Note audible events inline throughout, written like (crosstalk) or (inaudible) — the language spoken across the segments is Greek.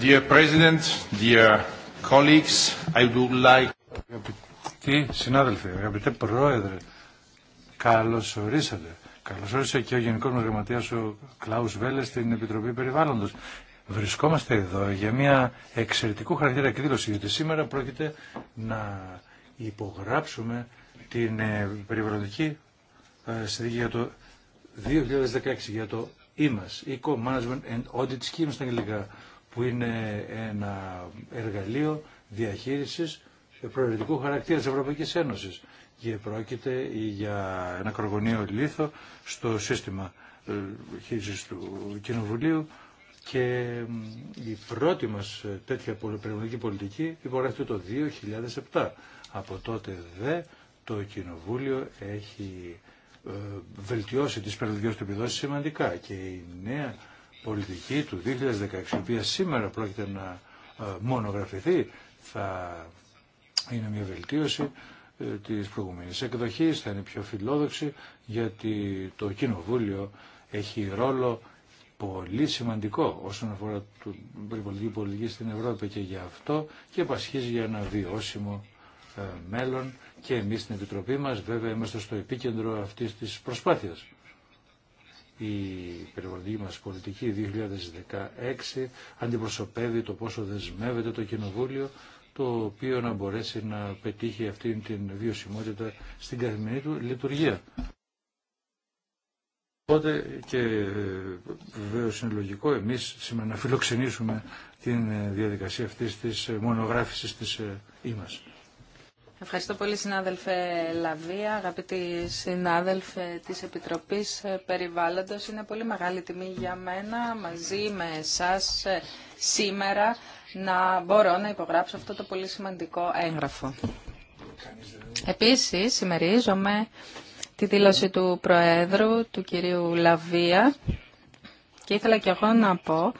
Dear President, Αγαπητοί συνάδελφοι, αγαπητέ Πρόεδρε, καλώς ορίσατε. Καλώς ορίσατε και ο Γενικός μας ο Κλάους Βέλε στην Επιτροπή Περιβάλλοντος. Βρισκόμαστε εδώ για μια εξαιρετικού χαρακτήρα εκδήλωση, γιατί σήμερα πρόκειται να υπογράψουμε την ε, περιβαλλοντική ε, συνθήκη για το 2016, για το EMAS, Eco Management and Audit Scheme στα αγγλικά που είναι ένα εργαλείο διαχείρισης προαιρετικού χαρακτήρα της Ευρωπαϊκής Ένωσης και πρόκειται για ένα κρογωνίο λίθο στο σύστημα ε, χείρισης του Κοινοβουλίου και η πρώτη μας τέτοια περιβαλλοντική πολιτική υπογράφεται το 2007. Από τότε δε το Κοινοβούλιο έχει ε, βελτιώσει τις περιβαλλοντικές του επιδόσεις σημαντικά και η νέα πολιτική του 2016, η οποία σήμερα πρόκειται να ε, μονογραφηθεί, θα είναι μια βελτίωση ε, της προηγούμενης εκδοχής, θα είναι πιο φιλόδοξη, γιατί το Κοινοβούλιο έχει ρόλο πολύ σημαντικό όσον αφορά την πολιτική πολιτική στην Ευρώπη και για αυτό και πασχίζει για ένα βιώσιμο ε, μέλλον και εμείς στην Επιτροπή μας βέβαια είμαστε στο επίκεντρο αυτής της προσπάθειας. Η περιβαλλοντική μας πολιτική 2016 αντιπροσωπεύει το πόσο δεσμεύεται το Κοινοβούλιο το οποίο να μπορέσει να πετύχει αυτήν την βιωσιμότητα στην καθημερινή του λειτουργία. Οπότε και ε, βεβαίω είναι λογικό εμεί σήμερα να φιλοξενήσουμε την διαδικασία αυτή τη μονογράφηση τη ε, Ήμας. Ευχαριστώ πολύ συνάδελφε Λαβία, αγαπητοί συνάδελφε της Επιτροπής ε, Περιβάλλοντος. Είναι πολύ μεγάλη τιμή για μένα μαζί με εσάς ε, σήμερα να μπορώ να υπογράψω αυτό το πολύ σημαντικό έγγραφο. Επίσης, συμμερίζομαι τη δήλωση του Προέδρου, του κυρίου Λαβία, και ήθελα και εγώ να πω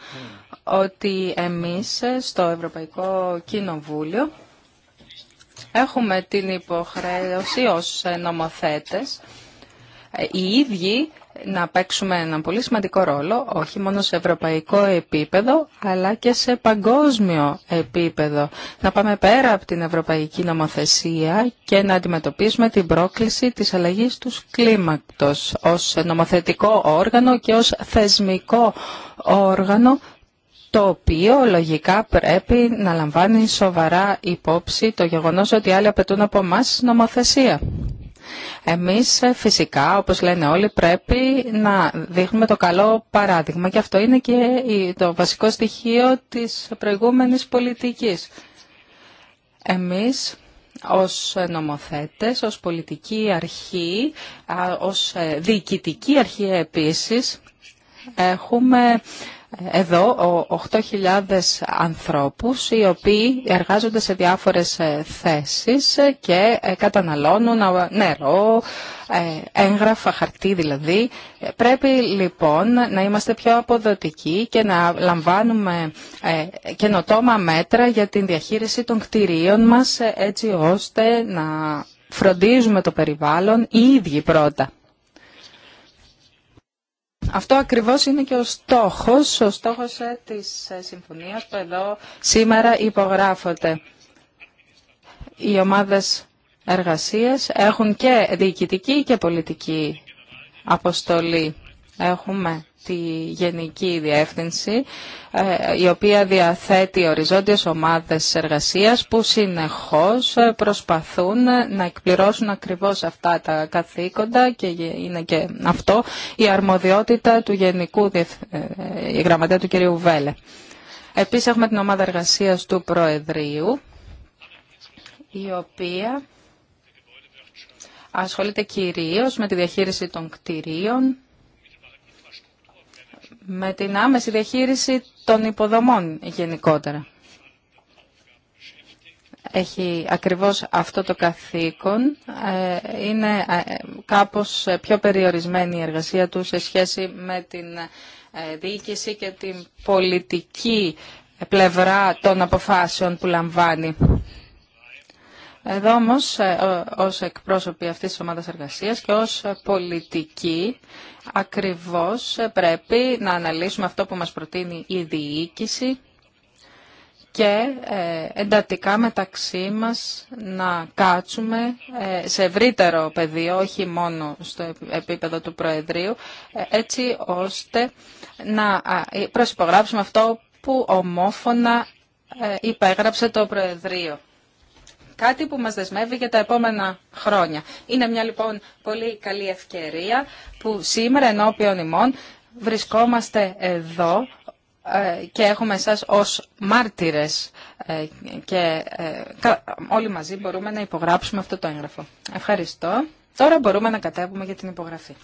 ότι εμείς ε, στο Ευρωπαϊκό Κοινοβούλιο έχουμε την υποχρέωση ως νομοθέτες ε, οι ίδιοι να παίξουμε έναν πολύ σημαντικό ρόλο, όχι μόνο σε ευρωπαϊκό επίπεδο, αλλά και σε παγκόσμιο επίπεδο. Να πάμε πέρα από την ευρωπαϊκή νομοθεσία και να αντιμετωπίσουμε την πρόκληση της αλλαγής του κλίματος ως νομοθετικό όργανο και ως θεσμικό όργανο το οποίο λογικά πρέπει να λαμβάνει σοβαρά υπόψη το γεγονός ότι άλλοι απαιτούν από εμά νομοθεσία. Εμείς ε, φυσικά, όπως λένε όλοι, πρέπει να δείχνουμε το καλό παράδειγμα και αυτό είναι και το βασικό στοιχείο της προηγούμενης πολιτικής. Εμείς ως νομοθέτες, ως πολιτική αρχή, ως ε, διοικητική αρχή επίσης, έχουμε εδώ 8.000 ανθρώπους οι οποίοι εργάζονται σε διάφορες ε, θέσεις και ε, καταναλώνουν ε, νερό, έγγραφα, χαρτί δηλαδή. Πρέπει λοιπόν να είμαστε πιο αποδοτικοί και να λαμβάνουμε καινοτόμα μέτρα για την διαχείριση των κτηρίων μας έτσι ώστε να φροντίζουμε το περιβάλλον οι ίδιοι πρώτα. Αυτό ακριβώς είναι και ο στόχος, ο στόχος ε, της ε, συμφωνίας που εδώ σήμερα υπογράφονται. Οι ομάδες εργασίας έχουν και διοικητική και πολιτική αποστολή. Έχουμε τη Γενική Διεύθυνση, ε, η οποία διαθέτει οριζόντιες ομάδες εργασίας που συνεχώς ε, προσπαθούν ε, να εκπληρώσουν ακριβώς αυτά τα καθήκοντα και είναι και αυτό η αρμοδιότητα του Γενικού η Γραμματέα του κ. Βέλε. Επίσης έχουμε την ομάδα εργασίας του Προεδρείου, η οποία ασχολείται κυρίως με τη διαχείριση των κτηρίων με την άμεση διαχείριση των υποδομών γενικότερα. Έχει ακριβώς αυτό το καθήκον. Ε, είναι ε, κάπως πιο περιορισμένη η εργασία του σε σχέση με την ε, διοίκηση και την πολιτική πλευρά των αποφάσεων που λαμβάνει. Εδώ όμως, ε, ως εκπρόσωποι αυτής της ομάδας εργασίας και ως πολιτικοί, ακριβώς ε, πρέπει να αναλύσουμε αυτό που μας προτείνει η διοίκηση και ε, εντατικά μεταξύ μας να κάτσουμε σε ευρύτερο πεδίο, όχι μόνο στο επίπεδο του Προεδρείου, έτσι ώστε να προσυπογράψουμε αυτό που ομόφωνα υπέγραψε το Προεδρείο κάτι που μας δεσμεύει για τα επόμενα χρόνια. Είναι μια λοιπόν πολύ καλή ευκαιρία που σήμερα ενώπιον ημών βρισκόμαστε εδώ ε, και έχουμε εσάς ως μάρτυρες ε, και ε, όλοι μαζί μπορούμε να υπογράψουμε αυτό το έγγραφο. Ευχαριστώ. Τώρα μπορούμε να κατέβουμε για την υπογραφή.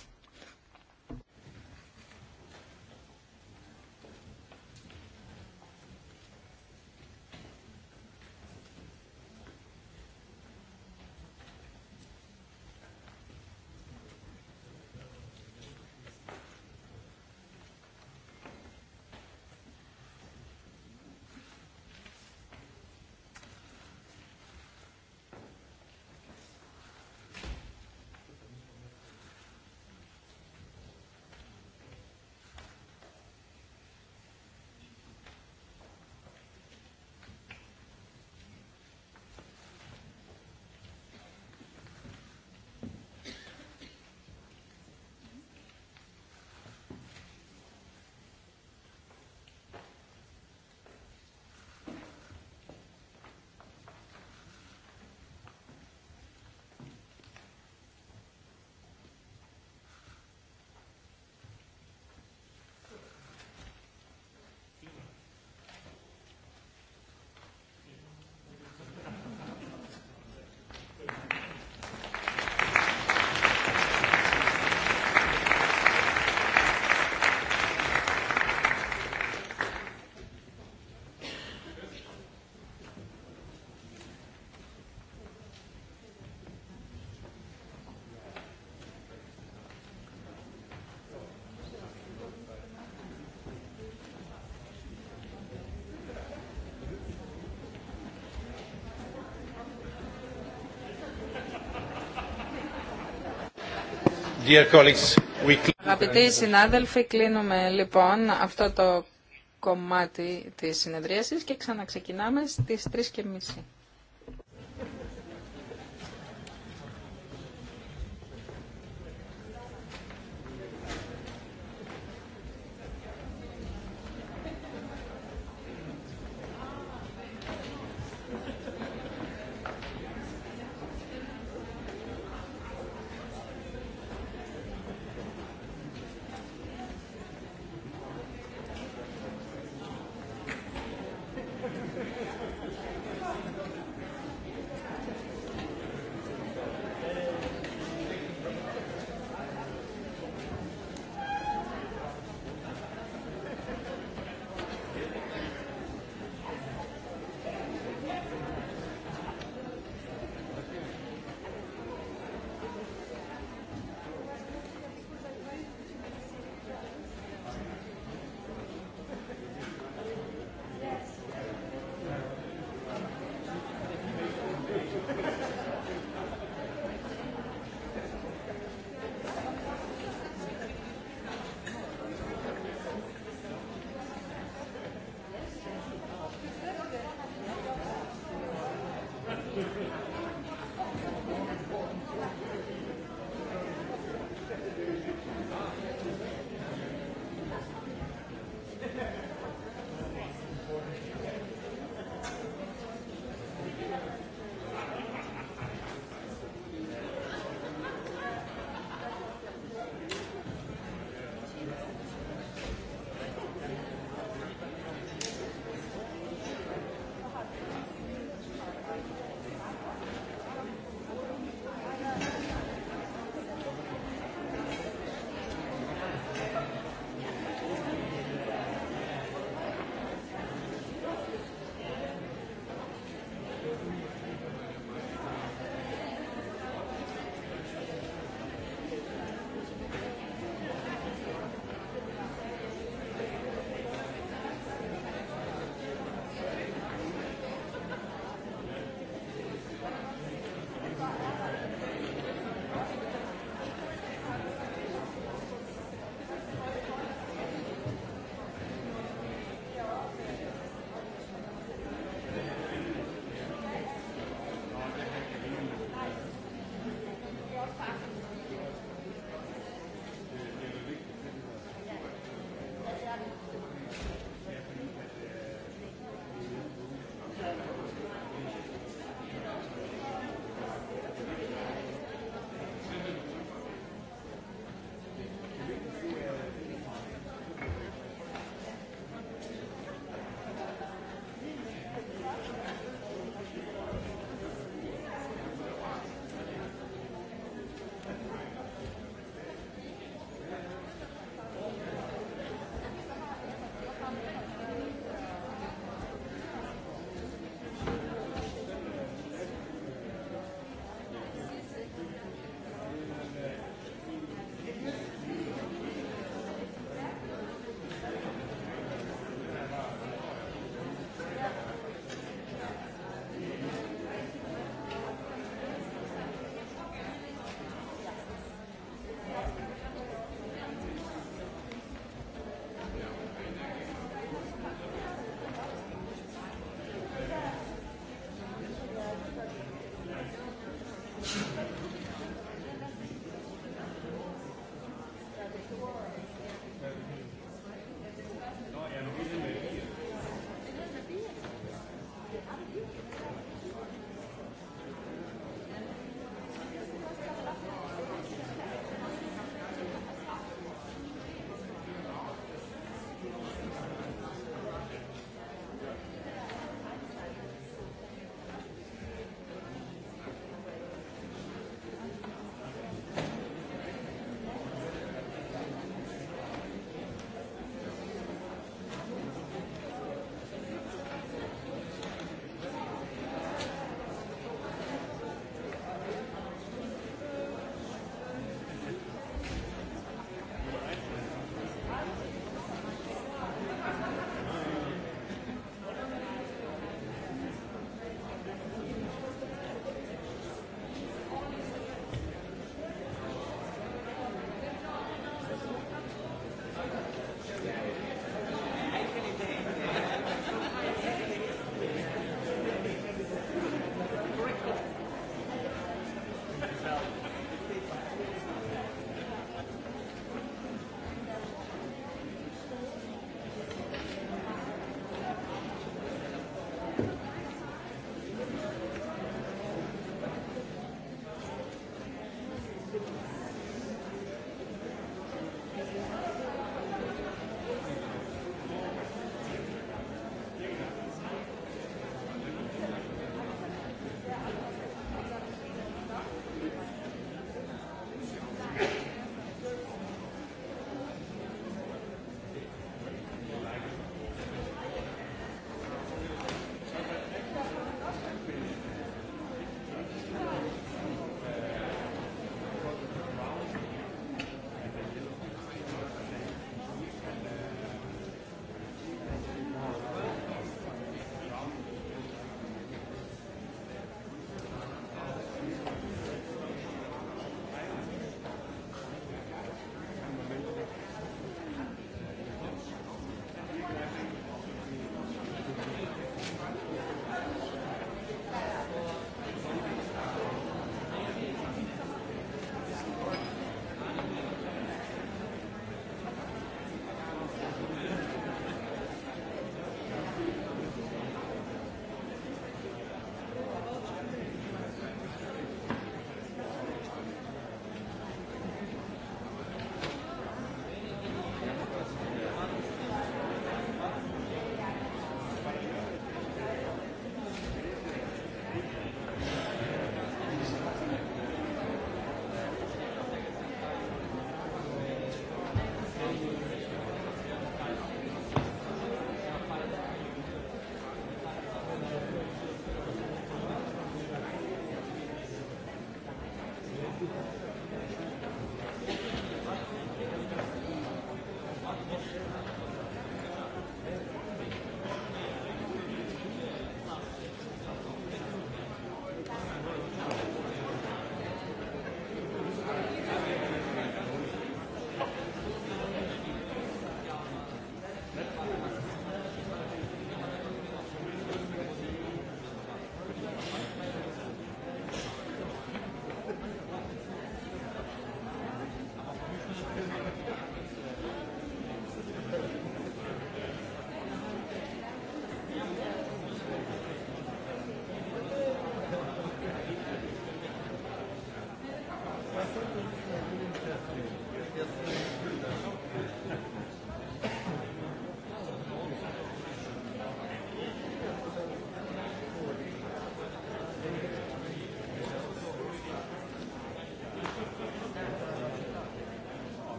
Αγαπητοί συνάδελφοι, κλείνουμε λοιπόν αυτό το κομμάτι της συνεδρίασης και ξαναξεκινάμε στις 3.30.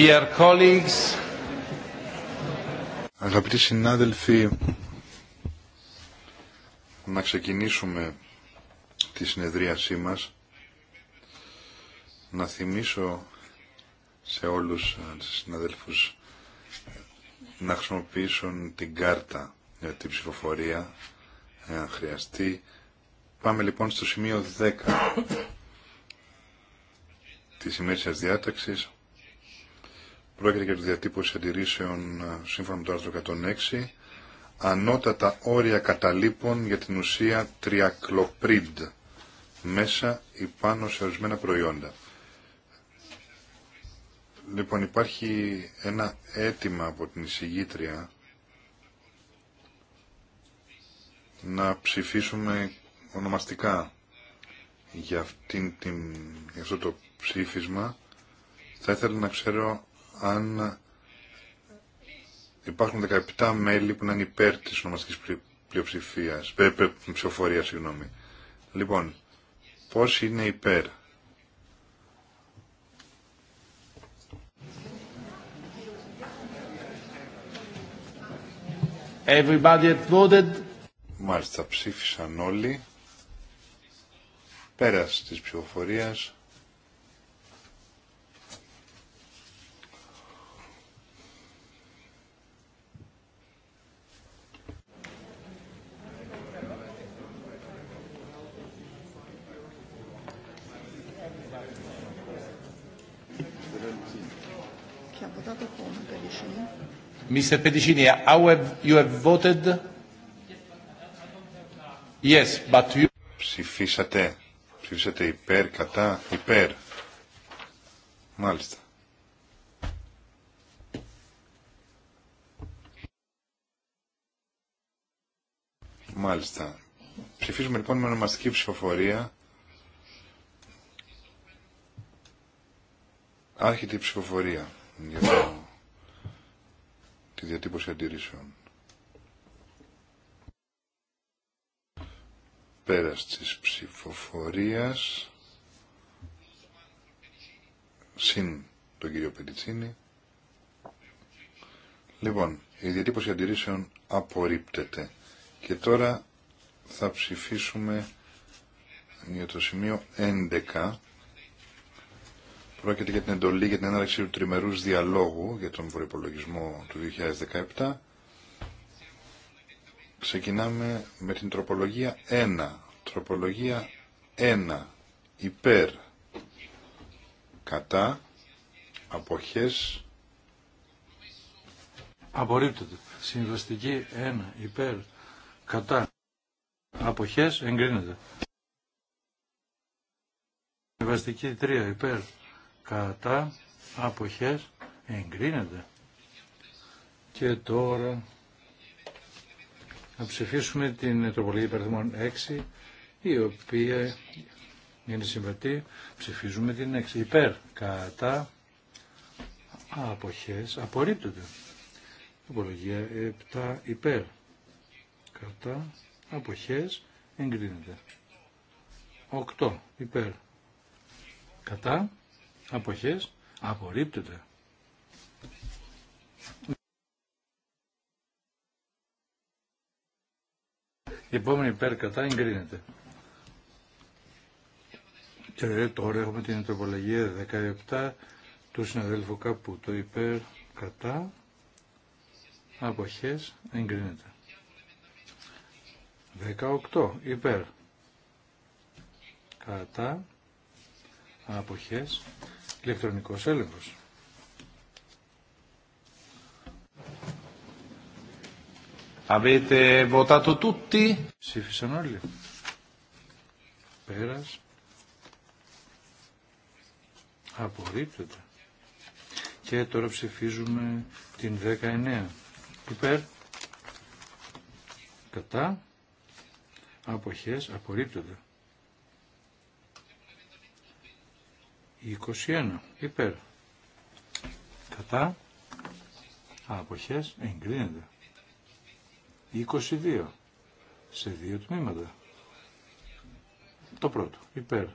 Dear colleagues. Αγαπητοί συνάδελφοι, να ξεκινήσουμε τη συνεδρίασή μας. Να θυμίσω σε όλους τους συναδέλφους να χρησιμοποιήσουν την κάρτα για την ψηφοφορία, εάν χρειαστεί. Πάμε λοιπόν στο σημείο 10 της ημέρησιας διάταξης Πρόκειται για τη διατύπωση αντιρρήσεων ε, σύμφωνα με το άρθρο 106. Ανώτατα όρια καταλήπων για την ουσία τριακλοπρίντ μέσα ή πάνω σε ορισμένα προϊόντα. Λοιπόν, υπάρχει ένα αίτημα από την εισηγήτρια να ψηφίσουμε ονομαστικά για, αυτήν την, για αυτό το ψήφισμα. Θα ήθελα να ξέρω αν υπάρχουν 17 μέλη που να είναι υπέρ της ονομαστικής πλειοψηφίας, ε, ψηφοφορία, συγγνώμη. Λοιπόν, πώς είναι υπέρ. Everybody voted. Μάλιστα, ψήφισαν όλοι. Πέρας της ψηφοφορίας. Mr. Pedicini, how have you have voted? Yes, but you... Ψηφίσατε. Ψηφίσατε υπέρ, κατά, υπέρ. Μάλιστα. Μάλιστα. Ψηφίζουμε λοιπόν με ονομαστική ψηφοφορία. Άρχεται η ψηφοφορία. Για η διατύπωση αντιρρήσεων. Πέρας της ψηφοφορίας, συν τον κύριο Πεντητσίνη. Λοιπόν, η διατύπωση αντιρρήσεων απορρίπτεται. Και τώρα θα ψηφίσουμε για το σημείο 11 Πρόκειται για την εντολή για την έναρξη του τριμερούς διαλόγου για τον προπολογισμό του 2017. Ξεκινάμε με την τροπολογία 1. Τροπολογία 1. Υπέρ. Κατά. Αποχές. Απορρίπτεται. Συμβαστική 1. Υπέρ. Κατά. Αποχές. Εγκρίνεται. Συμβαστική 3. Υπέρ κατά αποχές εγκρίνεται. Και τώρα να ψηφίσουμε την τροπολογία υπερθυμών 6 η οποία είναι συμβατή. Ψηφίζουμε την 6 υπέρ κατά αποχές απορρίπτεται. Τροπολογία 7 υπέρ κατά αποχές εγκρίνεται. 8 υπέρ κατά αποχές απορρίπτεται. Η επόμενη υπέρ κατά εγκρίνεται. Και τώρα έχουμε την τροπολογία 17 του συναδέλφου κάπου το υπέρ κατά αποχές εγκρίνεται. 18 υπέρ κατά αποχές ηλεκτρονικός έλεγχος. Ψήφισαν όλοι. Πέρας. Απορρίπτεται. Και τώρα ψηφίζουμε την 19. Υπέρ. Κατά. Αποχές. Απορρίπτεται. 21 υπέρ κατά αποχές εγκρίνεται 22 σε δύο τμήματα το πρώτο υπέρ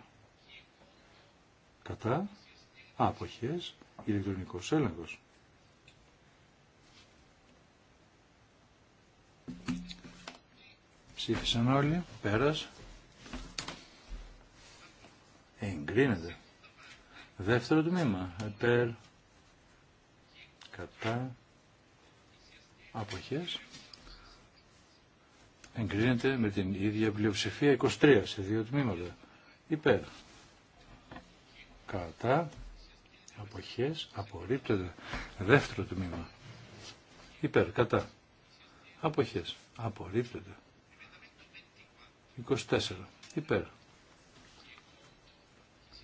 κατά αποχές ηλεκτρονικός έλεγχος ψήφισαν όλοι πέρας εγκρίνεται Δεύτερο τμήμα. Υπέρ. Κατά. Αποχές. Εγκρίνεται με την ίδια πλειοψηφία 23 σε δύο τμήματα. Υπέρ. Κατά. Αποχές. Απορρίπτεται. Δεύτερο τμήμα. Υπέρ. Κατά. Αποχές. Απορρίπτεται. 24. Υπέρ.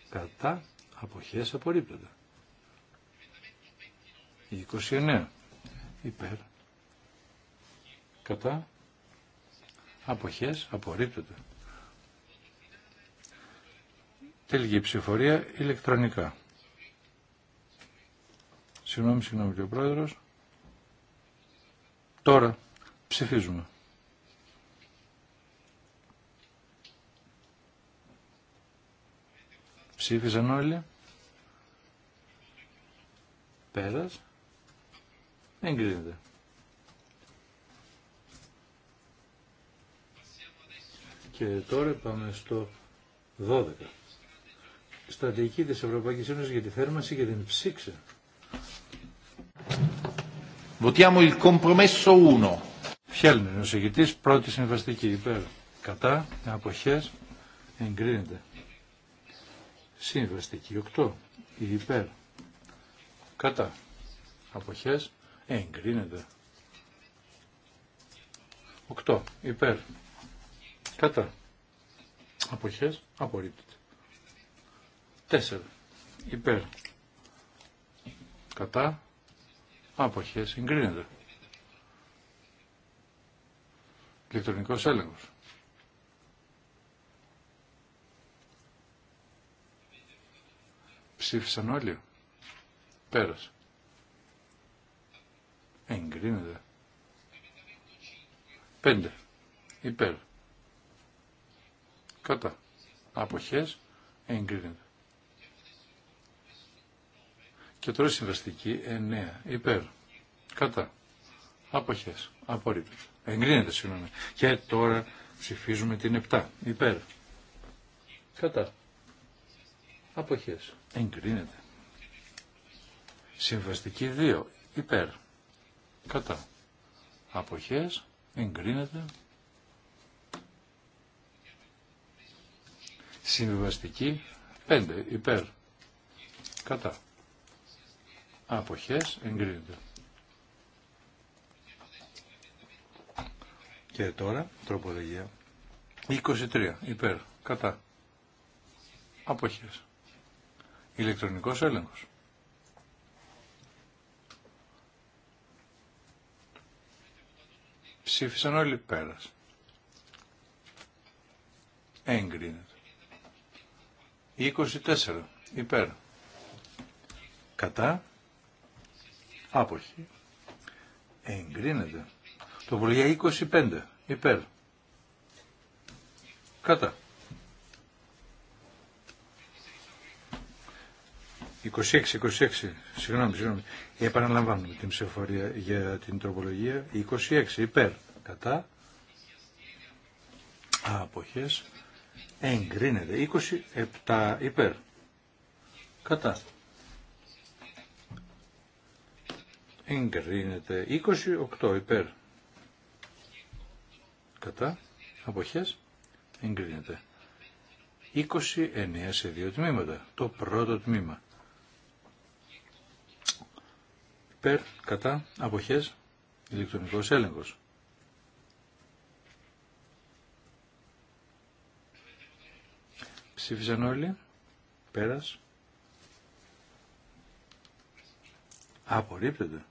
Κατά αποχές απορρίπτονται. 29 υπέρ κατά αποχές απορρίπτονται. Τελική ψηφορία ηλεκτρονικά. Συγγνώμη, συγγνώμη και ο πρόεδρος. Τώρα ψηφίζουμε. Ψήφισαν όλοι. Πέρας. Εγκρίνεται. Και τώρα πάμε στο 12. Στρατηγική της Ευρωπαϊκής Ένωσης για τη θέρμανση και την ψήξη. Votiamo il compromesso 1. Φιέλνερ, ο συγκητής, πρώτη συμβαστική υπέρ. Κατά, αποχές, εγκρίνεται. Συμβαστική 8, υπέρ κατά αποχές ε, εγκρίνεται 8 υπέρ κατά αποχές απορρίπτεται 4 υπέρ κατά αποχές εγκρίνεται ηλεκτρονικός έλεγχος ψήφισαν όλοι Πέρασε. Εγκρίνεται. Πέντε. Υπέρ. Κατά. Αποχές. Εγκρίνεται. Και τώρα συμβαστική εννέα. Υπέρ. Κατά. Αποχές. Απορρίπτεται. Εγκρίνεται, συγγνώμη. Και τώρα ψηφίζουμε την επτά. Υπέρ. Κατά. Αποχές. Εγκρίνεται. Συμβαστική 2. Υπέρ. Κατά. Αποχές. Εγκρίνεται. Συμβαστική 5. Υπέρ. Κατά. Αποχές. Εγκρίνεται. Και τώρα τροπολογία 23. Υπέρ. Κατά. Αποχές. Ηλεκτρονικός έλεγχος. Ψήφισαν όλοι πέρας. Έγκρινε. 24 υπέρ. Κατά. Άποχη. Εγκρίνεται. Το 25 υπέρ. Κατά. 26, 26, συγγνώμη, συγγνώμη. Επαναλαμβάνουμε την ψηφοφορία για την τροπολογία. 26, υπέρ κατά αποχές εγκρίνεται 27 υπέρ κατά εγκρίνεται 28 υπέρ κατά αποχές εγκρίνεται 29 σε δύο τμήματα το πρώτο τμήμα υπέρ κατά αποχές ηλεκτρονικός έλεγχος Ψήφισαν όλοι. Πέρας. Απορρίπτεται.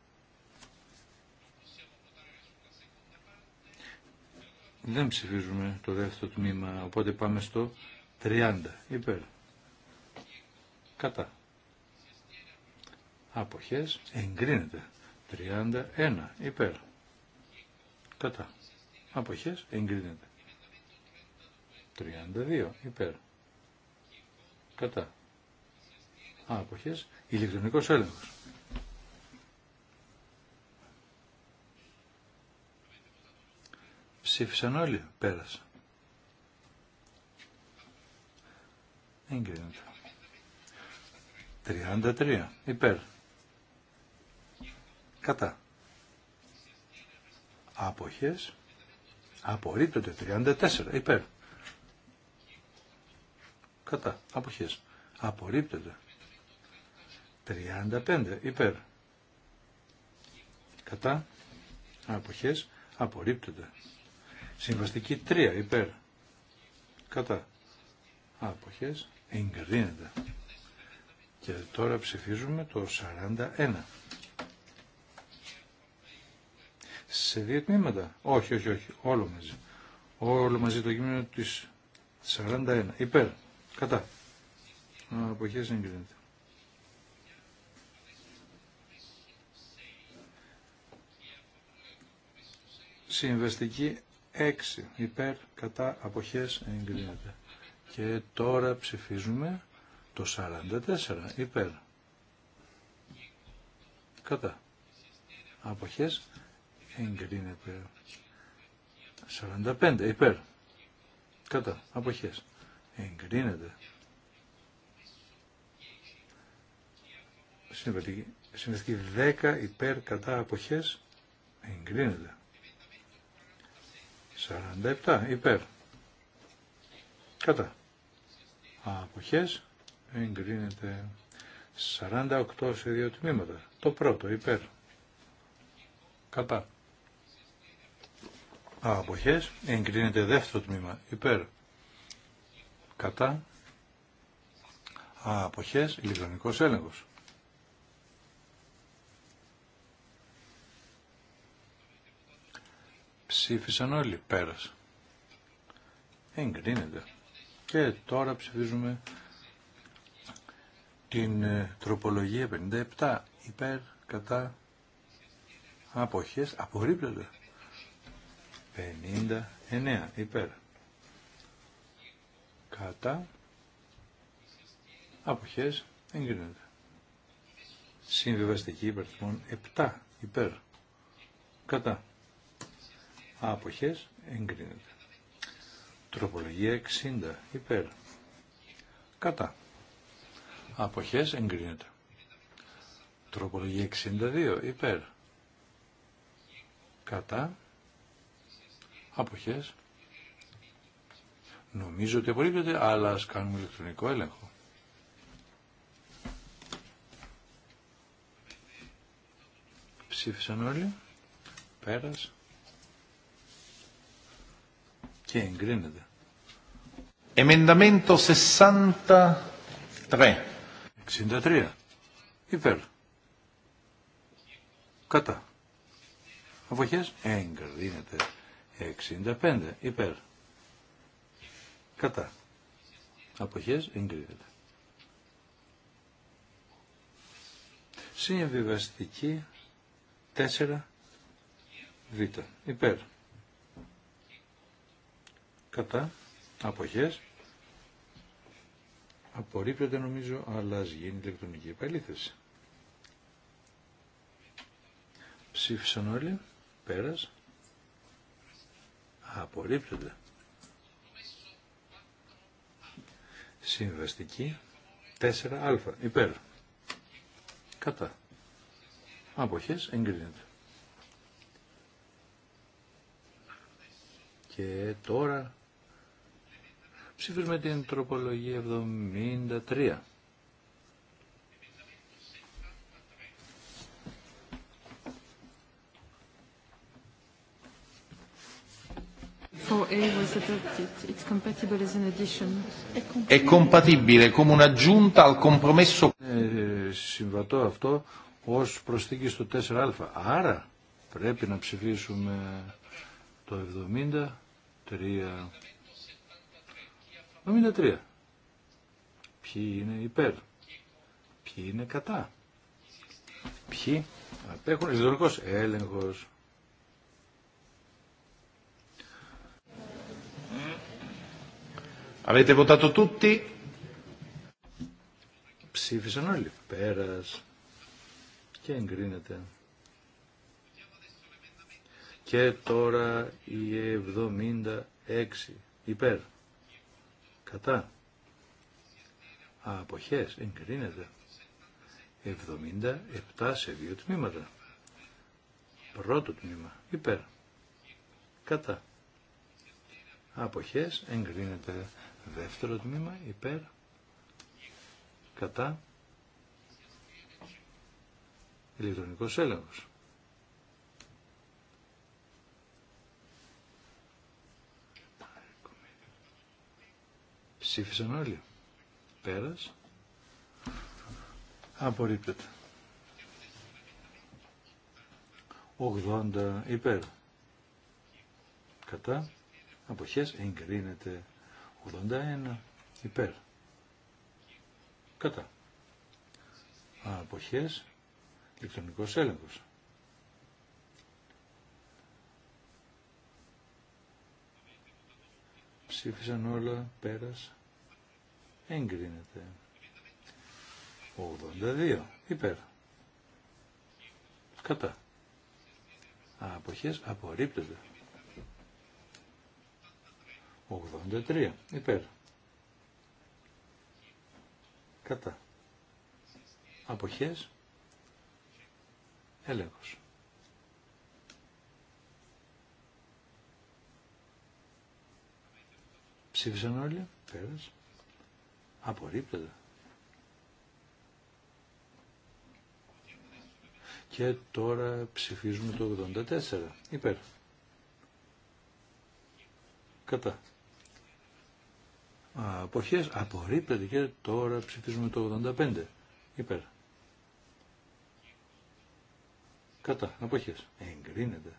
Δεν ψηφίζουμε το δεύτερο τμήμα, οπότε πάμε στο 30. Υπέρ. Κατά. Αποχές. Εγκρίνεται. 31. Υπέρ. Κατά. Αποχές. Εγκρίνεται. 32. Υπέρ. Κατά. Α, αποχές. Ηλεκτρονικός έλεγχος. Ψήφισαν όλοι. Πέρασα. Εγκρίνεται. 33. Υπέρ. Κατά. Αποχές. Απορρίπτονται. 34. Υπέρ κατά αποχές απορρίπτεται 35 υπέρ κατά αποχές απορρίπτεται συμβαστική 3 υπέρ κατά αποχές εγκρίνεται και τώρα ψηφίζουμε το 41 σε δύο τμήματα όχι όχι όχι όλο μαζί όλο μαζί το κείμενο της 41 υπέρ Κατά. Αποχές εγκρίνεται. Συμβεστική 6 υπέρ κατά αποχές εγκρίνεται. Και τώρα ψηφίζουμε το 44 υπέρ κατά αποχές εγκρίνεται. 45 υπέρ κατά αποχές Εγκρίνεται. Συνδεθεί δέκα υπέρ κατά αποχές. Εγκρίνεται. 47 υπέρ. Κατά. Αποχές. Εγκρίνεται. 48 σε δύο τμήματα. Το πρώτο υπέρ. Κατά. Αποχές. Εγκρίνεται δεύτερο τμήμα. Υπέρ κατά αποχές ηλεκτρονικός έλεγχος. Ψήφισαν όλοι, πέρασε. Εγκρίνεται. Και τώρα ψηφίζουμε την ε, τροπολογία 57 υπέρ κατά αποχές απορρίπτεται. 59 υπέρ Κατά. Αποχές. Εγκρίνεται. Συμβιβαστική υπερθυμών 7 υπέρ. Κατά. Αποχές. Εγκρίνεται. Τροπολογία 60 υπέρ. Κατά. Αποχές. Εγκρίνεται. Τροπολογία 62 υπέρ. Κατά. Αποχές Νομίζω ότι απορρίπτεται, αλλά ας κάνουμε ηλεκτρονικό έλεγχο. Ψήφισαν όλοι. Πέρας. Και εγκρίνεται. Εμενταμέντο 63. 63. Υπέρ. Κατά. Αποχές. Εγκρίνεται. 65. Υπέρ. Κατά. Αποχές εγκρίνεται. Συμβιβαστική 4 Β. Υπέρ. Κατά. Αποχές. Απορρίπτεται νομίζω, αλλά ας γίνει ηλεκτρονική επαλήθευση. Ψήφισαν όλοι. Πέρας. Απορρίπτεται. Συμβαστική 4α. Υπέρ. Κατά. Αποχές εγκρίνεται. Και τώρα ψήφισμε την τροπολογία 73. È compatibile come un'aggiunta al compromesso. Ε, συμβατό αυτό ως προσθήκη στο 4α. Άρα πρέπει να ψηφίσουμε το 73. 73. Ποιοι είναι υπέρ. Ποιοι είναι κατά. Ποιοι απέχουν. Ιδρυτικός έλεγχος. Avete votato tutti? Ψήφισαν όλοι. πέρα Και εγκρίνεται. Και τώρα η 76. Υπέρ. Κατά. Αποχέ, Εγκρίνεται. 77 σε δύο τμήματα. Πρώτο τμήμα. Υπέρ. Κατά. Αποχέ εγκρίνεται Δεύτερο τμήμα υπέρ κατά ηλεκτρονικός έλεγχος. Ψήφισαν όλοι. Πέρας. Απορρίπτεται. 80 υπέρ. Κατά. Αποχές εγκρίνεται. 81 υπέρ. Κατά. Αποχές. Ηλεκτρονικός έλεγχος. Ψήφισαν όλα, πέρας. Εγκρίνεται. 82 υπέρ. Κατά. Αποχές απορρίπτεται. 83 υπέρ. Κατά. Αποχές. Έλεγχος. Ψήφισαν όλοι. Πέρας. Απορρίπτεται. Και τώρα ψηφίζουμε το 84. Υπέρ. Κατά αποχές απορρίπτεται και τώρα ψηφίζουμε το 85 υπέρ κατά αποχές εγκρίνεται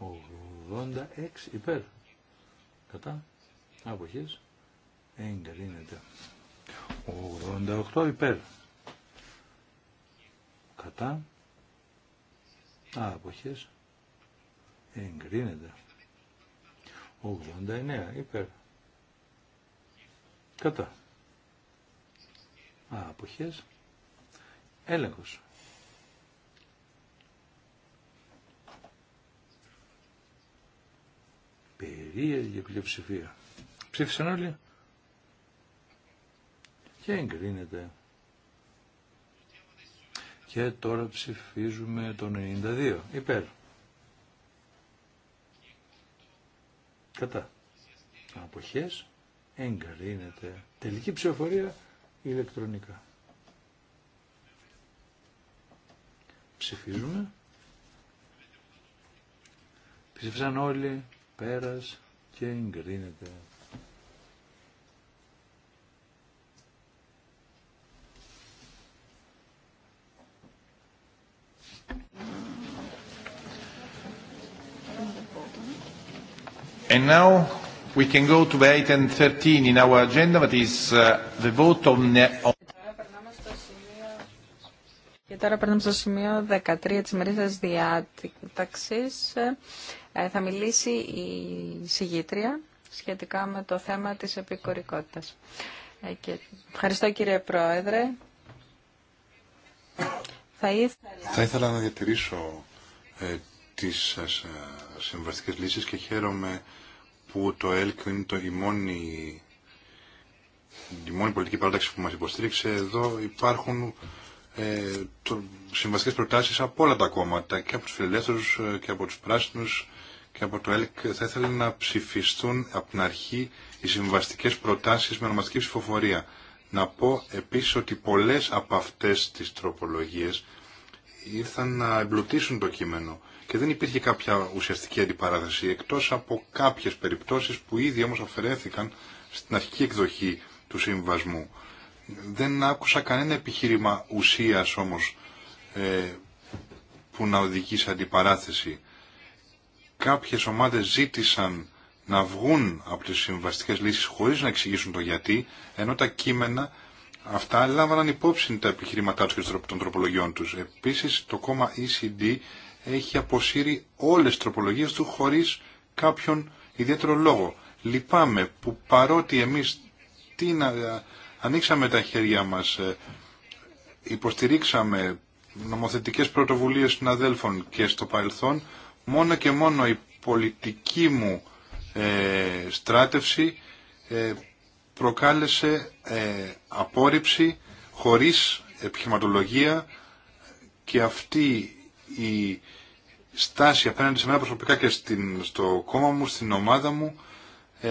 86 υπέρ κατά αποχές εγκρίνεται 88 υπέρ κατά αποχές εγκρίνεται 89 υπέρ Κατά. Α, αποχές. Έλεγχος. Περίεργη πλειοψηφία. Ψήφισαν όλοι. Και εγκρίνεται. Και τώρα ψηφίζουμε το 92. Υπέρ. Κατά. Αποχές εγκρίνεται. Τελική ψηφοφορία ηλεκτρονικά. Ψηφίζουμε. Ψήφισαν όλοι, πέρας και εγκρίνεται. And now We can go to 13 in our agenda, uh, the vote on... Και τώρα περνάμε στο σημείο 13 της ημερήσιας διάταξης. Ε, θα μιλήσει η συγγήτρια σχετικά με το θέμα της επικορικότητας. Ε, ευχαριστώ κύριε Πρόεδρε. Θα ήθελα, θα ήθελα να διατηρήσω ε, τις λύσει λύσεις και χαίρομαι που το ΕΛΚ είναι το, η, μόνη, η πολιτική παράταξη που μας υποστήριξε. Εδώ υπάρχουν ε, συμβαστικές προτάσεις από όλα τα κόμματα και από τους φιλελεύθερους ε, και από τους πράσινους και από το ΕΛΚ θα ήθελα να ψηφιστούν από την αρχή οι συμβαστικές προτάσεις με ονομαστική ψηφοφορία. Να πω επίσης ότι πολλές από αυτές τις τροπολογίες ήρθαν να εμπλουτίσουν το κείμενο και δεν υπήρχε κάποια ουσιαστική αντιπαράθεση εκτός από κάποιες περιπτώσεις που ήδη όμως αφαιρέθηκαν στην αρχική εκδοχή του συμβασμού. Δεν άκουσα κανένα επιχείρημα ουσίας όμως ε, που να οδηγεί σε αντιπαράθεση. Κάποιες ομάδες ζήτησαν να βγουν από τις συμβαστικές λύσεις χωρίς να εξηγήσουν το γιατί, ενώ τα κείμενα αυτά λάβαναν υπόψη τα επιχειρήματά τους και των τροπολογιών τους. Επίσης το κόμμα ECD έχει αποσύρει όλες τις τροπολογίες του χωρίς κάποιον ιδιαίτερο λόγο. Λυπάμαι που παρότι εμείς την, ανοίξαμε τα χέρια μας, ε, υποστηρίξαμε νομοθετικές πρωτοβουλίες συναδέλφων και στο παρελθόν, μόνο και μόνο η πολιτική μου ε, στράτευση ε, προκάλεσε ε, απόρριψη χωρίς επιχειρηματολογία και αυτή η στάση απέναντι σε μένα προσωπικά και στο κόμμα μου, στην ομάδα μου, ε,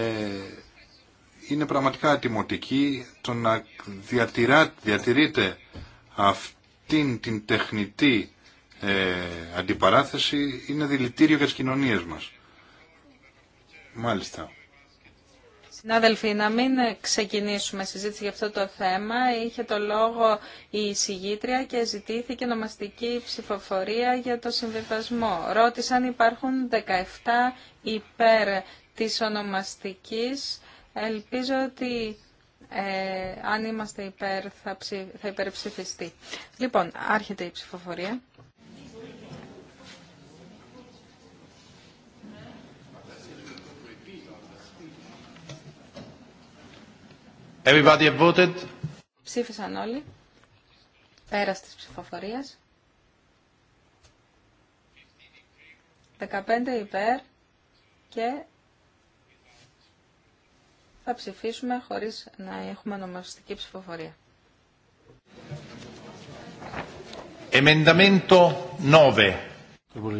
είναι πραγματικά ατιμωτική το να διατηρά, διατηρείται αυτήν την τεχνητή ε, αντιπαράθεση είναι δηλητήριο για τις κοινωνίες μας. Μάλιστα. Συνάδελφοι, να μην ξεκινήσουμε συζήτηση για αυτό το θέμα. Είχε το λόγο η συγγήτρια και ζητήθηκε νομαστική ψηφοφορία για το συμβιβασμό. Ρώτησαν υπάρχουν 17 υπέρ της ονομαστικής. Ελπίζω ότι ε, αν είμαστε υπέρ θα, ψη, θα υπερψηφιστεί. Λοιπόν, άρχεται η ψηφοφορία. Everybody voted. Ψήφισαν όλοι. Πέρας της ψηφοφορία. 15 υπέρ και θα ψηφίσουμε χωρίς να έχουμε νομοριστική ψηφοφορία. Εμενταμέντο 9.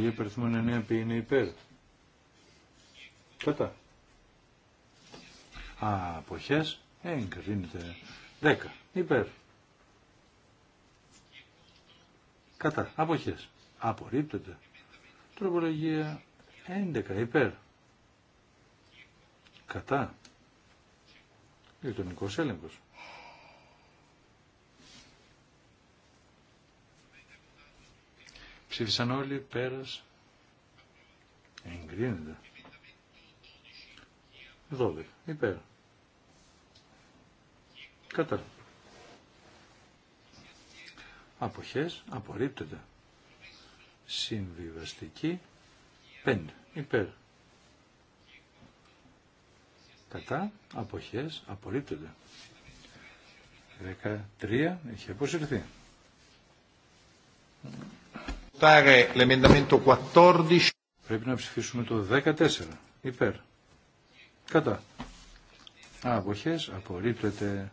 υπερθμό είναι 9 που είναι υπέρ. Κατά. Α, αποχές. Εγκρίνεται. 10. Υπέρ. Κατά. Αποχές. Απορρίπτεται. Τροπολογία 11. Υπέρ. Κατά. Λειτουργικός έλεγχος. Ψήφισαν όλοι, πέρας. Εγκρίνεται. 12. Υπέρ. Κατά. Αποχές απορρίπτεται. Συμβιβαστική 5. Υπέρ. Κατά. Αποχές απορρίπτεται. 13. Έχει αποσυρθεί. Πρέπει να ψηφίσουμε το 14. Υπέρ. Κατά. Αποχές απορρίπτεται.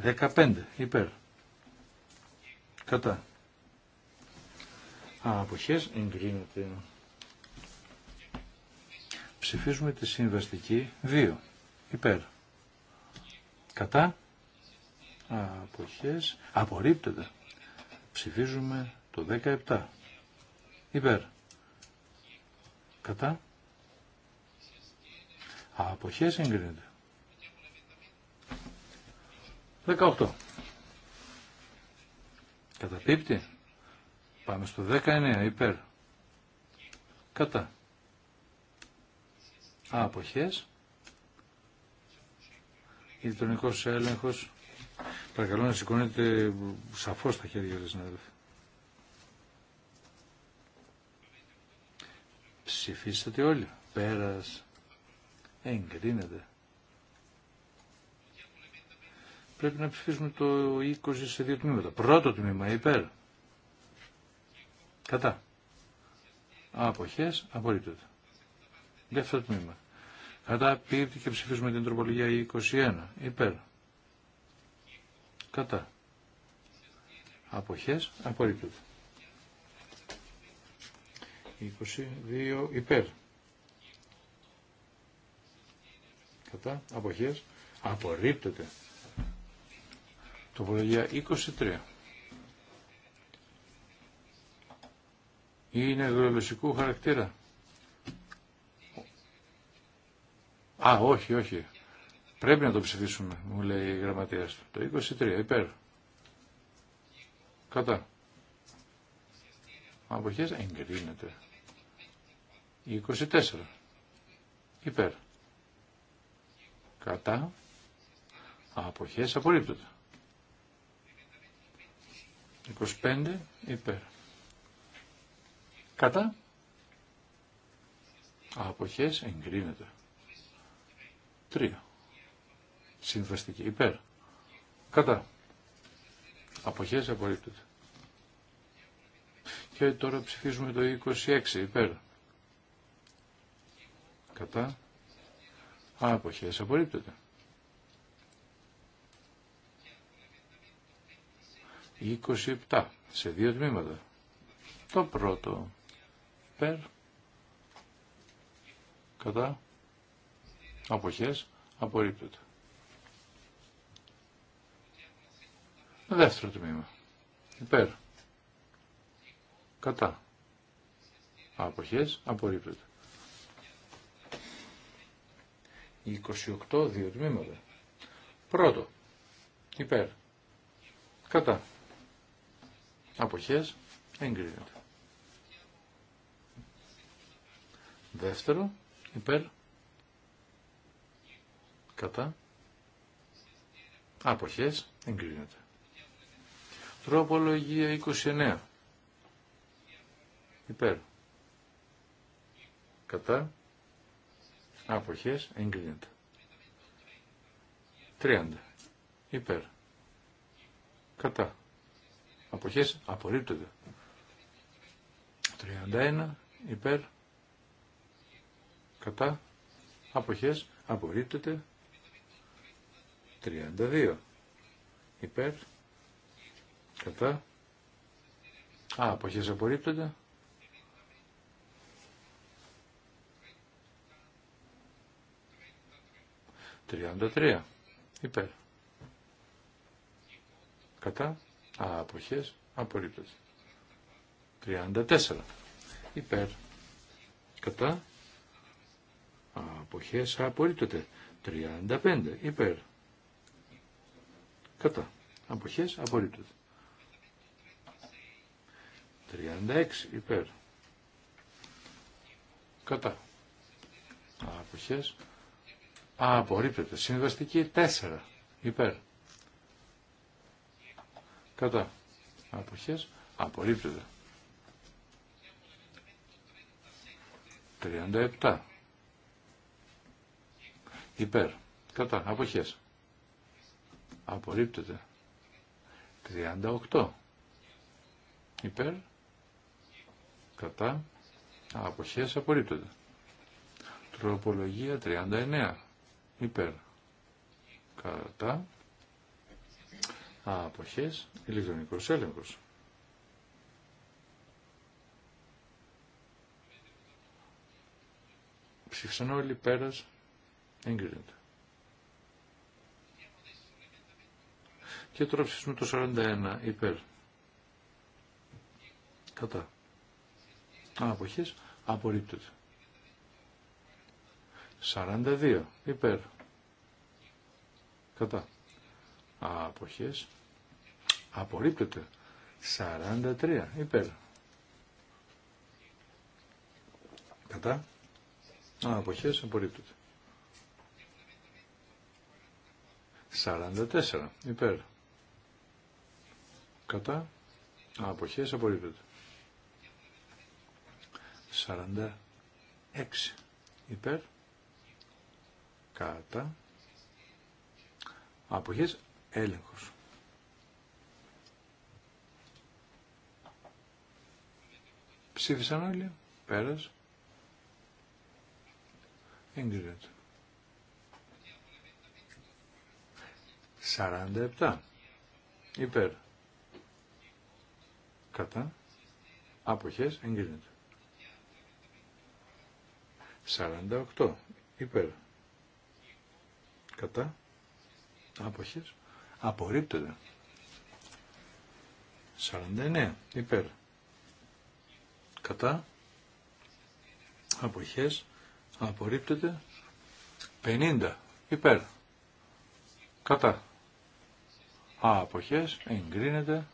15 υπέρ. Κατά. Α, αποχές εγκρίνεται. Ψηφίζουμε τη συμβαστική 2 υπέρ. Κατά. Α, αποχές απορρίπτεται. Ψηφίζουμε το 17 υπέρ. Κατά. Α, αποχές εγκρίνεται. 18. Καταπίπτει. Πάμε στο 19 υπέρ. Κατά. Αποχές. Ηλεκτρονικός έλεγχος. Παρακαλώ να σηκώνετε σαφώς τα χέρια σας, συνάδελφοι. Ψηφίσατε όλοι. Πέρας. Εγκρίνεται. πρέπει να ψηφίσουμε το 20 σε δύο τμήματα. Πρώτο τμήμα υπέρ. Κατά. Αποχές απορρίπτεται. Δεύτερο τμήμα. Κατά πίπτη και ψηφίσουμε την τροπολογία 21. Υπέρ. Κατά. Αποχές απορρίπτεται. 22 υπέρ. Κατά. Αποχές απορρίπτεται. Τοπολογία 23. Είναι γλωσσικού χαρακτήρα. Α, όχι, όχι. Πρέπει να το ψηφίσουμε, μου λέει η γραμματεία Το 23, υπέρ. Κατά. Αποχές εγκρίνεται. 24. Υπέρ. Κατά. Αποχές απορρίπτονται. 25 υπέρ. Κατά. Αποχές εγκρίνεται. 3. Συμβαστική υπέρ. Κατά. Αποχές απορρίπτεται. Και τώρα ψηφίζουμε το 26 υπέρ. Κατά. Αποχές απορρίπτεται. 27 σε δύο τμήματα. Το πρώτο περ κατά αποχές απορρίπτεται. Δεύτερο τμήμα. Υπέρ. Κατά. Αποχές απορρίπτεται. 28 δύο τμήματα. Πρώτο. Υπέρ. Κατά. Αποχές. Εγκρίνεται. Δεύτερο. Υπέρ. Κατά. Αποχές. Εγκρίνεται. Τροπολογία 29. Υπέρ. Κατά. Αποχές. Εγκρίνεται. 30. Υπέρ. Κατά αποχές απορρίπτονται. 31 υπέρ κατά αποχές απορρίπτονται. 32 υπέρ κατά Α, αποχές απορρίπτονται. 33 υπέρ κατά αποχές απορρίπτεται. 34 υπέρ κατά αποχές απορρίπτωται. 35 υπέρ κατά αποχές απορρίπτωται. 36 υπέρ κατά αποχές απορρίπτωται. Συμβαστική 4 υπέρ κατά αποχές απορρίπτεται. 37 υπέρ κατά αποχές απορρίπτεται. 38 υπέρ κατά αποχές απορρίπτεται. Τροπολογία 39 υπέρ κατά αποχές, ηλεκτρονικός έλεγχος. Ψήφισαν όλοι πέρας, εγκρίνεται. Και τώρα ψήφισαν το 41 υπέρ. Κατά. Αποχές, απορρίπτεται. 42 υπέρ. Κατά αποχές απορρίπτεται 43 υπέρ κατά αποχές απορρίπτεται 44 υπέρ κατά αποχές απορρίπτεται 46 υπέρ κατά αποχές έλεγχος. Ψήφισαν όλοι, πέρας. Ingrid. 47. Υπέρ. Κατά. Αποχές εγκρίνεται. 48. Υπέρ. Κατά. Άποχες. Απορρίπτονται. 49 υπέρ. Κατά. Αποχές. Απορρίπτεται. 50 υπέρ. Κατά. Αποχές. Εγκρίνεται.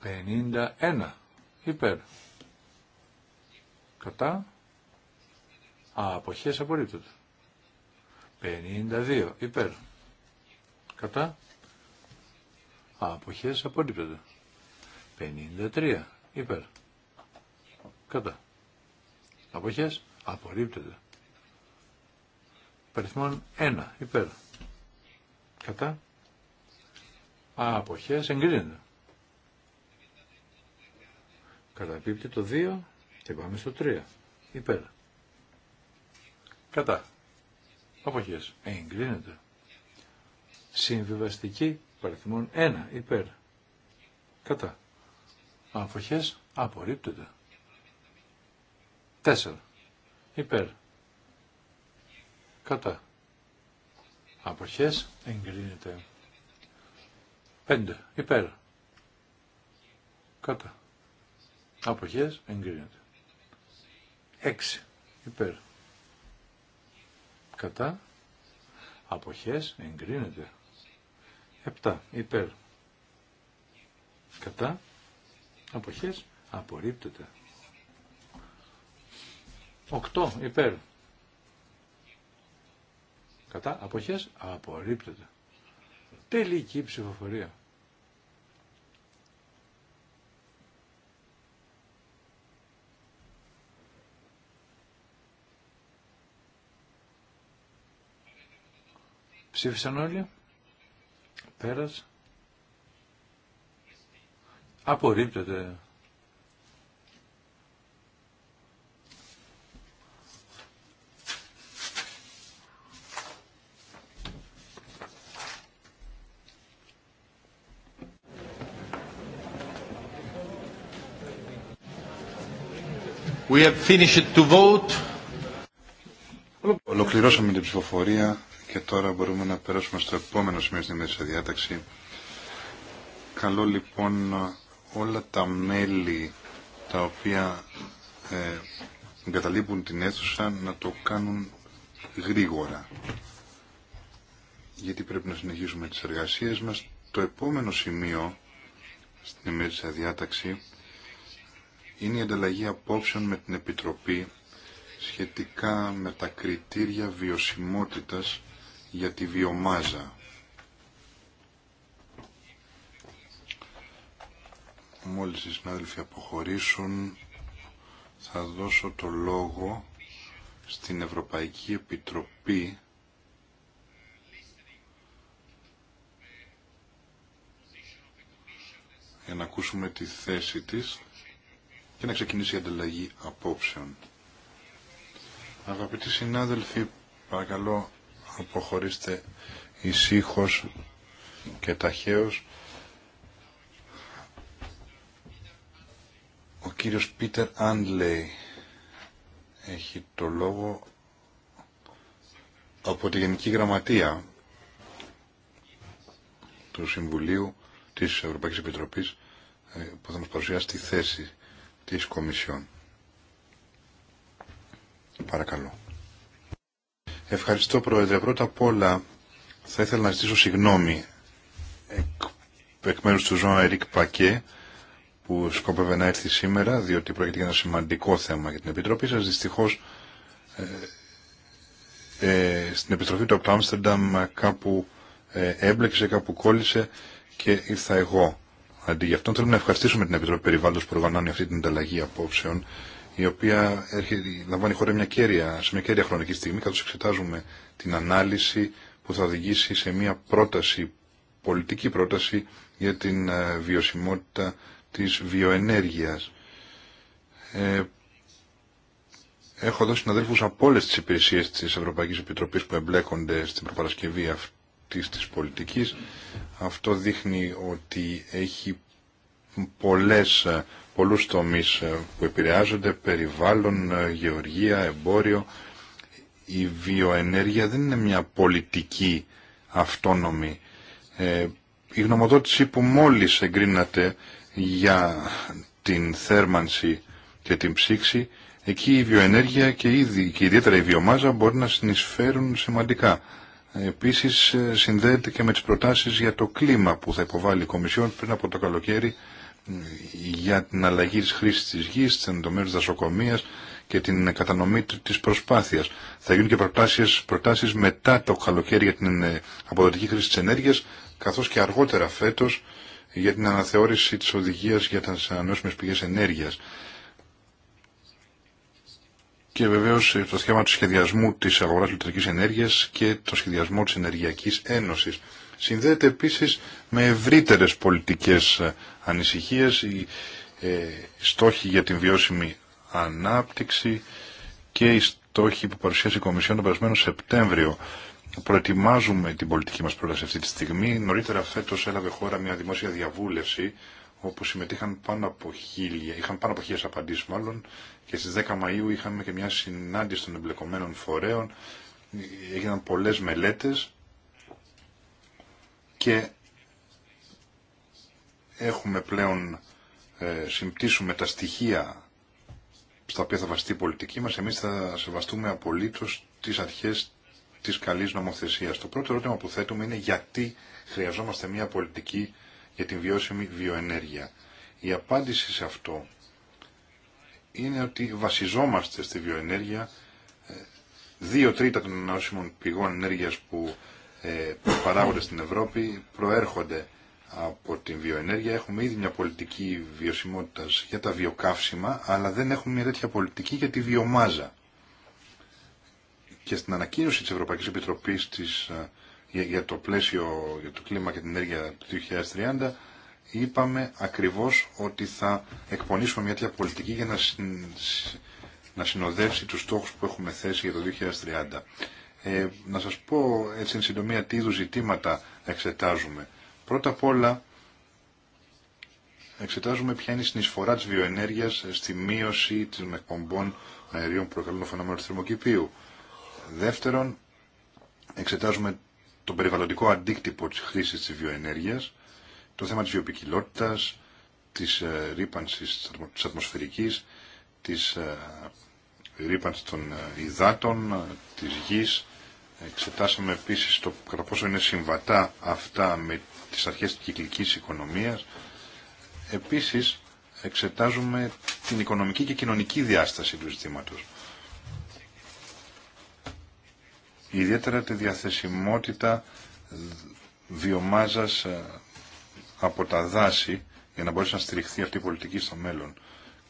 Πενήντα ένα. Υπέρ. Κατά αποχές απορρίπτωτο. 52 υπέρ. Κατά. αποχές απορρίπτωτο. 53 υπέρ. Κατά. Αποχές απορρίπτωτο. Περιθμόν 1 υπέρ. Κατά. Α, αποχές εγκρίνεται. Καταπίπτει το 2 και πάμε στο 3. Υπέρ. Κατά. Αποχές. Εγκρίνεται. Συμβιβαστική παριθμών 1 υπέρ. Κατά. Αποχές. Απορρίπτεται. 4 υπέρ. Κατά. Αποχές. Εγκρίνεται. 5 υπέρ. Κατά. Αποχές εγκρίνεται. 6. Υπέρ κατά αποχές εγκρίνεται 7 υπέρ κατά αποχές απορρίπτεται 8 υπέρ κατά αποχές απορρίπτεται τελική ψηφοφορία Ψήφισαν όλοι. Πέρας. Απορρίπτεται. We have finished to vote. Ολοκληρώσαμε την ψηφοφορία. Και τώρα μπορούμε να περάσουμε στο επόμενο σημείο στην μέση διάταξη. Καλό λοιπόν όλα τα μέλη τα οποία ε, εγκαταλείπουν την αίθουσα να το κάνουν γρήγορα. Γιατί πρέπει να συνεχίσουμε τις εργασίες μας. Το επόμενο σημείο στην ημέρησα διάταξη είναι η ανταλλαγή απόψεων με την Επιτροπή σχετικά με τα κριτήρια βιωσιμότητας για τη βιομάζα. Μόλις οι συνάδελφοι αποχωρήσουν, θα δώσω το λόγο στην Ευρωπαϊκή Επιτροπή για να ακούσουμε τη θέση της και να ξεκινήσει η ανταλλαγή απόψεων. Αγαπητοί συνάδελφοι, παρακαλώ αποχωρήστε ησύχως και ταχαίως. Ο κύριος Πίτερ Άντλεϊ έχει το λόγο από τη Γενική Γραμματεία του Συμβουλίου της Ευρωπαϊκής Επιτροπής ε, που θα μας παρουσιάσει τη θέση της Κομισιόν. Παρακαλώ. Ευχαριστώ Πρόεδρε. Πρώτα απ' όλα θα ήθελα να ζητήσω συγγνώμη εκ, εκ μέρου του Ζωάν Ερικ Πακέ που σκόπευε να έρθει σήμερα διότι πρόκειται για ένα σημαντικό θέμα για την Επιτροπή σας. Δυστυχώς ε, ε στην Επιτροπή του από το Άμστερνταμ κάπου ε, έμπλεξε, κάπου κόλλησε και ήρθα εγώ. Αντί γι' αυτό Θέλω να ευχαριστήσουμε την Επιτροπή Περιβάλλοντος που οργανώνει αυτή την ανταλλαγή απόψεων η οποία έρχεται, λαμβάνει χώρα μια κέρια, σε μια κέρια χρονική στιγμή, καθώς εξετάζουμε την ανάλυση που θα οδηγήσει σε μια πρόταση, πολιτική πρόταση για την ε, βιωσιμότητα της βιοενέργειας. Ε, έχω εδώ συναδέλφους από όλε τις υπηρεσίες της Ευρωπαϊκής Επιτροπής που εμπλέκονται στην προπαρασκευή αυτής της πολιτικής. Αυτό δείχνει ότι έχει πολλές ε, πολλούς τομείς ε, που επηρεάζονται, περιβάλλον, ε, γεωργία, εμπόριο. Η βιοενέργεια δεν είναι μια πολιτική αυτόνομη. Ε, η γνωμοδότηση που μόλις εγκρίνατε για την θέρμανση και την ψήξη, εκεί η βιοενέργεια και, ήδη, και ιδιαίτερα η βιομάζα μπορεί να συνεισφέρουν σημαντικά. Επίσης συνδέεται και με τις προτάσεις για το κλίμα που θα υποβάλει η Κομισιόν πριν από το καλοκαίρι για την αλλαγή της χρήσης της γης, της εντομέρειας δασοκομείας και την κατανομή της προσπάθειας. Θα γίνουν και προτάσεις, προτάσεις μετά το καλοκαίρι για την ε, αποδοτική χρήση της ενέργειας, καθώς και αργότερα φέτος για την αναθεώρηση της οδηγίας για τις ανανεώσιμες πηγές ενέργειας. Και βεβαίως ε, το θέμα του σχεδιασμού της αγοράς λειτουργικής ενέργειας και το σχεδιασμό της Ενεργειακής Ένωσης συνδέεται επίσης με ευρύτερες πολιτικές ανησυχίες, οι ε, στόχοι για την βιώσιμη ανάπτυξη και οι στόχοι που παρουσίασε η Κομισιόν τον περασμένο Σεπτέμβριο. Προετοιμάζουμε την πολιτική μας πρόταση αυτή τη στιγμή. Νωρίτερα φέτος έλαβε χώρα μια δημόσια διαβούλευση όπου συμμετείχαν πάνω από χίλια, είχαν πάνω από χίλιες απαντήσεις μάλλον και στις 10 Μαΐου είχαμε και μια συνάντηση των εμπλεκομένων φορέων, έγιναν πολλές μελέτες και έχουμε πλέον, ε, συμπτήσουμε τα στοιχεία στα οποία θα βαστεί η πολιτική μας, εμείς θα σεβαστούμε απολύτως τις αρχές της καλής νομοθεσίας. Το πρώτο ερώτημα που θέτουμε είναι γιατί χρειαζόμαστε μια πολιτική για την βιώσιμη βιοενέργεια. Η απάντηση σε αυτό είναι ότι βασιζόμαστε στη βιοενέργεια ε, δύο τρίτα των ανανεώσιμων πηγών ενέργειας που που ε, παράγονται στην Ευρώπη προέρχονται από την βιοενέργεια. Έχουμε ήδη μια πολιτική βιωσιμότητα για τα βιοκαύσιμα, αλλά δεν έχουμε μια τέτοια πολιτική για τη βιομάζα. Και στην ανακοίνωση της Ευρωπαϊκής Επιτροπής ε, για, το πλαίσιο, για το κλίμα και την ενέργεια του 2030, είπαμε ακριβώς ότι θα εκπονήσουμε μια τέτοια πολιτική για να, να συνοδεύσει τους στόχους που έχουμε θέσει για το 2030. Ε, να σας πω έτσι εν συντομία τι είδου ζητήματα εξετάζουμε. Πρώτα απ' όλα εξετάζουμε ποια είναι η συνεισφορά της βιοενέργειας στη μείωση των εκπομπών αερίων που προκαλούν το φαινόμενο του θερμοκηπίου. Δεύτερον, εξετάζουμε το περιβαλλοντικό αντίκτυπο της χρήσης της βιοενέργειας, το θέμα της βιοποικιλότητας, της ε, ρήπανσης της ατμοσφαιρικής, της ε, ρήπανσης των ε, υδάτων, της γης, Εξετάσαμε επίσης το κατά πόσο είναι συμβατά αυτά με τις αρχές της κυκλικής οικονομίας. Επίσης εξετάζουμε την οικονομική και κοινωνική διάσταση του ζητήματος. Ιδιαίτερα τη διαθεσιμότητα βιομάζας ε, από τα δάση για να μπορέσει να στηριχθεί αυτή η πολιτική στο μέλλον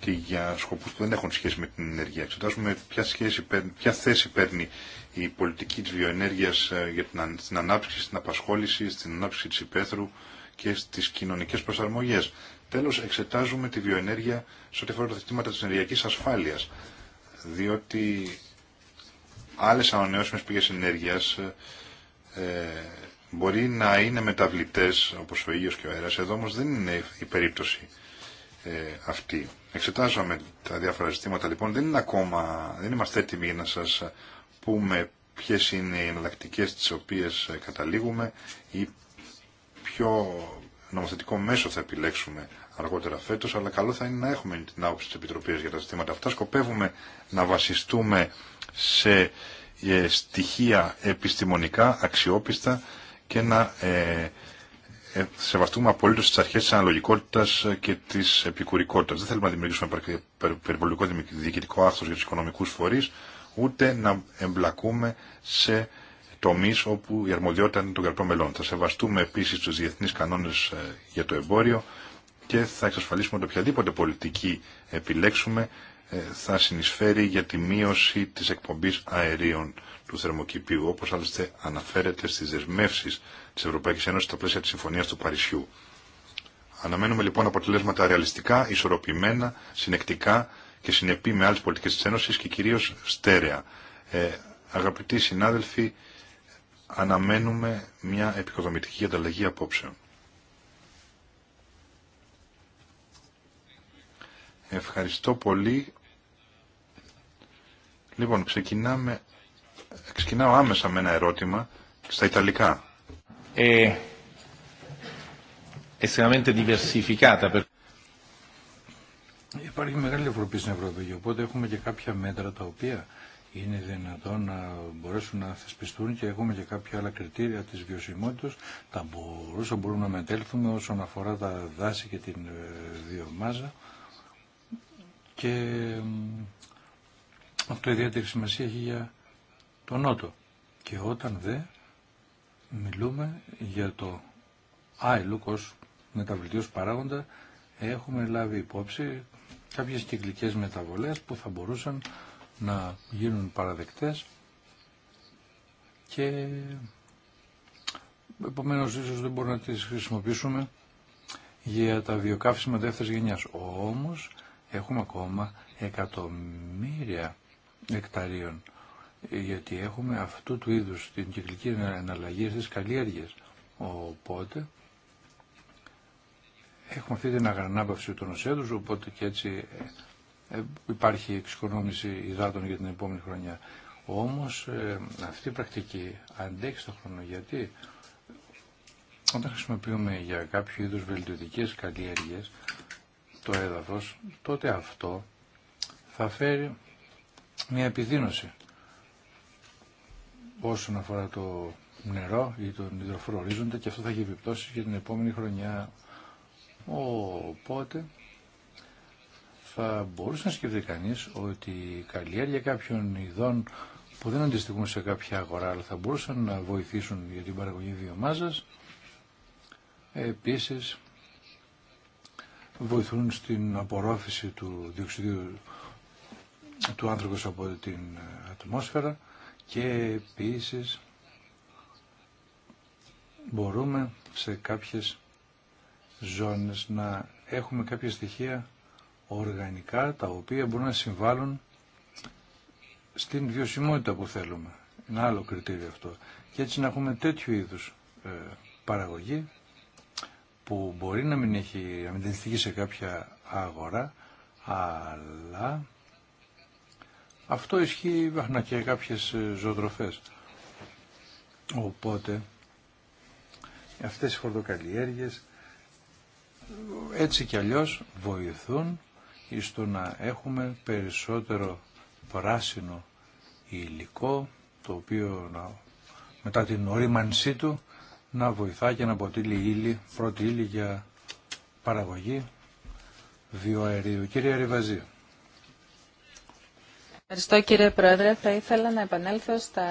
και για σκοπούς που δεν έχουν σχέση με την ενέργεια. Εξετάζουμε ποια, σχέση, ποια θέση παίρνει η πολιτική της βιοενέργειας ε, για την, ανάπτυξη, στην απασχόληση, στην ανάπτυξη της υπαίθρου και στις κοινωνικές προσαρμογές. Τέλος, εξετάζουμε τη βιοενέργεια σε ό,τι αφορά τα θετήματα της ενεργειακής ασφάλειας, διότι άλλες ανανεώσιμες πηγές ενέργειας ε, ε, μπορεί να είναι μεταβλητές, όπως ο ήλιος και ο αέρας, εδώ όμως δεν είναι η περίπτωση. Ε, αυτή. Εξετάζομαι τα διάφορα ζητήματα λοιπόν. Δεν είναι ακόμα, δεν είμαστε έτοιμοι να σας πούμε ποιες είναι οι εναλλακτικέ τις οποίες ε, καταλήγουμε ή ποιο νομοθετικό μέσο θα επιλέξουμε αργότερα φέτος, αλλά καλό θα είναι να έχουμε την άποψη της Επιτροπής για τα ζητήματα αυτά. Σκοπεύουμε να βασιστούμε σε ε, στοιχεία επιστημονικά αξιόπιστα και να ε, ε, σεβαστούμε απολύτω τι αρχέ τη αναλογικότητα και τη επικουρικότητα. Δεν θέλουμε να δημιουργήσουμε περιβολικό διοικητικό άρθρο για του οικονομικού φορεί, ούτε να εμπλακούμε σε τομεί όπου η αρμοδιότητα είναι των κρατών μελών. Θα σεβαστούμε επίση του διεθνεί κανόνε ε, για το εμπόριο και θα εξασφαλίσουμε ότι οποιαδήποτε πολιτική επιλέξουμε ε, θα συνεισφέρει για τη μείωση της εκπομπής αερίων του θερμοκηπίου, όπως άλλωστε αναφέρεται στι δεσμεύσει της Ευρωπαϊκής Ένωσης στα πλαίσια της Συμφωνίας του Παρισιού. Αναμένουμε λοιπόν αποτελέσματα ρεαλιστικά, ισορροπημένα, συνεκτικά και συνεπή με άλλε πολιτικές τη Ένωση και κυρίως στέρεα. Ε, αγαπητοί συνάδελφοι, αναμένουμε μια επικοδομητική ανταλλαγή απόψεων. Ευχαριστώ πολύ. Λοιπόν, ξεκινάμε Ξεκινάω άμεσα με ένα ερώτημα στα Ιταλικά. Ε, Υπάρχει μεγάλη ευρωπή στην Ευρώπη, οπότε έχουμε και κάποια μέτρα τα οποία είναι δυνατόν να μπορέσουν να θεσπιστούν και έχουμε και κάποια άλλα κριτήρια της βιωσιμότητας τα μπορούσαν μπορούμε να μετέλθουμε όσον αφορά τα δάση και την ε, βιομάζα και αυτό ιδιαίτερη σημασία έχει για τον Νότο. Και όταν δε μιλούμε για το ΆΕΛΟΚ ως μεταβλητήριο παράγοντα έχουμε λάβει υπόψη κάποιες κυκλικές μεταβολές που θα μπορούσαν να γίνουν παραδεκτές και επομένως ίσως δεν μπορούμε να τις χρησιμοποιήσουμε για τα βιοκαύσιμα δεύτερης γενιάς. Όμως έχουμε ακόμα εκατομμύρια εκταρίων γιατί έχουμε αυτού του είδους την κυκλική εναλλαγή στις καλλιέργειες. Οπότε έχουμε αυτή την αγρανάπαυση των οσέδους, οπότε και έτσι ε, υπάρχει εξοικονόμηση υδάτων για την επόμενη χρονιά. Όμως ε, αυτή η πρακτική αντέχει στον χρόνο, γιατί όταν χρησιμοποιούμε για κάποιο είδους βελτιωτικές καλλιέργειες το έδαφος, τότε αυτό θα φέρει μια επιδείνωση όσον αφορά το νερό ή τον υδροφόρο ορίζοντα και αυτό θα έχει επιπτώσει για την επόμενη χρονιά. Οπότε θα μπορούσε να σκεφτεί κανείς ότι η καλλιέργεια κάποιων ειδών που δεν αντιστοιχούν σε κάποια αγορά αλλά θα μπορούσαν να βοηθήσουν για την παραγωγή βιομάζας επίσης βοηθούν στην απορρόφηση του διοξιδίου του άνθρακος από την ατμόσφαιρα και επίσης μπορούμε σε κάποιες ζώνες να έχουμε κάποια στοιχεία οργανικά τα οποία μπορούν να συμβάλλουν στην βιωσιμότητα που θέλουμε. Ένα άλλο κριτήριο αυτό. Και έτσι να έχουμε τέτοιου είδους ε, παραγωγή που μπορεί να μην έχει να μην σε κάποια αγορά αλλά αυτό ισχύει να και κάποιες ε, ζωοτροφές. Οπότε αυτές οι φορτοκαλλιέργειες έτσι κι αλλιώς βοηθούν στο να έχουμε περισσότερο πράσινο υλικό το οποίο να, μετά την ορίμανσή του να βοηθά και να αποτελεί ύλη, πρώτη ύλη για παραγωγή βιοαερίου. Κύριε Ριβαζίου. Ευχαριστώ κύριε Πρόεδρε. Θα ήθελα να επανέλθω στα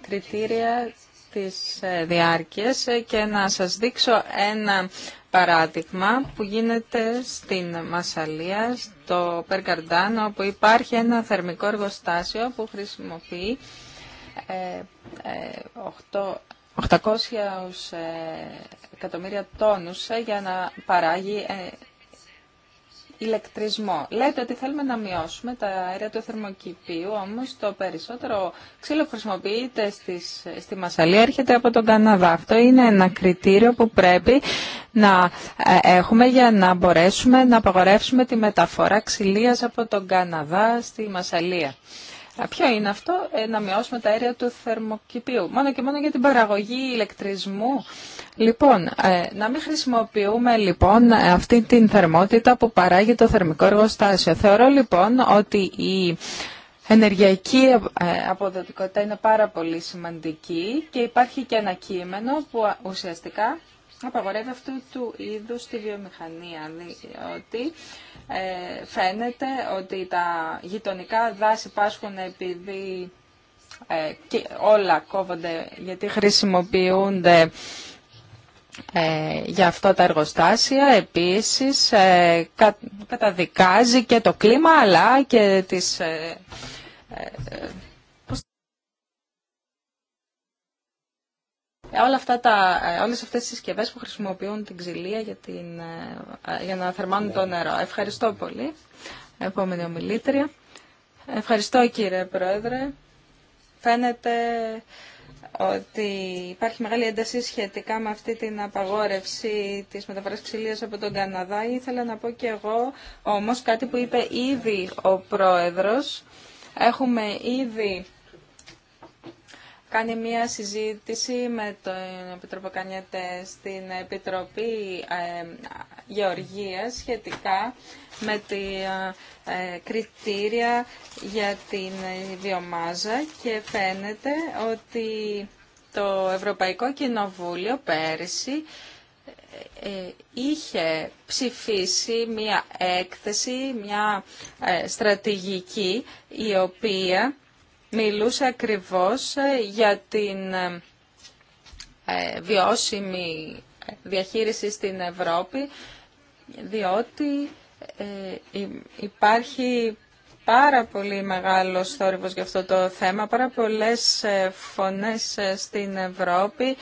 κριτήρια της ε, διάρκειας και να σας δείξω ένα παράδειγμα που γίνεται στην Μασαλία, στο Περκαρντάνο, όπου υπάρχει ένα θερμικό εργοστάσιο που χρησιμοποιεί 800 ε, ε, εκατομμύρια τόνους για να παράγει ηλεκτρισμό. Λέτε ότι θέλουμε να μειώσουμε τα αέρια του θερμοκηπίου, όμω το περισσότερο ξύλο που χρησιμοποιείται στις, στη Μασαλία έρχεται από τον Καναδά. Αυτό είναι ένα κριτήριο που πρέπει να ε, έχουμε για να μπορέσουμε να απαγορεύσουμε τη μεταφορά ξυλίας από τον Καναδά στη Μασαλία. Ποιο είναι αυτό, ε, να μειώσουμε τα αέρια του θερμοκηπίου. Μόνο και μόνο για την παραγωγή ηλεκτρισμού. Λοιπόν, ε, να μην χρησιμοποιούμε λοιπόν αυτή την θερμότητα που παράγει το θερμικό εργοστάσιο. Θεωρώ λοιπόν ότι η ενεργειακή ε, αποδοτικότητα είναι πάρα πολύ σημαντική και υπάρχει και ένα κείμενο που ουσιαστικά απαγορεύει αυτού του είδου τη βιομηχανία. Ότι ε, φαίνεται ότι τα γειτονικά δάση πάσχουν επειδή ε, και όλα κόβονται γιατί χρησιμοποιούνται ε, για αυτό τα εργοστάσια. Επίσης καταδικάζει και το κλίμα αλλά και τις Ε, όλα αυτά τα, ε, όλες αυτές τις συσκευές που χρησιμοποιούν την ξυλία για, την, ε, για να θερμάνουν το νερό. Ευχαριστώ πολύ. Επόμενη ομιλήτρια. Ευχαριστώ κύριε Πρόεδρε. Φαίνεται ότι υπάρχει μεγάλη ένταση σχετικά με αυτή την απαγόρευση της μεταφοράς ξυλίας από τον Καναδά. Ήθελα να πω και εγώ όμως κάτι που είπε ήδη ο Πρόεδρος. Έχουμε ήδη κάνει μία συζήτηση με τον Επιτρόπο στην Επιτροπή ε, Γεωργίας σχετικά με τη ε, κριτήρια για την βιομάζα και φαίνεται ότι το Ευρωπαϊκό Κοινοβούλιο πέρυσι ε, είχε ψηφίσει μία έκθεση, μία στρατηγική η οποία μιλούσε ακριβώς ε, για την ε, ε, βιώσιμη διαχείριση στην Ευρώπη, διότι υπάρχει πάρα πολύ μεγάλος θόρυβος για αυτό το θέμα, πάρα πολλές φωνές στην Ευρώπη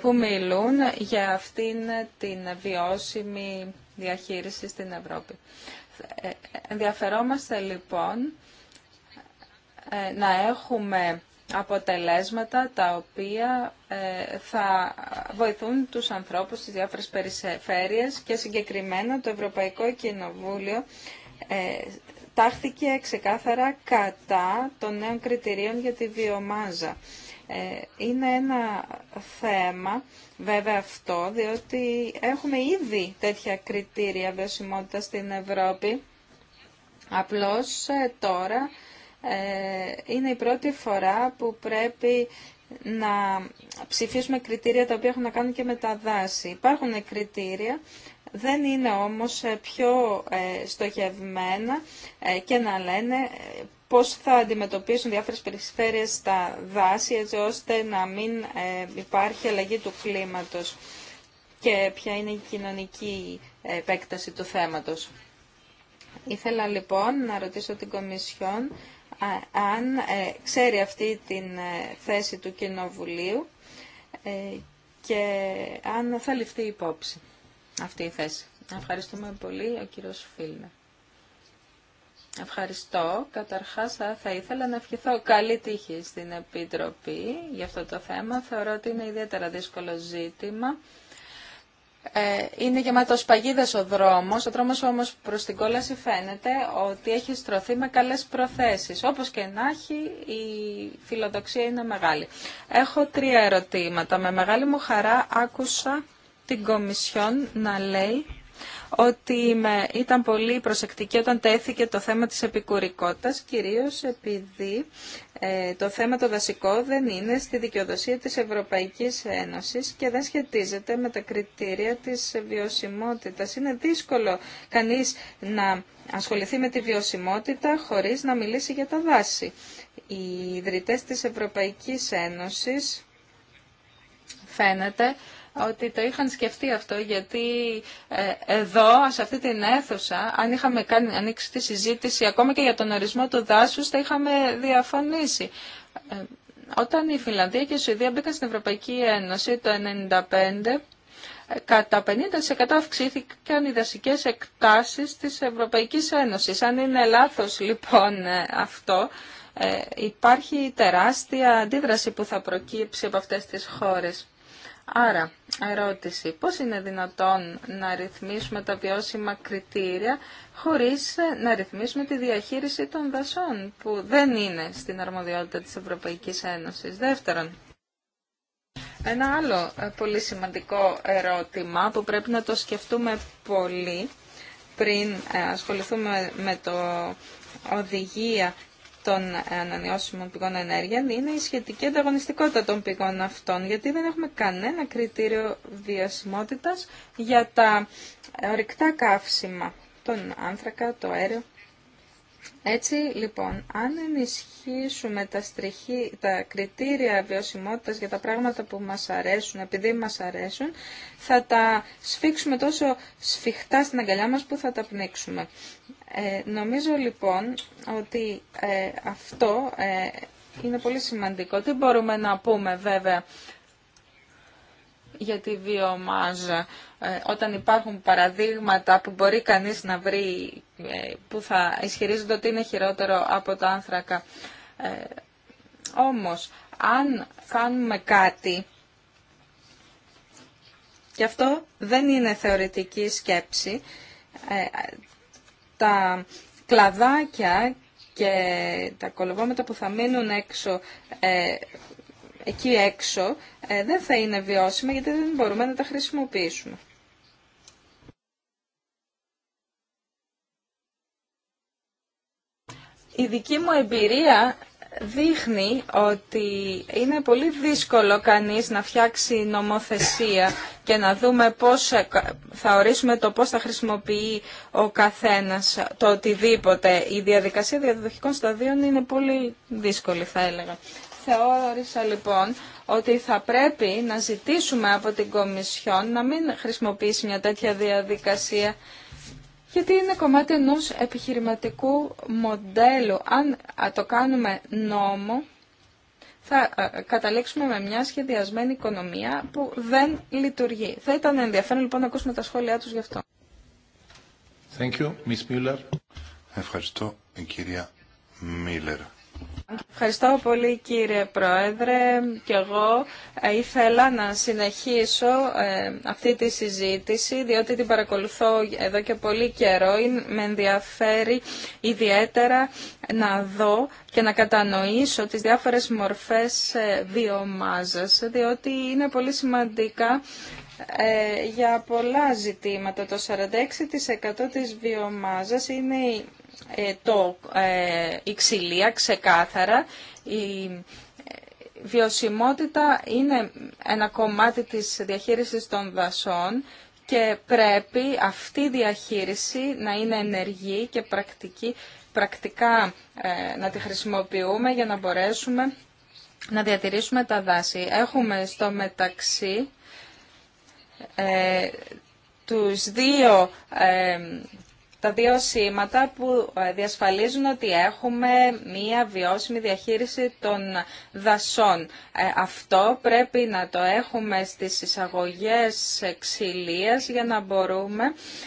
που μιλούν για αυτήν την βιώσιμη διαχείριση στην Ευρώπη. Ενδιαφερόμαστε λοιπόν ε, να έχουμε αποτελέσματα τα οποία ε, θα βοηθούν τους ανθρώπους στις διάφορες περιφέρειες και συγκεκριμένα το Ευρωπαϊκό Κοινοβούλιο ε, τάχθηκε ξεκάθαρα κατά των νέων κριτηρίων για τη βιομάζα. Είναι ένα θέμα βέβαια αυτό, διότι έχουμε ήδη τέτοια κριτήρια βιωσιμότητα στην Ευρώπη. Απλώς τώρα ε, είναι η πρώτη φορά που πρέπει να ψηφίσουμε κριτήρια τα οποία έχουν να κάνουν και με τα δάση. Υπάρχουν κριτήρια, δεν είναι όμως ε, πιο ε, στοχευμένα και να λένε πώς θα αντιμετωπίσουν διάφορες περιφέρειες στα δάση έτσι ώστε να μην υπάρχει αλλαγή του κλίματος και ποια είναι η κοινωνική επέκταση του θέματος. Ήθελα λοιπόν να ρωτήσω την Κομισιόν αν ε, ξέρει αυτή την ε, θέση του Κοινοβουλίου ε, και αν θα ληφθεί υπόψη αυτή η θέση. Ευχαριστούμε πολύ, ο κύριος Φίλνερ. Ευχαριστώ. Καταρχάς θα ήθελα να ευχηθώ καλή τύχη στην Επιτροπή για αυτό το θέμα. Θεωρώ ότι είναι ιδιαίτερα δύσκολο ζήτημα. Ε, είναι γεμάτος παγίδες ο δρόμος, ο δρόμος όμως προς την κόλαση φαίνεται ότι έχει στρωθεί με καλές προθέσεις. Όπως και να έχει, η φιλοδοξία είναι μεγάλη. Έχω τρία ερωτήματα. Με μεγάλη μου χαρά άκουσα την Κομισιόν να λέει ότι ήταν πολύ προσεκτική όταν τέθηκε το θέμα της επικουρικότητας, κυρίως επειδή ε, το θέμα το δασικό δεν είναι στη δικαιοδοσία της Ευρωπαϊκής Ένωσης και δεν σχετίζεται με τα κριτήρια της βιωσιμότητας. Είναι δύσκολο κανείς να ασχοληθεί με τη βιωσιμότητα χωρίς να μιλήσει για τα δάση. Οι ιδρυτές της Ευρωπαϊκής Ένωσης φαίνεται ότι το είχαν σκεφτεί αυτό, γιατί ε, εδώ, σε αυτή την αίθουσα, αν είχαμε κάνει, ανοίξει τη συζήτηση ακόμα και για τον ορισμό του δάσου, θα είχαμε διαφωνήσει. Ε, όταν η Φιλανδία και η Σουηδία μπήκαν στην Ευρωπαϊκή Ένωση το 1995, κατά 50% αυξήθηκαν οι δασικές εκτάσεις της Ευρωπαϊκής Ένωσης. Αν είναι λάθος λοιπόν ε, αυτό, υπάρχει τεράστια αντίδραση που θα προκύψει από αυτές τις χώρες. Άρα, ερώτηση, πώς είναι δυνατόν να ρυθμίσουμε τα βιώσιμα κριτήρια χωρίς ε, να ρυθμίσουμε τη διαχείριση των δασών που δεν είναι στην αρμοδιότητα της Ευρωπαϊκής Ένωσης. Δεύτερον, ένα άλλο ε, πολύ σημαντικό ερώτημα που πρέπει να το σκεφτούμε πολύ πριν ε, ασχοληθούμε με το οδηγία των ανανεώσιμων πηγών ενέργεια είναι η σχετική ανταγωνιστικότητα των πηγών αυτών, γιατί δεν έχουμε κανένα κριτήριο βιωσιμότητας για τα ορυκτά καύσιμα, τον άνθρακα, το αέριο. Έτσι, λοιπόν, αν ενισχύσουμε τα, στριχή, τα κριτήρια βιωσιμότητας για τα πράγματα που μας αρέσουν, επειδή μας αρέσουν, θα τα σφίξουμε τόσο σφιχτά στην αγκαλιά μας που θα τα πνίξουμε. Ε, νομίζω, λοιπόν, ότι ε, αυτό ε, είναι πολύ σημαντικό. Τι μπορούμε να πούμε, βέβαια, για τη βιομάζα. Ε, όταν υπάρχουν παραδείγματα που μπορεί κανείς να βρει ε, που θα ισχυρίζονται ότι είναι χειρότερο από το άνθρακα. Ε, όμως, αν κάνουμε κάτι, και αυτό δεν είναι θεωρητική σκέψη, τα κλαδάκια και τα κολοβόμετα που θα μείνουν έξω εκεί έξω ε, δεν θα είναι βιώσιμα γιατί δεν μπορούμε να τα χρησιμοποιήσουμε. Η δική μου εμπειρία δείχνει ότι είναι πολύ δύσκολο κανείς να φτιάξει νομοθεσία και να δούμε πώς ε, θα ορίσουμε το πώς θα χρησιμοποιεί ο καθένας το οτιδήποτε. Η διαδικασία διαδοχικών σταδίων είναι πολύ δύσκολη θα έλεγα θεώρησα λοιπόν ότι θα πρέπει να ζητήσουμε από την Κομισιόν να μην χρησιμοποιήσει μια τέτοια διαδικασία γιατί είναι κομμάτι ενός επιχειρηματικού μοντέλου. Αν το κάνουμε νόμο, θα καταλήξουμε με μια σχεδιασμένη οικονομία που δεν λειτουργεί. Θα ήταν ενδιαφέρον λοιπόν να ακούσουμε τα σχόλιά τους γι' αυτό. Thank Ευχαριστώ, κυρία Μίλλερ. Ευχαριστώ πολύ κύριε Πρόεδρε και εγώ ε, ήθελα να συνεχίσω ε, αυτή τη συζήτηση διότι την παρακολουθώ εδώ και πολύ καιρό. Ε, με ενδιαφέρει ιδιαίτερα να δω και να κατανοήσω τις διάφορες μορφές βιομάζας διότι είναι πολύ σημαντικά για πολλά ζητήματα. Το 46% της βιομάζας είναι ε, το, ε, η ξυλία ξεκάθαρα. Η ε, βιωσιμότητα είναι ένα κομμάτι της διαχείρισης των δασών και πρέπει αυτή η διαχείριση να είναι ενεργή και πρακτική, πρακτικά να τη χρησιμοποιούμε για να μπορέσουμε να διατηρήσουμε τα δάση. Έχουμε στο μεταξύ ε, τους δύο ε, τα δύο σήματα που ε, διασφαλίζουν ότι έχουμε μία βιώσιμη διαχείριση των δασών. Ε, αυτό πρέπει να το έχουμε στις εισαγωγές ξυλίας για να μπορούμε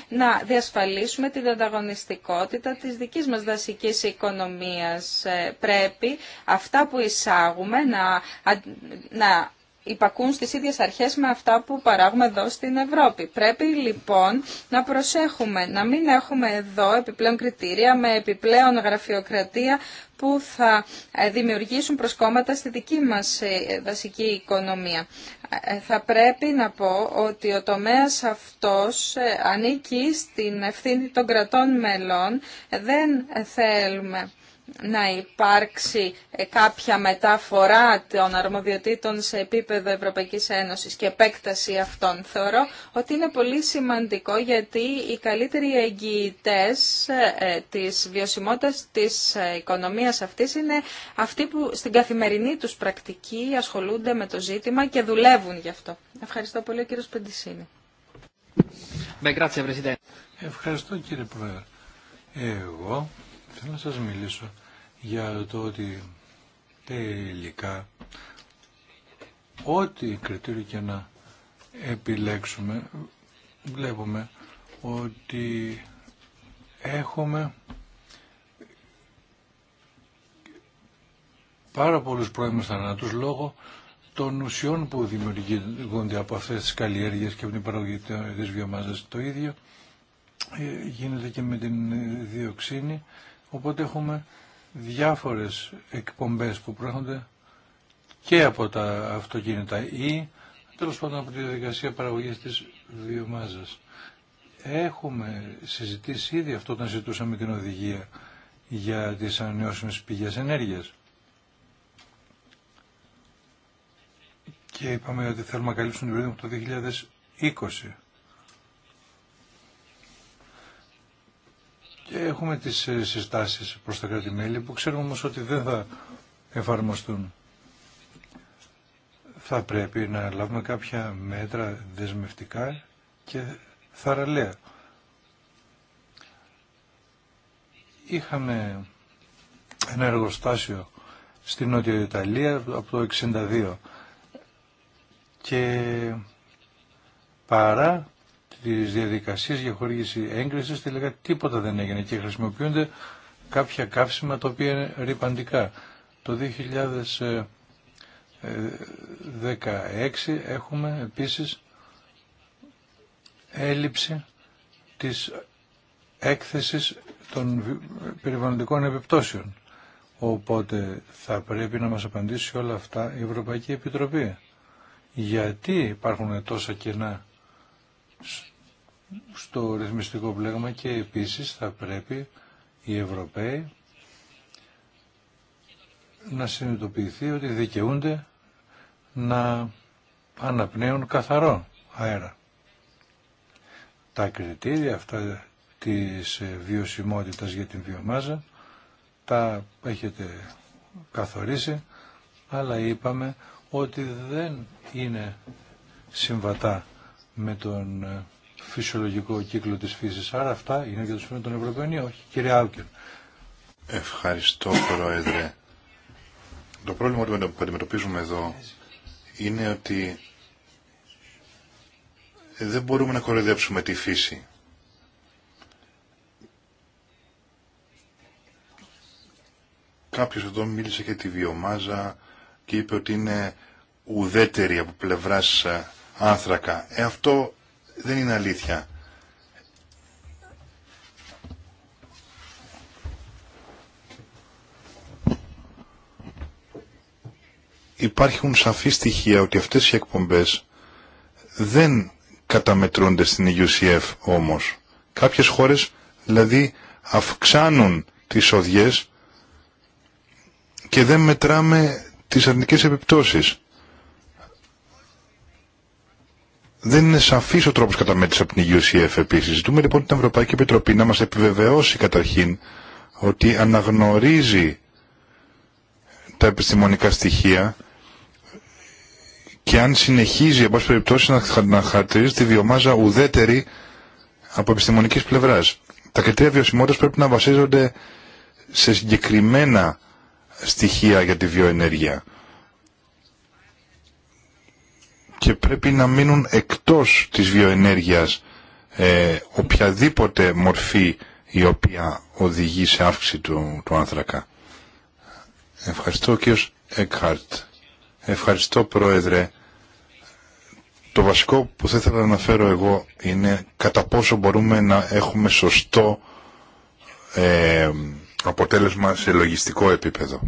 να διασφαλίσουμε την ανταγωνιστικότητα της δικής μας δασικής οικονομίας. Ε, πρέπει αυτά που εισάγουμε να, να υπακούν στις ίδιες αρχές με αυτά που παράγουμε εδώ στην Ευρώπη. Πρέπει λοιπόν να προσέχουμε, να μην έχουμε εδώ επιπλέον κριτήρια με επιπλέον γραφειοκρατία που θα ε, δημιουργήσουν προσκόμματα στη δική μας δασική ε, οικονομία. Ε, θα πρέπει να πω ότι ο τομέας αυτός ανήκει στην ευθύνη των κρατών μελών. Δεν θέλουμε να υπάρξει ε, κάποια μεταφορά των αρμοδιοτήτων σε επίπεδο Ευρωπαϊκής Ένωσης και επέκταση αυτών. Θεωρώ ότι είναι πολύ σημαντικό γιατί οι καλύτεροι εγγυητές ε, της βιωσιμότητας της ε, οικονομίας αυτής είναι αυτοί που στην καθημερινή τους πρακτική ασχολούνται με το ζήτημα και δουλεύουν γι' αυτό. Ευχαριστώ πολύ κύριο Πεντησίνη. Ευχαριστώ κύριε Πρόεδρε. Εγώ Θέλω να σας μιλήσω για το ότι τελικά ό,τι κριτήριο και να επιλέξουμε βλέπουμε ότι έχουμε πάρα πολλούς πρώιμους θανάτους λόγω των ουσιών που δημιουργούνται από αυτές τις καλλιέργειες και από την παραγωγή της βιομάζας. Το ίδιο ε, γίνεται και με την διοξίνη Οπότε έχουμε διάφορες εκπομπές που προέρχονται και από τα αυτοκίνητα ή τέλος πάντων από τη διαδικασία παραγωγής της βιομάζας. Έχουμε συζητήσει ήδη αυτό όταν ζητούσαμε την οδηγία για τις ανανεώσιμες πηγές ενέργειας. Και είπαμε ότι θέλουμε να καλύψουμε την περίοδο από το 2020. Και έχουμε τις ε, συστάσεις προς τα κράτη-μέλη που ξέρουμε όμως ότι δεν θα εφαρμοστούν. Θα πρέπει να λάβουμε κάποια μέτρα δεσμευτικά και θαραλέα. Είχαμε ένα εργοστάσιο στην Νότια Ιταλία από το 1962 και παρά τις διαδικασίες για χορήγηση έγκρισης τελικά τίποτα δεν έγινε και χρησιμοποιούνται κάποια καύσιμα τα οποία είναι ρηπαντικά. Το 2016 έχουμε επίσης έλλειψη της έκθεσης των περιβαλλοντικών επιπτώσεων. Οπότε θα πρέπει να μας απαντήσει όλα αυτά η Ευρωπαϊκή Επιτροπή. Γιατί υπάρχουν τόσα κενά στο ρυθμιστικό πλέγμα και επίσης θα πρέπει οι Ευρωπαίοι να συνειδητοποιηθεί ότι δικαιούνται να αναπνέουν καθαρό αέρα. Τα κριτήρια αυτά της βιωσιμότητας για την βιομάζα τα έχετε καθορίσει αλλά είπαμε ότι δεν είναι συμβατά με τον φυσιολογικό κύκλο της φύσης. Άρα αυτά είναι για το σημείο των Ευρωπαίων ή όχι. Κύριε Άουκεν. Ευχαριστώ Πρόεδρε. Το πρόβλημα που αντιμετωπίζουμε εδώ είναι ότι δεν μπορούμε να κοροϊδέψουμε τη φύση. Κάποιος εδώ μίλησε για τη βιομάζα και είπε ότι είναι ουδέτερη από πλευράς ε, άνθρακα. Ε, αυτό δεν είναι αλήθεια. Υπάρχουν σαφή στοιχεία ότι αυτές οι εκπομπές δεν καταμετρούνται στην UCF όμως. Κάποιες χώρες δηλαδή αυξάνουν τις οδιές και δεν μετράμε τις αρνητικές επιπτώσεις. δεν είναι σαφής ο τρόπος καταμέτρησης από την UCF επίση. Ζητούμε λοιπόν την Ευρωπαϊκή Επιτροπή να μα επιβεβαιώσει καταρχήν ότι αναγνωρίζει τα επιστημονικά στοιχεία και αν συνεχίζει, εν πάση περιπτώσει, να χαρακτηρίζει τη βιομάζα ουδέτερη από επιστημονικής πλευράς. Τα κριτήρια βιωσιμότητα πρέπει να βασίζονται σε συγκεκριμένα στοιχεία για τη βιοενέργεια και πρέπει να μείνουν εκτός της βιοενέργειας ε, οποιαδήποτε μορφή η οποία οδηγεί σε αύξηση του, του άνθρακα. Ευχαριστώ κύριος Εκχάρτ. Ευχαριστώ Πρόεδρε. Το βασικό που θα ήθελα να αναφέρω εγώ είναι κατά πόσο μπορούμε να έχουμε σωστό ε, αποτέλεσμα σε λογιστικό επίπεδο.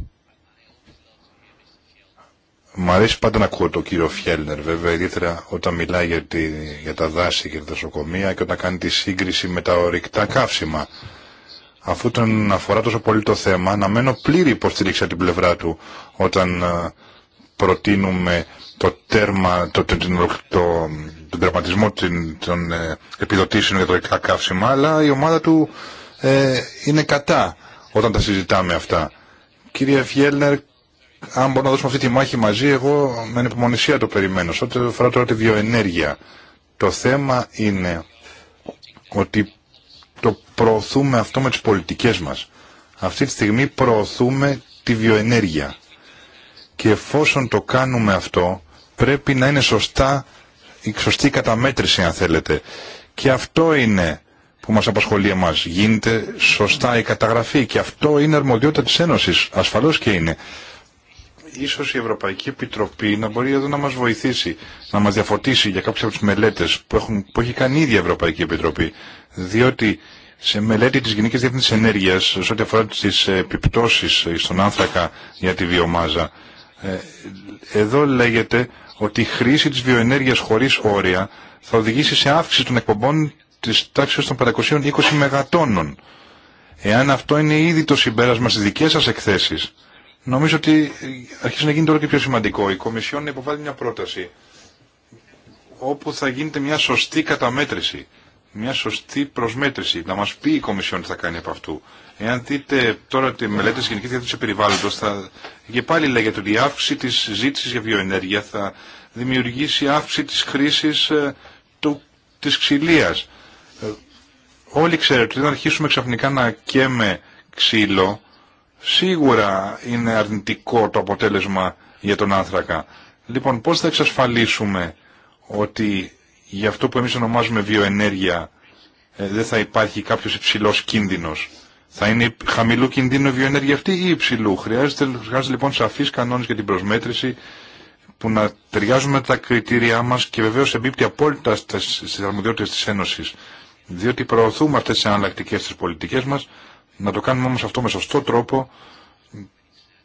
Μ' αρέσει πάντα να ακούω τον κύριο Φιέλνερ βέβαια, ιδιαίτερα όταν μιλάει για, τη, για τα δάση και τα δοσοκομεία και όταν κάνει τη σύγκριση με τα ορυκτά καύσιμα. Αφού τον αφορά τόσο πολύ το θέμα, να μένω πλήρη υποστήριξη από την πλευρά του όταν ε, προτείνουμε το τέρμα, το, το, το, τον τερματισμό των ε, επιδοτήσεων για τα ορυκτά καύσιμα, αλλά η ομάδα του ε, είναι κατά όταν τα συζητάμε αυτά. Κύριε Φιέλνερ, αν μπορούμε να δώσουμε αυτή τη μάχη μαζί, εγώ με ανυπομονησία το περιμένω. Σε ό,τι αφορά τώρα τη βιοενέργεια, το θέμα είναι ότι το προωθούμε αυτό με τις πολιτικές μας. Αυτή τη στιγμή προωθούμε τη βιοενέργεια. Και εφόσον το κάνουμε αυτό, πρέπει να είναι σωστά η σωστή καταμέτρηση, αν θέλετε. Και αυτό είναι που μας απασχολεί εμάς. Γίνεται σωστά η καταγραφή και αυτό είναι αρμοδιότητα της Ένωσης. Ασφαλώς και είναι ίσως η Ευρωπαϊκή Επιτροπή να μπορεί εδώ να μας βοηθήσει, να μας διαφωτίσει για κάποιες από τις μελέτες που, έχουν, που έχει κάνει η ίδια Ευρωπαϊκή Επιτροπή. Διότι σε μελέτη της Γενικής Διεθνής Ενέργειας, σε ό,τι αφορά τις επιπτώσεις στον άνθρακα για τη βιομάζα, ε, εδώ λέγεται ότι η χρήση της βιοενέργειας χωρίς όρια θα οδηγήσει σε αύξηση των εκπομπών της τάξης των 520 μεγατόνων. Εάν αυτό είναι ήδη το συμπέρασμα στις δικές σας εκθέσεις, Νομίζω ότι αρχίζει να γίνεται όλο και πιο σημαντικό. Η Κομισιόν υποβάλλει μια πρόταση όπου θα γίνεται μια σωστή καταμέτρηση, μια σωστή προσμέτρηση. Να μας πει η Κομισιόν τι θα κάνει από αυτού. Εάν δείτε τώρα τη μελέτη της Γενικής Διεύθυνσης Περιβάλλοντος, θα, και πάλι λέγεται ότι η αύξηση της ζήτησης για βιοενέργεια θα δημιουργήσει αύξηση της χρήσης ε, του, της ξυλίας. Ε, όλοι ξέρετε ότι αν αρχίσουμε ξαφνικά να καίμε ξύλο, σίγουρα είναι αρνητικό το αποτέλεσμα για τον άνθρακα. Λοιπόν, πώς θα εξασφαλίσουμε ότι για αυτό που εμείς ονομάζουμε βιοενέργεια ε, δεν θα υπάρχει κάποιος υψηλός κίνδυνος. Θα είναι χαμηλού κινδύνου βιοενέργεια αυτή ή υψηλού. Χρειάζεται, χρειάζεται λοιπόν σαφείς κανόνες για την προσμέτρηση που να ταιριάζουν τα κριτήριά μας και βεβαίως εμπίπτει απόλυτα στις αρμοδιότητες της Ένωσης. Διότι προωθούμε αυτές τις αναλλακτικές τις πολιτικές μας να το κάνουμε όμως αυτό με σωστό τρόπο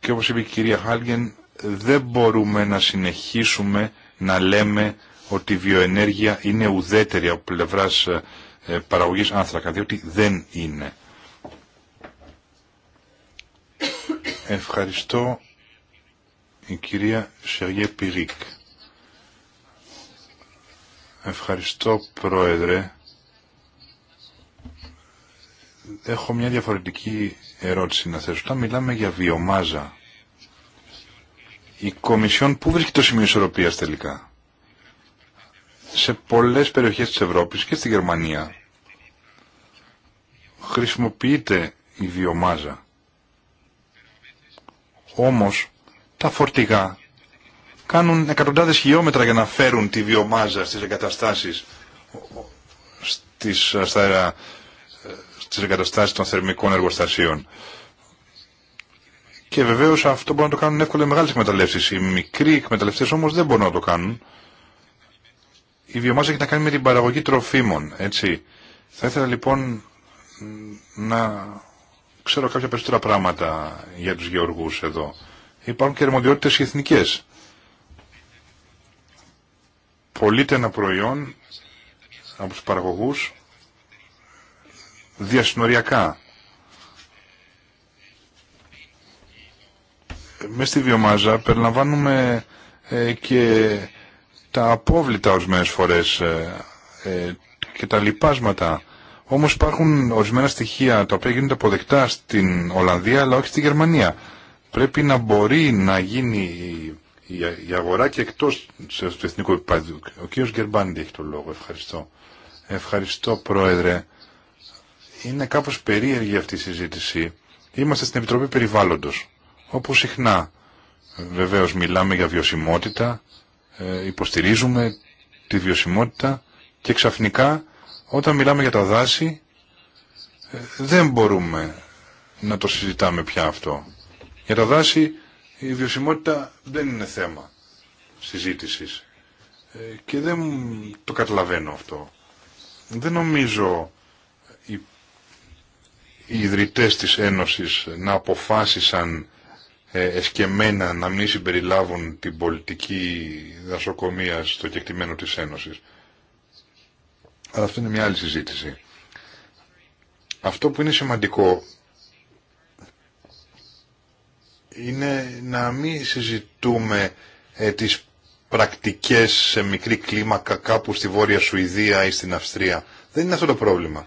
και όπως είπε η κυρία Χάλγεν, δεν μπορούμε να συνεχίσουμε να λέμε ότι η βιοενέργεια είναι ουδέτερη από πλευράς ε, παραγωγής άνθρακα, διότι δεν είναι. Ευχαριστώ η κυρία Σεργέ Πυρίκ. Ευχαριστώ Πρόεδρε έχω μια διαφορετική ερώτηση να θέσω. Όταν μιλάμε για βιομάζα, η Κομισιόν πού βρίσκεται το σημείο ισορροπία τελικά. Σε πολλές περιοχές της Ευρώπης και στη Γερμανία χρησιμοποιείται η βιομάζα. Όμως τα φορτηγά κάνουν εκατοντάδες χιλιόμετρα για να φέρουν τη βιομάζα στις εγκαταστάσεις στις, στα, στις εγκαταστάσεις των θερμικών εργοστασίων. Και βεβαίως αυτό μπορεί να το κάνουν εύκολα οι μεγάλες εκμεταλλεύσεις. Οι μικροί εκμεταλλευτές όμως δεν μπορούν να το κάνουν. Η βιομάζα έχει να κάνει με την παραγωγή τροφίμων, έτσι. Θα ήθελα λοιπόν να ξέρω κάποια περισσότερα πράγματα για τους γεωργούς εδώ. Υπάρχουν και και εθνικές. Πολείται ένα προϊόν από τους παραγωγούς διασυνοριακά. Μες στη βιομάζα περιλαμβάνουμε ε, και τα απόβλητα ορισμένε φορές ε, ε, και τα λοιπάσματα. Όμως υπάρχουν ορισμένα στοιχεία τα οποία γίνονται αποδεκτά στην Ολλανδία αλλά όχι στη Γερμανία. Πρέπει να μπορεί να γίνει η, αγορά και εκτός του εθνικού επιπάδιου. Ο κ. Γκερμπάντη έχει το λόγο. Ευχαριστώ. Ευχαριστώ Πρόεδρε είναι κάπως περίεργη αυτή η συζήτηση. Είμαστε στην Επιτροπή Περιβάλλοντος, όπου συχνά βεβαίως μιλάμε για βιωσιμότητα, ε, υποστηρίζουμε τη βιωσιμότητα και ξαφνικά όταν μιλάμε για τα δάση ε, δεν μπορούμε να το συζητάμε πια αυτό. Για τα δάση η βιωσιμότητα δεν είναι θέμα συζήτησης ε, και δεν το καταλαβαίνω αυτό. Δεν νομίζω οι ιδρυτές της Ένωσης να αποφάσισαν ε, εσκεμένα να μην συμπεριλάβουν την πολιτική δασοκομεία στο κεκτημένο της Ένωσης. Αλλά αυτό είναι μια άλλη συζήτηση. Αυτό που είναι σημαντικό είναι να μην συζητούμε ε, τις πρακτικές σε μικρή κλίμακα κάπου στη Βόρεια Σουηδία ή στην Αυστρία. Δεν είναι αυτό το πρόβλημα.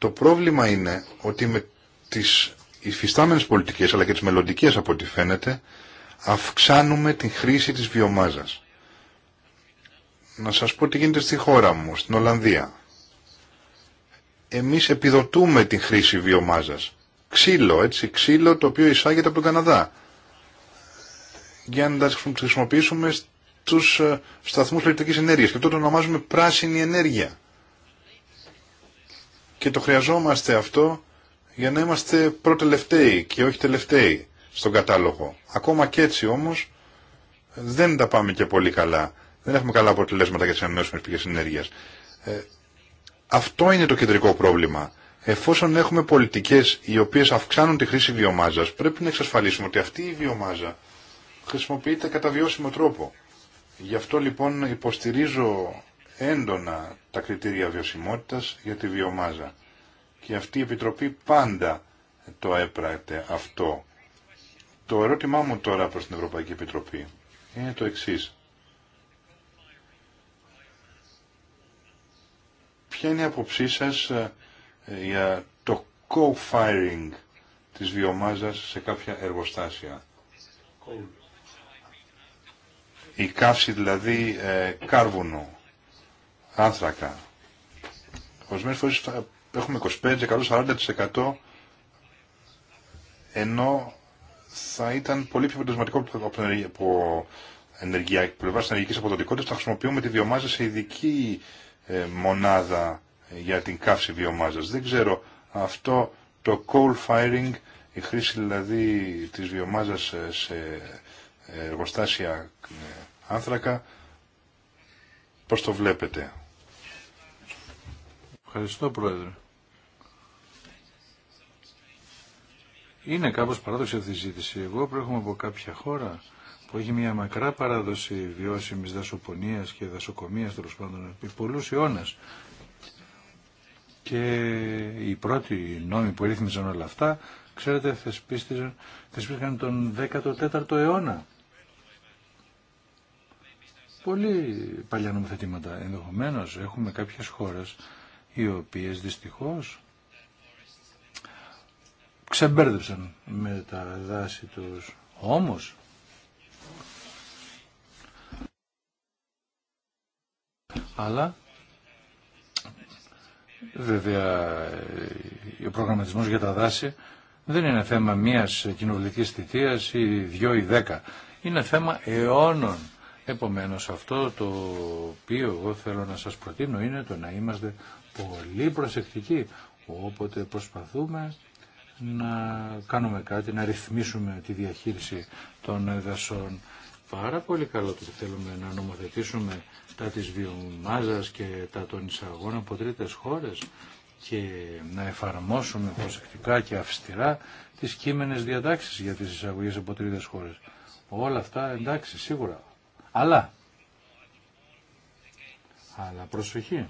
Το πρόβλημα είναι ότι με τις υφιστάμενες πολιτικές αλλά και τις μελλοντικές από ό,τι φαίνεται αυξάνουμε την χρήση της βιομάζας. Να σας πω τι γίνεται στη χώρα μου, στην Ολλανδία. Εμείς επιδοτούμε την χρήση βιομάζας. Ξύλο, έτσι, ξύλο το οποίο εισάγεται από τον Καναδά. Για να τα χρησιμοποιήσουμε στους ε, σταθμούς ηλεκτρικής ενέργειας. Και αυτό το ονομάζουμε πράσινη ενέργεια και το χρειαζόμαστε αυτό για να είμαστε προτελευταίοι και όχι τελευταίοι στον κατάλογο. Ακόμα και έτσι όμως δεν τα πάμε και πολύ καλά. Δεν έχουμε καλά αποτελέσματα για τις ανανεώσιμες πηγές ενέργειας. Ε, αυτό είναι το κεντρικό πρόβλημα. Εφόσον έχουμε πολιτικές οι οποίες αυξάνουν τη χρήση βιομάζας, πρέπει να εξασφαλίσουμε ότι αυτή η βιομάζα χρησιμοποιείται κατά βιώσιμο τρόπο. Γι' αυτό λοιπόν υποστηρίζω έντονα τα κριτήρια βιωσιμότητας για τη βιομάζα. Και αυτή η Επιτροπή πάντα το έπρατε αυτό. Το ερώτημά μου τώρα προς την Ευρωπαϊκή Επιτροπή είναι το εξής. Ποια είναι η αποψή σας ε, για το co-firing της βιομάζας σε κάποια εργοστάσια. Η καύση δηλαδή ε, κάρβουνο άνθρακα. Ορισμένε φορέ έχουμε 25-40% ενώ θα ήταν πολύ πιο αποτελεσματικό από πλευρά τη ενεργειακή αποδοτικότητα να χρησιμοποιούμε τη βιομάζα σε ειδική ε, μονάδα για την καύση βιομάζας. Δεν ξέρω αυτό το coal firing, η χρήση δηλαδή της βιομάζας ε, σε ε, εργοστάσια άνθρακα, πώς το βλέπετε. Ευχαριστώ Πρόεδρε. Είναι κάπως παράδοξη αυτή η ζήτηση. Εγώ προέρχομαι από κάποια χώρα που έχει μια μακρά παράδοση βιώσιμης δασοπονίας και δασοκομείας τέλο πάντων επί πολλούς αιώνε. Και οι πρώτοι νόμοι που ρύθμιζαν όλα αυτά, ξέρετε, θεσπίστηκαν, τον 14ο αιώνα. Πολύ παλιά νομοθετήματα. Ενδεχομένω, έχουμε κάποιες χώρες οι οποίες δυστυχώς ξεμπέρδεψαν με τα δάση τους. Όμως, αλλά βέβαια ο προγραμματισμός για τα δάση δεν είναι θέμα μίας κοινοβουλευτικής θητείας ή δυο ή δέκα. Είναι θέμα αιώνων. Επομένως αυτό το οποίο εγώ θέλω να σας προτείνω είναι το να είμαστε πολύ προσεκτική όποτε προσπαθούμε να κάνουμε κάτι, να ρυθμίσουμε τη διαχείριση των δασών. Πάρα πολύ καλό ότι θέλουμε να νομοθετήσουμε τα της βιομάζας και τα των εισαγών από τρίτες χώρες και να εφαρμόσουμε προσεκτικά και αυστηρά τις κείμενες διατάξεις για τις εισαγωγές από τρίτες χώρες. Όλα αυτά εντάξει σίγουρα. Αλλά, αλλά προσοχή.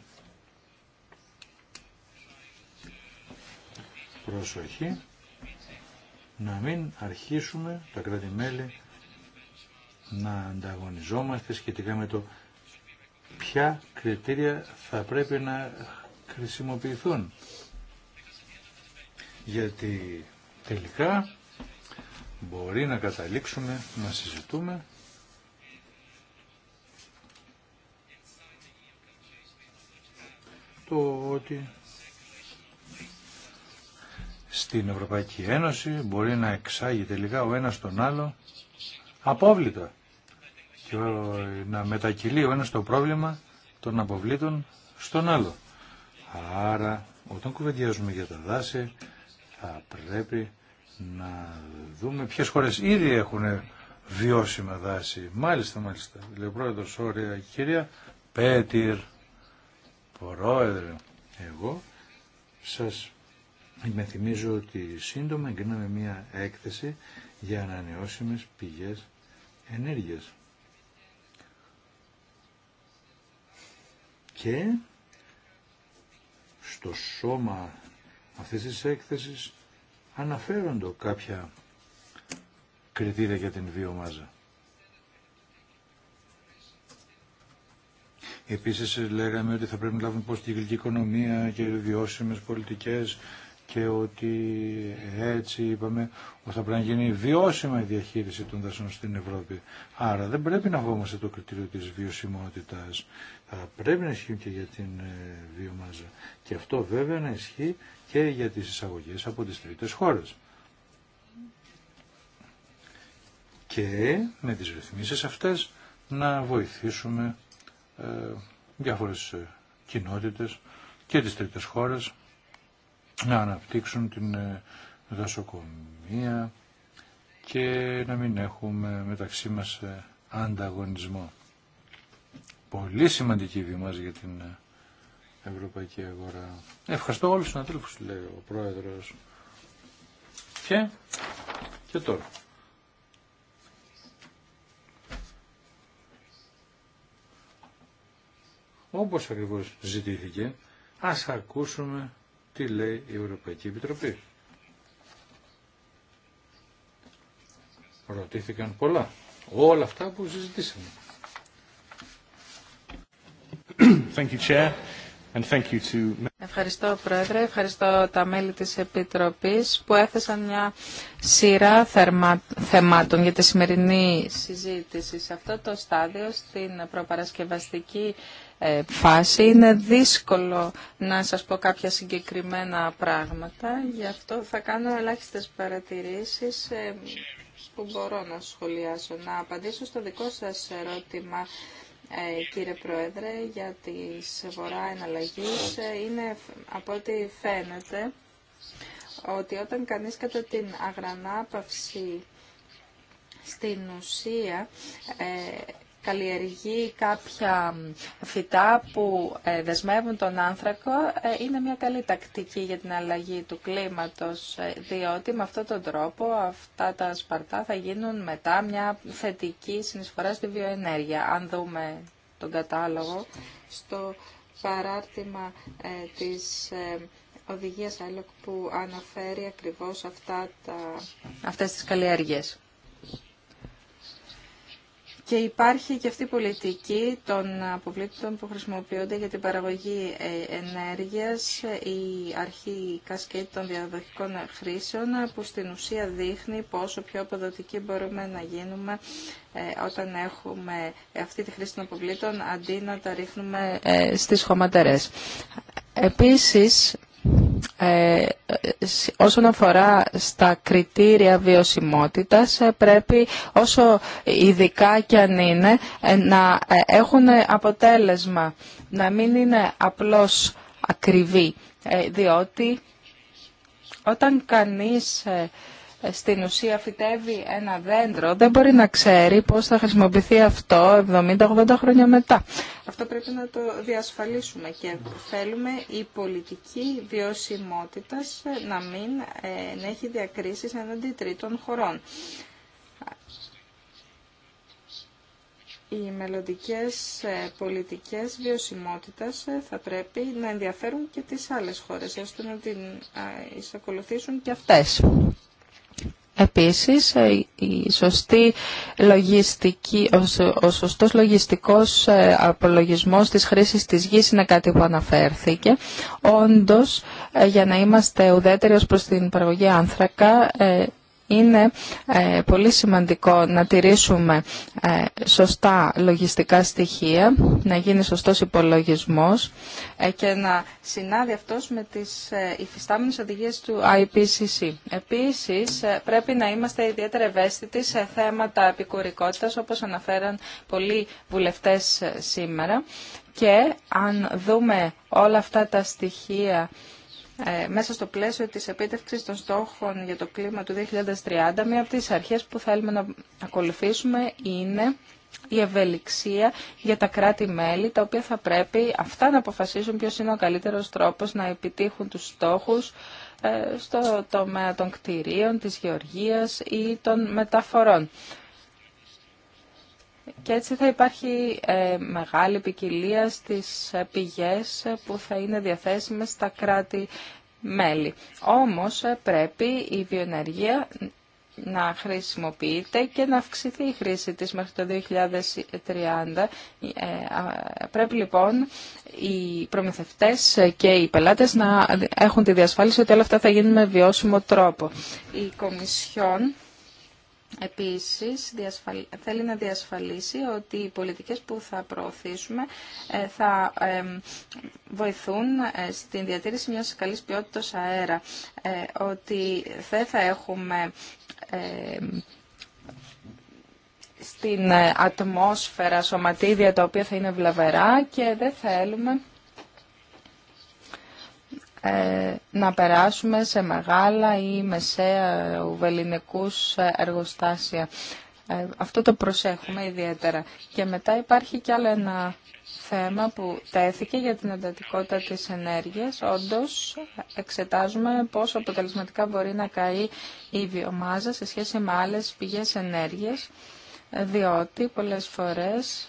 προσοχή να μην αρχίσουμε τα κράτη-μέλη να ανταγωνιζόμαστε σχετικά με το ποια κριτήρια θα πρέπει να χρησιμοποιηθούν. Γιατί τελικά μπορεί να καταλήξουμε να συζητούμε το ότι στην Ευρωπαϊκή Ένωση μπορεί να εξάγει τελικά ο ένας τον άλλο απόβλητα και να μετακυλεί ο ένας το πρόβλημα των αποβλήτων στον άλλο. Άρα όταν κουβεντιάζουμε για τα δάση θα πρέπει να δούμε ποιες χώρες ήδη έχουν βιώσιμα δάση. Μάλιστα, μάλιστα. Λέει ο πρόεδρος, ωραία κυρία Πέτυρ, πρόεδρε, εγώ σας με θυμίζω ότι σύντομα εγκρίναμε μία έκθεση για ανανεώσιμες πηγές ενέργειας. Και στο σώμα αυτής της έκθεσης αναφέρονται κάποια κριτήρια για την βιομάζα. Επίσης λέγαμε ότι θα πρέπει να λάβουμε πώς την γλυκή οικονομία και βιώσιμες πολιτικές και ότι έτσι είπαμε ότι θα πρέπει να γίνει βιώσιμα η διαχείριση των δασών στην Ευρώπη. Άρα δεν πρέπει να σε το κριτήριο της βιωσιμότητας. πρέπει να ισχύει και για την ε, βιομάζα. Και αυτό βέβαια να ισχύει και για τις εισαγωγές από τις τρίτες χώρες. Και με τις ρυθμίσεις αυτές να βοηθήσουμε ε, διάφορες ε, κοινότητες και τις τρίτες χώρες να αναπτύξουν την ε, δασοκομεία και να μην έχουμε μεταξύ μας ε, ανταγωνισμό. Πολύ σημαντική βήμα για την ε, ευρωπαϊκή αγορά. Ευχαριστώ όλους τους συναδέλφους, λέει ο Πρόεδρος. Και, και τώρα. Όπως ακριβώς ζητήθηκε, ας ακούσουμε τι λέει η Ευρωπαϊκή Επιτροπή. Ρωτήθηκαν πολλά. Όλα αυτά που συζητήσαμε. Thank you, Chair. And thank you to... Ευχαριστώ Πρόεδρε, ευχαριστώ τα μέλη της Επιτροπής που έθεσαν μια σειρά θερμα... θεμάτων για τη σημερινή συζήτηση. Σε αυτό το στάδιο, στην προπαρασκευαστική ε, φάση. Είναι δύσκολο να σας πω κάποια συγκεκριμένα πράγματα, γι' αυτό θα κάνω ελάχιστες παρατηρήσεις ε, που μπορώ να σχολιάσω. Να απαντήσω στο δικό σας ερώτημα, ε, κύριε Πρόεδρε, για τη βορρά εναλλαγής. Είναι, από ό,τι φαίνεται, ότι όταν κανείς κατά την αγρανάπαυση στην ουσία καλλιεργεί κάποια φυτά που ε, δεσμεύουν τον άνθρακο ε, είναι μια καλή τακτική για την αλλαγή του κλίματος ε, διότι με αυτόν τον τρόπο αυτά τα σπαρτά θα γίνουν μετά μια θετική συνεισφορά στη βιοενέργεια. Αν δούμε τον κατάλογο στο παράρτημα της οδηγίας Άλλοκ που αναφέρει ακριβώς αυτά τα... αυτές τις καλλιέργειες. Και υπάρχει και αυτή η πολιτική των αποβλήτων που χρησιμοποιούνται για την παραγωγή ε, ενέργειας, η αρχή κασκέτη των διαδοχικών χρήσεων, που στην ουσία δείχνει πόσο πιο αποδοτικοί μπορούμε να γίνουμε ε, όταν έχουμε αυτή τη χρήση των αποβλήτων, αντί να τα ρίχνουμε ε, στις χωματερές. Επίσης, ε, όσον αφορά στα κριτήρια βιωσιμότητας ε, πρέπει όσο ειδικά κι αν είναι ε, να έχουν αποτέλεσμα, να μην είναι απλώς ακριβή, διότι όταν κανείς στην ουσία φυτεύει ένα δέντρο, δεν μπορεί να ξέρει πώς θα χρησιμοποιηθεί αυτό 70-80 χρόνια μετά. Αυτό πρέπει να το διασφαλίσουμε και θέλουμε η πολιτική βιωσιμότητα να μην ε, έχει διακρίσεις εναντί τρίτων χωρών. Οι μελλοντικές ε, πολιτικές βιωσιμότητας ε, θα πρέπει να ενδιαφέρουν και τις άλλες χώρες, ώστε να την εισακολουθήσουν και αυτές. Επίσης, ε, η σωστή λογιστική, ο σωστός λογιστικός ε, απολογισμός της χρήσης της γης είναι κάτι που αναφέρθηκε. Όντως, ε, για να είμαστε ουδέτεροι ως προς την παραγωγή άνθρακα, είναι ε, πολύ σημαντικό να τηρήσουμε ε, σωστά λογιστικά στοιχεία, να γίνει σωστός υπολογισμός ε, και να συνάδει αυτός με τις υφιστάμενες οδηγίες του IPCC. Επίσης, πρέπει να είμαστε ιδιαίτερα ευαίσθητοι σε θέματα επικουρικότητας, όπως αναφέραν πολλοί βουλευτές σήμερα. Και αν δούμε όλα αυτά τα στοιχεία ε, μέσα στο πλαίσιο της επίτευξης των στόχων για το κλίμα του 2030, μία από τις αρχές που θέλουμε να ακολουθήσουμε είναι η ευελιξία για τα κράτη-μέλη, τα οποία θα πρέπει αυτά να αποφασίσουν ποιος είναι ο καλύτερος τρόπος να επιτύχουν τους στόχους ε, στο τομέα των κτηρίων, της γεωργίας ή των μεταφορών. Και έτσι θα υπάρχει ε, μεγάλη ποικιλία στις ε, πηγές ε, που θα είναι διαθέσιμες στα κράτη-μέλη. Όμως πρέπει η βιοενεργία να χρησιμοποιείται και να αυξηθεί η χρήση της μέχρι το 2030. Πρέπει λοιπόν οι προμηθευτές και οι πελάτες να έχουν τη διασφάλιση ότι όλα αυτά θα γίνουν με βιώσιμο τρόπο. Η Κομισιόν Επίσης, θέλει να διασφαλίσει ότι οι πολιτικές που θα προωθήσουμε ε, θα βοηθούν ε, στην διατήρηση μιας καλής ποιότητας αέρα. Ε, ότι δεν θα έχουμε στην ατμόσφαιρα σωματίδια τα οποία θα είναι βλαβερά και δεν θέλουμε ε, να περάσουμε σε μεγάλα ή μεσαία βεληνικούς εργοστάσια. Ε, αυτό το προσέχουμε ιδιαίτερα. Και μετά υπάρχει κι άλλο ένα θέμα που τέθηκε για την εντατικότητα της ενέργειας. Όντως, εξετάζουμε πόσο αποτελεσματικά μπορεί να καεί η βιομάζα σε σχέση με άλλες πηγές ενέργειας, διότι πολλές φορές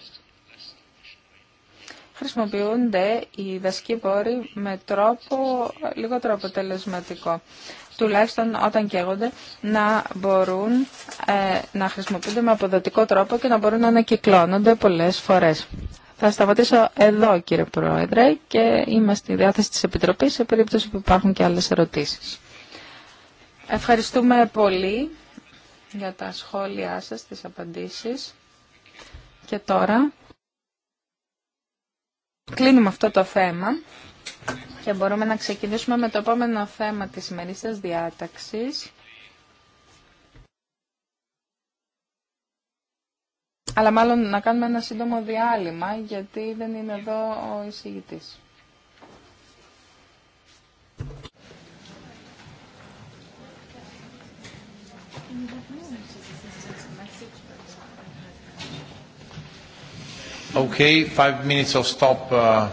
χρησιμοποιούνται οι δασικοί πόροι με τρόπο λιγότερο αποτελεσματικό. Τουλάχιστον όταν καίγονται να μπορούν ε, να χρησιμοποιούνται με αποδοτικό τρόπο και να μπορούν να ανακυκλώνονται πολλές φορές. Θα σταματήσω εδώ κύριε Πρόεδρε και είμαστε στη διάθεση της Επιτροπής σε περίπτωση που υπάρχουν και άλλες ερωτήσεις. Ευχαριστούμε πολύ για τα σχόλιά σας, τις απαντήσεις. Και τώρα Κλείνουμε αυτό το θέμα και μπορούμε να ξεκινήσουμε με το επόμενο θέμα της ημερήσιας διάταξης. Αλλά μάλλον να κάνουμε ένα σύντομο διάλειμμα γιατί δεν είναι εδώ ο εισηγητής. Okay, five minutes of stop. Uh,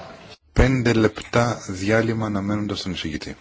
Πέντε λεπτά διάλειμμα αναμένοντας τον εισηγητή.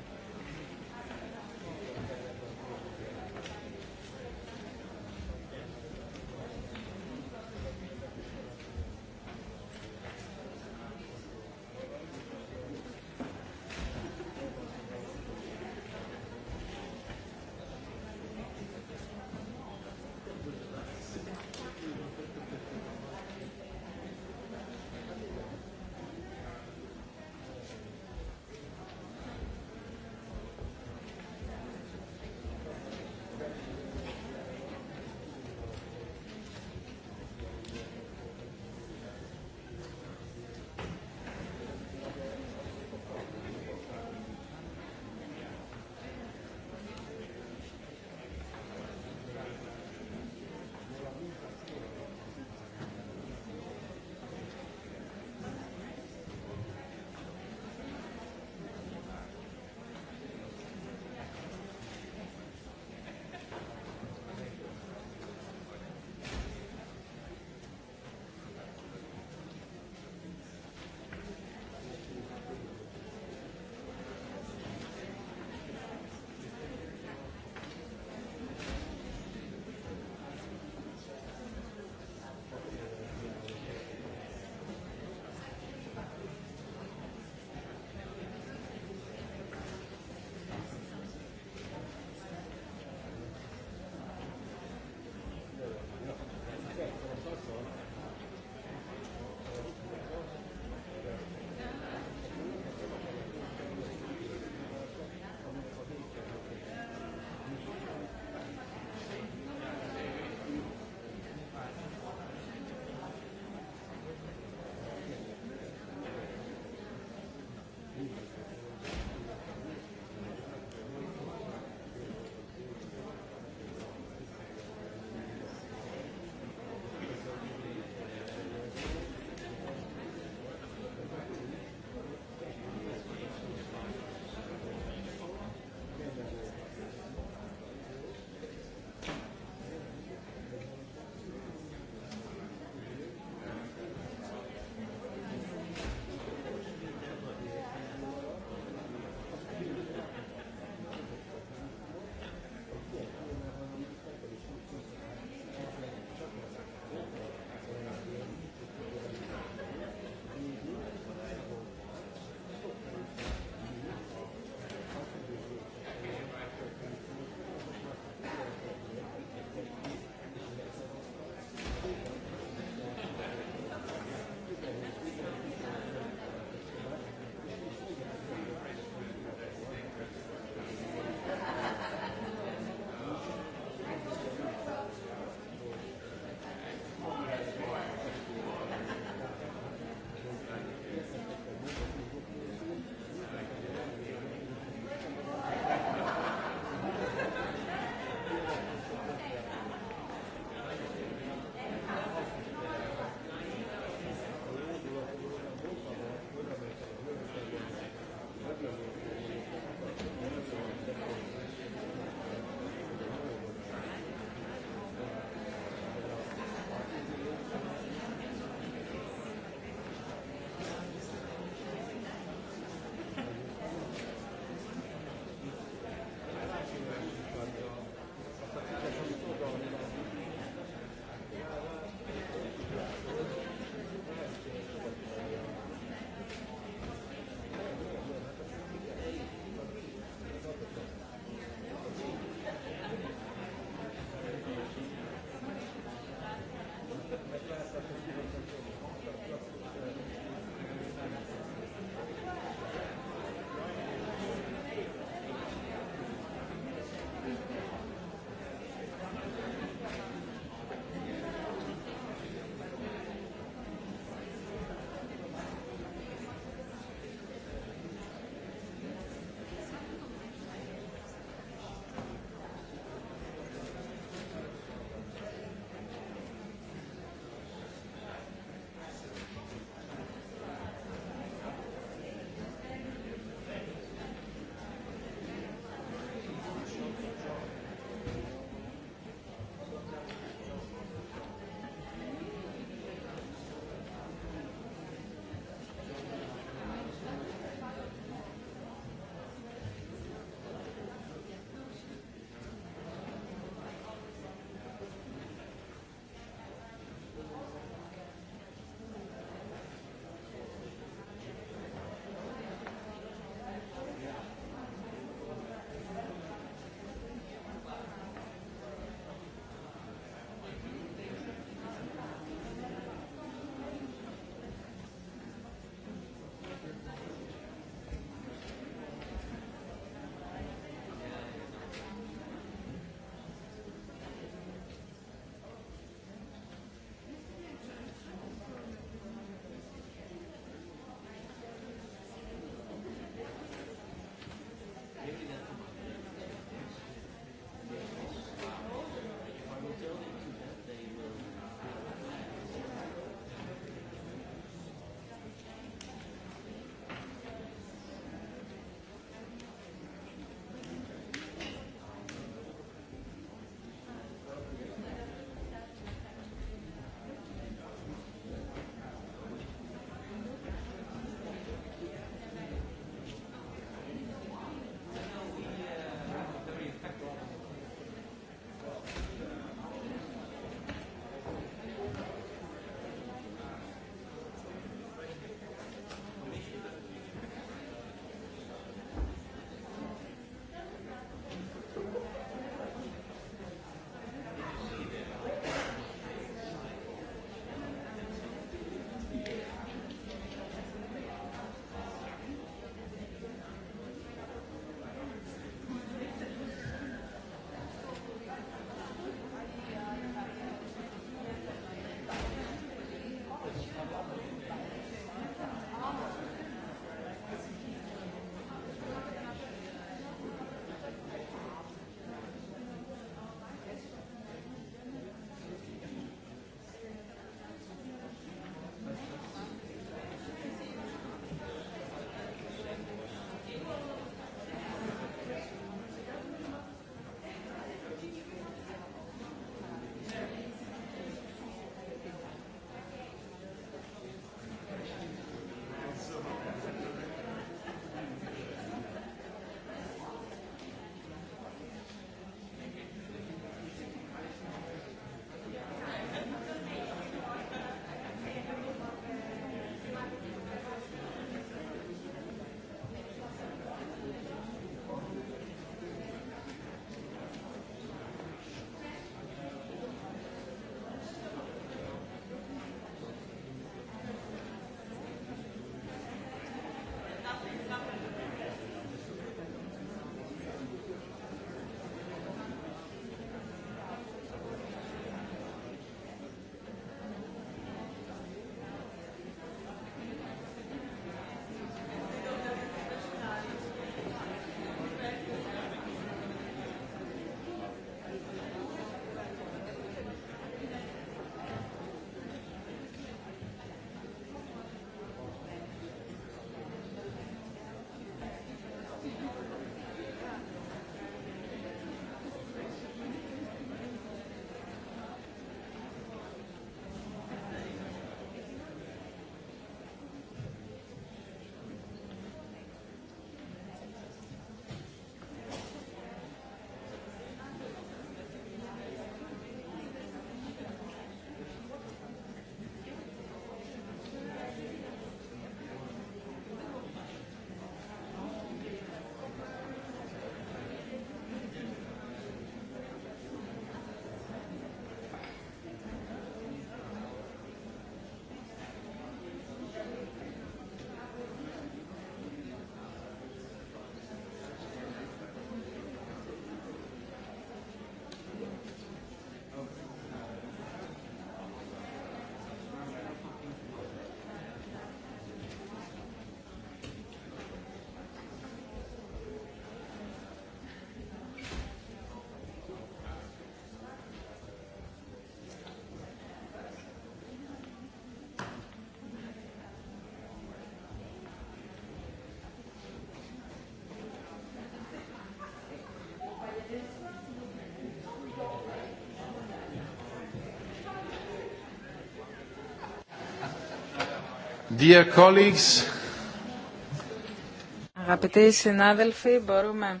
Αγαπητοί συνάδελφοι, μπορούμε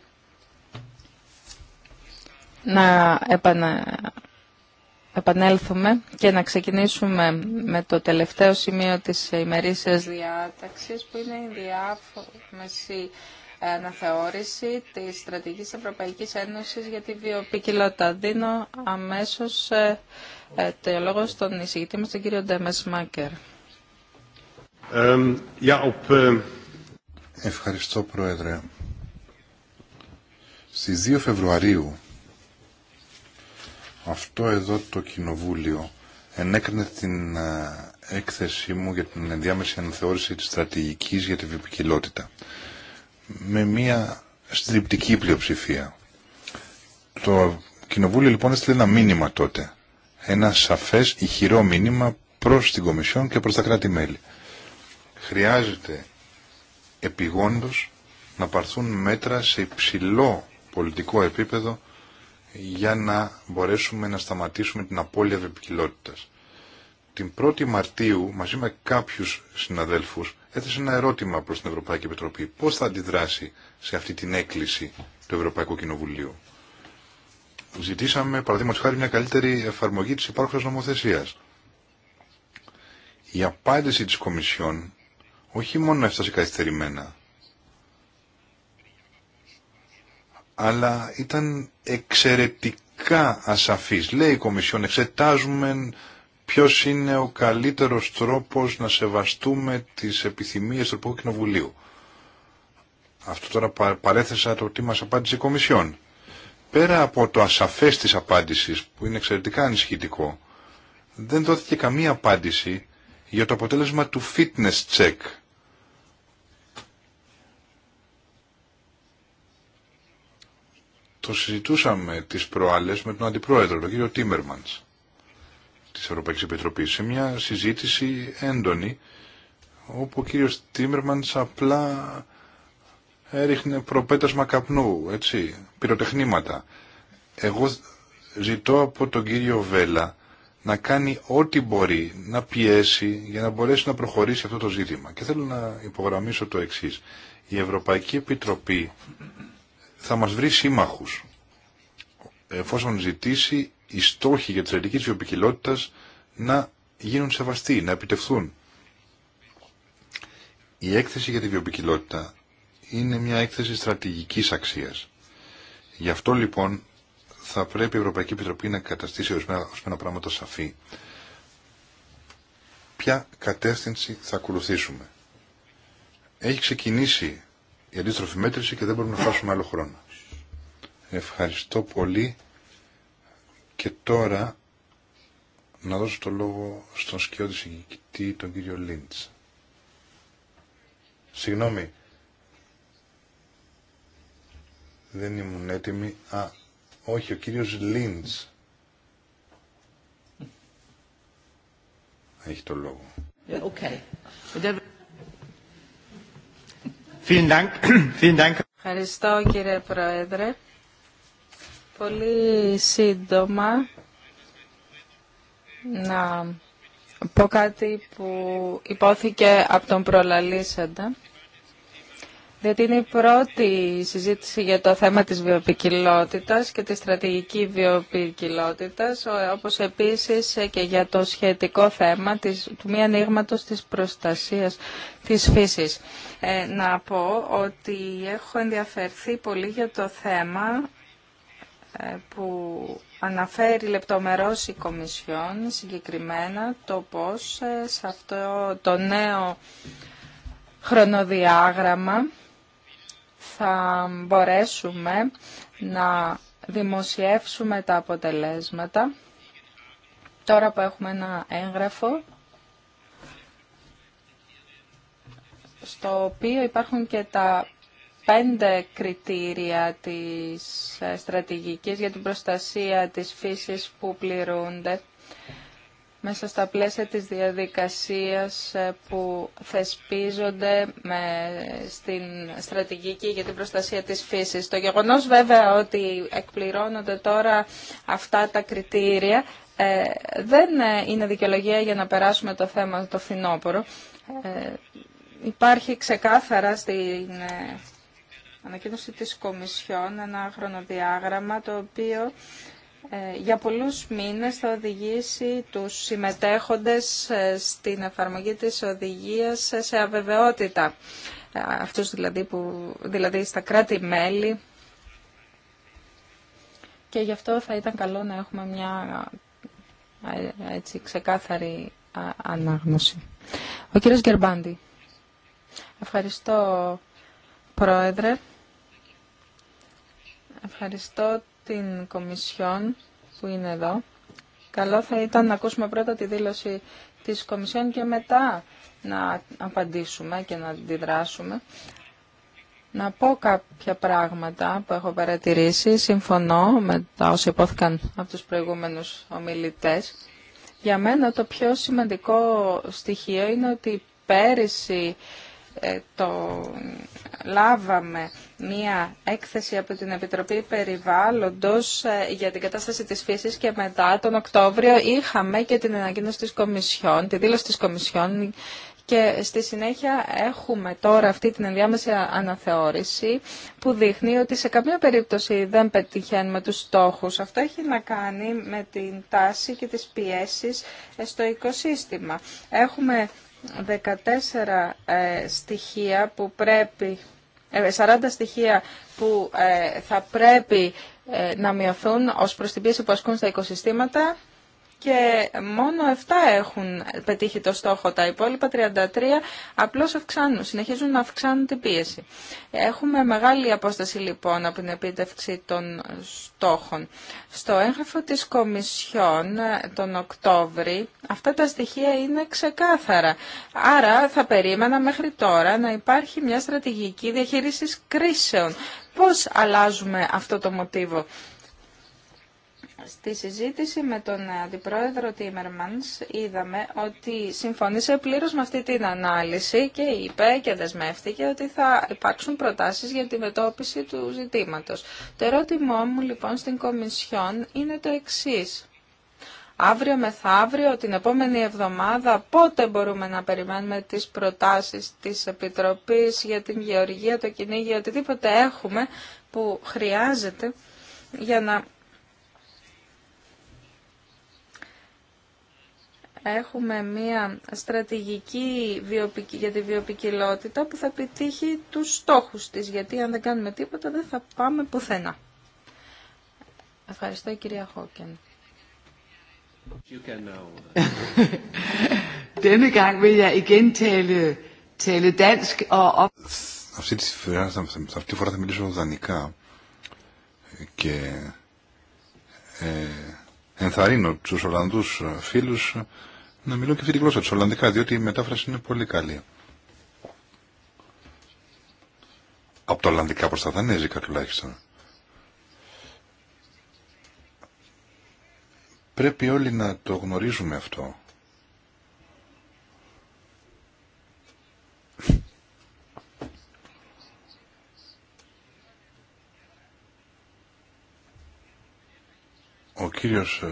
να επανέλθουμε και να ξεκινήσουμε με το τελευταίο σημείο της ημερήσιας διάταξης που είναι η διάφορη αναθεώρηση της Στρατηγικής Ευρωπαϊκής Ένωσης για τη βιοπικιλότητα. Δίνω αμέσως ε, ε, το λόγο στον εισηγητή μας, τον κύριο Ντέμες Μάκερ. Ε, Ευχαριστώ Πρόεδρε. Στις 2 Φεβρουαρίου αυτό εδώ το Κοινοβούλιο ενέκρινε την ε, έκθεσή μου για την ενδιάμεση αναθεώρηση της στρατηγικής για τη βιοποικιλότητα με μια στριπτική πλειοψηφία. Το Κοινοβούλιο λοιπόν έστειλε ένα μήνυμα τότε. Ένα σαφές ηχηρό μήνυμα προς την Κομισιόν και προς τα κράτη-μέλη χρειάζεται επιγόντως να παρθούν μέτρα σε υψηλό πολιτικό επίπεδο για να μπορέσουμε να σταματήσουμε την απώλεια βεπικιλότητας. Την 1η Μαρτίου, μαζί με κάποιους συναδέλφους, έθεσε ένα ερώτημα προς την Ευρωπαϊκή Επιτροπή. Πώς θα αντιδράσει σε αυτή την έκκληση του Ευρωπαϊκού Κοινοβουλίου. Ζητήσαμε, παραδείγματος χάρη, μια καλύτερη εφαρμογή της υπάρχουσας νομοθεσίας. Η απάντηση της Κομισιόν όχι μόνο έφτασε καθυστερημένα, αλλά ήταν εξαιρετικά ασαφής. Λέει η Κομισιόν, εξετάζουμε ποιος είναι ο καλύτερος τρόπος να σεβαστούμε τις επιθυμίες του Ευρωπαϊκού Κοινοβουλίου. Αυτό τώρα παρέθεσα το τι μας απάντησε η Κομισιόν. Πέρα από το ασαφές της απάντησης, που είναι εξαιρετικά ανησυχητικό, δεν δόθηκε καμία απάντηση για το αποτέλεσμα του fitness check. Το συζητούσαμε τις προάλλες με τον Αντιπρόεδρο, τον κύριο Τίμερμαντς της Ευρωπαϊκής Επιτροπής, σε μια συζήτηση έντονη, όπου ο κύριος Τίμερμαντς απλά έριχνε προπέτασμα καπνού, έτσι, πυροτεχνήματα. Εγώ ζητώ από τον κύριο Βέλα να κάνει ό,τι μπορεί, να πιέσει για να μπορέσει να προχωρήσει αυτό το ζήτημα. Και θέλω να υπογραμμίσω το εξής. Η Ευρωπαϊκή Επιτροπή θα μας βρει σύμμαχους εφόσον ζητήσει οι στόχοι για τη στρατηγική βιοπικιλότητας να γίνουν σεβαστοί, να επιτευθούν. Η έκθεση για τη βιοποικιλότητα είναι μια έκθεση στρατηγικής αξίας. Γι' αυτό λοιπόν θα πρέπει η Ευρωπαϊκή Επιτροπή να καταστήσει ορισμένα, ορισμένα πράγματα σαφή. Ποια κατεύθυνση θα ακολουθήσουμε. Έχει ξεκινήσει η αντίστροφη μέτρηση και δεν μπορούμε να χάσουμε άλλο χρόνο. Ευχαριστώ πολύ και τώρα να δώσω το λόγο στον σκιώδη συγκεκριτή τον κύριο Λίντς. Συγγνώμη, δεν ήμουν έτοιμη. Α, όχι, ο κύριος Λίντς. Έχει το λόγο. Ευχαριστώ κύριε Πρόεδρε. Πολύ σύντομα να πω κάτι που υπόθηκε από τον προλαλήσαντα διότι είναι η πρώτη συζήτηση για το θέμα της βιοπικιλότητας και τη στρατηγική βιοπικιλότητας, όπως επίσης και για το σχετικό θέμα του μη ανοίγματο της προστασίας της φύσης. Ε, να πω ότι έχω ενδιαφερθεί πολύ για το θέμα ε, που αναφέρει λεπτομερώς η Κομισιόν συγκεκριμένα το πώς ε, σε αυτό το νέο χρονοδιάγραμμα θα μπορέσουμε να δημοσιεύσουμε τα αποτελέσματα. Τώρα που έχουμε ένα έγγραφο, στο οποίο υπάρχουν και τα πέντε κριτήρια της ε, στρατηγικής για την προστασία της φύσης που πληρούνται μέσα στα πλαίσια της διαδικασίας ε, που θεσπίζονται με, στην στρατηγική για την προστασία της φύσης. Το γεγονός βέβαια ότι εκπληρώνονται τώρα αυτά τα κριτήρια ε, δεν ε, είναι δικαιολογία για να περάσουμε το θέμα το φθινόπωρο. υπάρχει ξεκάθαρα στην ανακοίνωση της Κομισιόν ένα χρονοδιάγραμμα το οποίο ε, για πολλούς μήνες θα οδηγήσει τους συμμετέχοντες ε, στην εφαρμογή της οδηγίας σε αβεβαιότητα. Ε, αυτούς δηλαδή, που, δηλαδή στα κράτη-μέλη. Και γι' αυτό θα ήταν καλό να έχουμε μια έτσι, ξεκάθαρη ανάγνωση. Ο κύριος Γκερμπάντη. Ευχαριστώ, Πρόεδρε. Ευχαριστώ την Κομισιόν που είναι εδώ. Καλό θα ήταν να ακούσουμε πρώτα τη δήλωση της Κομισιόν και μετά να απαντήσουμε και να αντιδράσουμε. Να πω κάποια πράγματα που έχω παρατηρήσει. Συμφωνώ με τα όσα υπόθηκαν από τους προηγούμενους ομιλητές. Για μένα το πιο σημαντικό στοιχείο είναι ότι πέρυσι ε, το λάβαμε μία έκθεση από την Επιτροπή Περιβάλλοντος ε, για την κατάσταση της φύσης και μετά τον Οκτώβριο είχαμε και την ανακοίνωση της Κομισιόν, τη δήλωση της Κομισιόν και στη συνέχεια έχουμε τώρα αυτή την ενδιάμεση αναθεώρηση που δείχνει ότι σε καμία περίπτωση δεν πετυχαίνουμε τους στόχους. Αυτό έχει να κάνει με την τάση και τις πιέσεις ε, στο οικοσύστημα. Έχουμε 14 ε, στοιχεία που πρέπει, 40 ε, στοιχεία που ε, θα πρέπει να μειωθούν ως προς την πίεση που ασκούν στα οικοσυστήματα και μόνο 7 έχουν πετύχει το στόχο. Τα υπόλοιπα 33 απλώς αυξάνουν, συνεχίζουν να αυξάνουν την πίεση. Έχουμε μεγάλη απόσταση λοιπόν από την επίτευξη των στόχων. Στο έγγραφο της Κομισιόν τον Οκτώβρη αυτά τα στοιχεία είναι ξεκάθαρα. Άρα θα περίμενα μέχρι τώρα να υπάρχει μια στρατηγική διαχείρισης κρίσεων. Πώς αλλάζουμε αυτό το μοτίβο. Στη συζήτηση με τον Αντιπρόεδρο Τίμερμανς είδαμε ότι συμφώνησε πλήρως με αυτή την ανάλυση και είπε και δεσμεύτηκε ότι θα υπάρξουν προτάσεις για τη μετώπιση του ζητήματος. Το ερώτημό μου λοιπόν στην Κομισιόν είναι το εξής. Αύριο μεθαύριο, την επόμενη εβδομάδα, πότε μπορούμε να περιμένουμε τις προτάσεις της Επιτροπής για την Γεωργία, το κυνήγι, οτιδήποτε έχουμε που χρειάζεται για να έχουμε μία στρατηγική για τη βιοπικιλότητα που θα επιτύχει τους στόχους της, γιατί αν δεν κάνουμε τίποτα δεν θα πάμε πουθενά. Ευχαριστώ κυρία Χόκεν. Uh, (laughs) Denne gang vil jeg igen tale, dansk og Αυτή τη φορά, αυτή φορά θα μιλήσω δανεικά και ε, ενθαρρύνω τους Ολλανδούς ε, φίλους να μιλώ και αυτή τη γλώσσα του Ολλανδικά, διότι η μετάφραση είναι πολύ καλή. Από τα Ολλανδικά προς τα Δανέζικα τουλάχιστον. Πρέπει όλοι να το γνωρίζουμε αυτό. Ο κύριος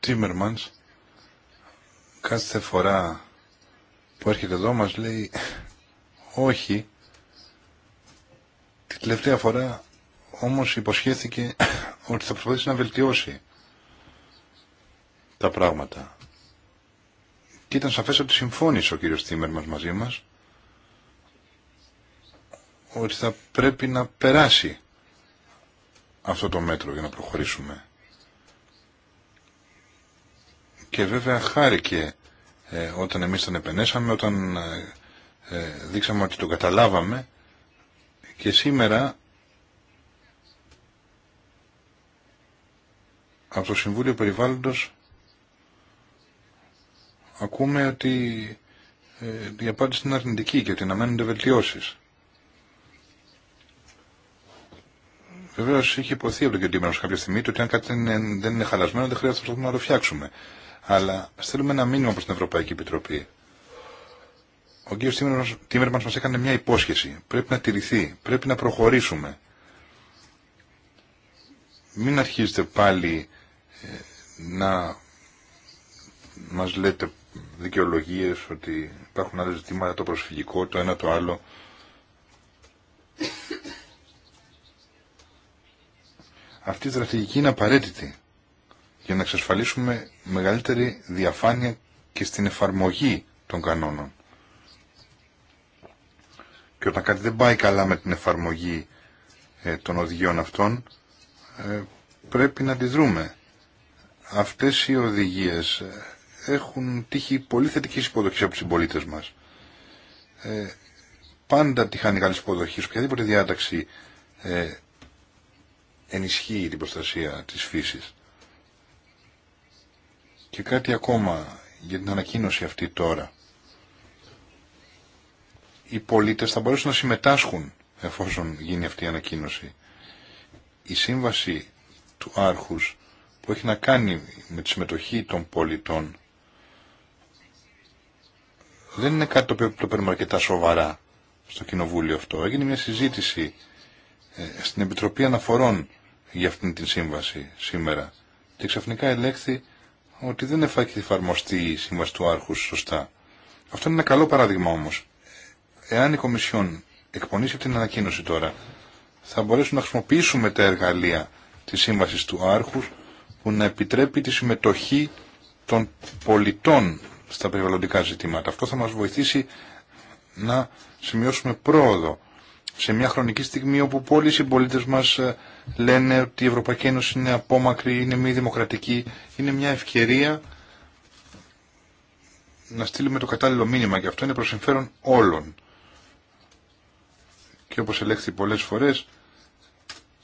Τίμερμανς κάθε φορά που έρχεται εδώ μας λέει όχι την τελευταία φορά όμως υποσχέθηκε ότι θα προσπαθήσει να βελτιώσει τα πράγματα και ήταν σαφές ότι συμφώνησε ο κύριος Τίμερ μας μαζί μας ότι θα πρέπει να περάσει αυτό το μέτρο για να προχωρήσουμε και βέβαια χάρηκε ε, όταν εμείς τον επενέσαμε, όταν ε, ε, δείξαμε ότι τον καταλάβαμε και σήμερα από το Συμβούλιο Περιβάλλοντος ακούμε ότι ε, η απάντηση είναι αρνητική και ότι αναμένονται βελτιώσεις. Βεβαίω είχε υποθεί από τον κ. κάποια στιγμή ότι αν κάτι δεν είναι, δεν είναι χαλασμένο δεν χρειάζεται να το φτιάξουμε αλλά στέλνουμε ένα μήνυμα προς την Ευρωπαϊκή Επιτροπή. Ο κ. Τίμερμανς μας έκανε μια υπόσχεση. Πρέπει να τηρηθεί, πρέπει να προχωρήσουμε. Μην αρχίζετε πάλι ε, να μας λέτε δικαιολογίες ότι υπάρχουν άλλα ζητήματα, το προσφυγικό, το ένα το άλλο. Αυτή η στρατηγική είναι απαραίτητη για να εξασφαλίσουμε μεγαλύτερη διαφάνεια και στην εφαρμογή των κανόνων. Και όταν κάτι δεν πάει καλά με την εφαρμογή ε, των οδηγιών αυτών, ε, πρέπει να αντιδρούμε. Αυτές οι οδηγίες ε, έχουν τύχει πολύ θετική υποδοχή από τους συμπολίτε μας. πάντα τη χάνει καλή υποδοχή. Οποιαδήποτε διάταξη ενισχύει την προστασία της φύσης. Και κάτι ακόμα για την ανακοίνωση αυτή τώρα. Οι πολίτες θα μπορούσαν να συμμετάσχουν εφόσον γίνει αυτή η ανακοίνωση. Η σύμβαση του άρχους που έχει να κάνει με τη συμμετοχή των πολιτών δεν είναι κάτι το οποίο το παίρνουμε αρκετά σοβαρά στο κοινοβούλιο αυτό. Έγινε μια συζήτηση ε, στην Επιτροπή Αναφορών για αυτήν την σύμβαση σήμερα και ξαφνικά ελέγχθη ότι δεν εφαρμοστεί η σύμβαση του άρχους σωστά. Αυτό είναι ένα καλό παράδειγμα όμως. Εάν η Κομισιόν εκπονήσει την ανακοίνωση τώρα, θα μπορέσουμε να χρησιμοποιήσουμε τα εργαλεία τη σύμβασης του άρχους που να επιτρέπει τη συμμετοχή των πολιτών στα περιβαλλοντικά ζητήματα. Αυτό θα μας βοηθήσει να σημειώσουμε πρόοδο σε μια χρονική στιγμή όπου πολλοί συμπολίτε μας ε, λένε ότι η Ευρωπαϊκή Ένωση είναι απόμακρη, είναι μη δημοκρατική. Είναι μια ευκαιρία να στείλουμε το κατάλληλο μήνυμα και αυτό είναι προς συμφέρον όλων. Και όπως ελέγχθη πολλές φορές,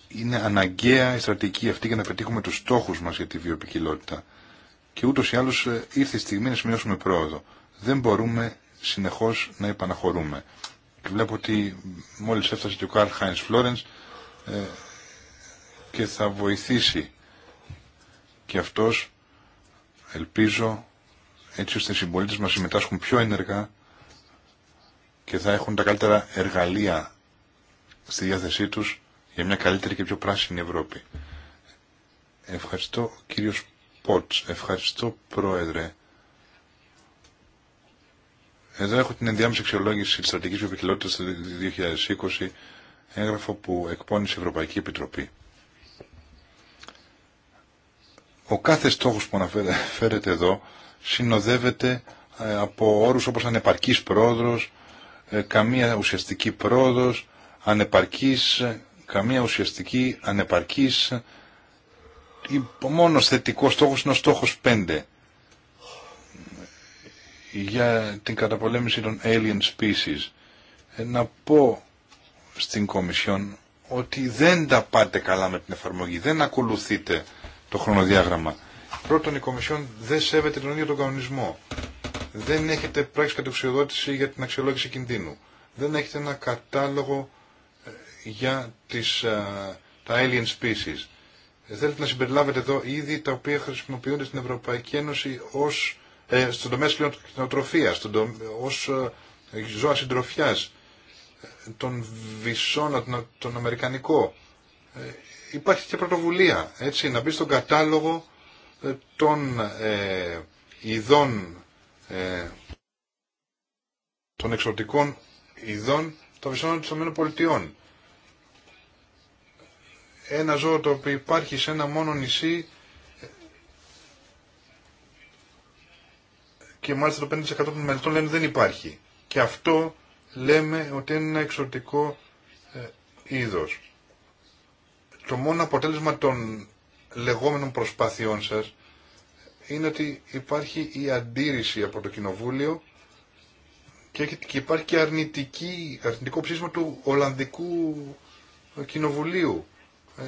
είναι αναγκαία η στρατηγική αυτή για να πετύχουμε τους στόχους μας για τη βιοπικιλότητα. Και ούτως ή άλλως ε, ήρθε η στιγμή να σημειώσουμε πρόοδο. Δεν μπορούμε συνεχώς να επαναχωρούμε. Και βλέπω ότι μόλις έφτασε και ο Καρλ Χάινς Φλόρενς, ε, και θα βοηθήσει και αυτός ελπίζω έτσι ώστε οι συμπολίτες μας συμμετάσχουν πιο ενεργά και θα έχουν τα καλύτερα εργαλεία στη διάθεσή τους για μια καλύτερη και πιο πράσινη Ευρώπη. Ευχαριστώ κύριος Πότς, ευχαριστώ πρόεδρε. Εδώ έχω την ενδιάμεση αξιολόγηση της στρατηγικής βιοποικιλότητας του 2020, έγγραφο που εκπώνησε η Ευρωπαϊκή Επιτροπή. Ο κάθε στόχος που αναφέρεται εδώ συνοδεύεται ε, από όρους όπως ανεπαρκής πρόοδος, ε, καμία ουσιαστική πρόοδος, ανεπαρκής, ε, καμία ουσιαστική ανεπαρκής. Ο μόνος θετικός στόχος είναι ο στόχος 5 για την καταπολέμηση των alien species. Να πω στην Κομισιόν ότι δεν τα πάτε καλά με την εφαρμογή, δεν ακολουθείτε το χρονοδιάγραμμα. Πρώτον, η Κομισιόν δεν σέβεται τον ίδιο τον κανονισμό. Δεν έχετε πράξη κατεξοδότηση για την αξιολόγηση κινδύνου. Δεν έχετε ένα κατάλογο ε, για τις, ε, τα alien species. Θέλετε να συμπεριλάβετε εδώ είδη τα οποία χρησιμοποιούνται στην Ευρωπαϊκή Ένωση ως, ε, στον τομέα της κτηνοτροφίας, ως ε, ζώα συντροφιάς, ε, τον βυσόνα, τον αμερικανικό υπάρχει και πρωτοβουλία, έτσι, να μπει στον κατάλογο ε, των ε, ειδών, ε, των εξωτικών ειδών των φυσικών των πολιτειών Ένα ζώο το οποίο υπάρχει σε ένα μόνο νησί και μάλιστα το 5% των μελετών λένε δεν υπάρχει. Και αυτό λέμε ότι είναι ένα εξωτικό ε, είδος το μόνο αποτέλεσμα των λεγόμενων προσπάθειών σας είναι ότι υπάρχει η αντίρρηση από το Κοινοβούλιο και, υπάρχει και αρνητική, αρνητικό ψήσμα του Ολλανδικού Κοινοβουλίου. Ε,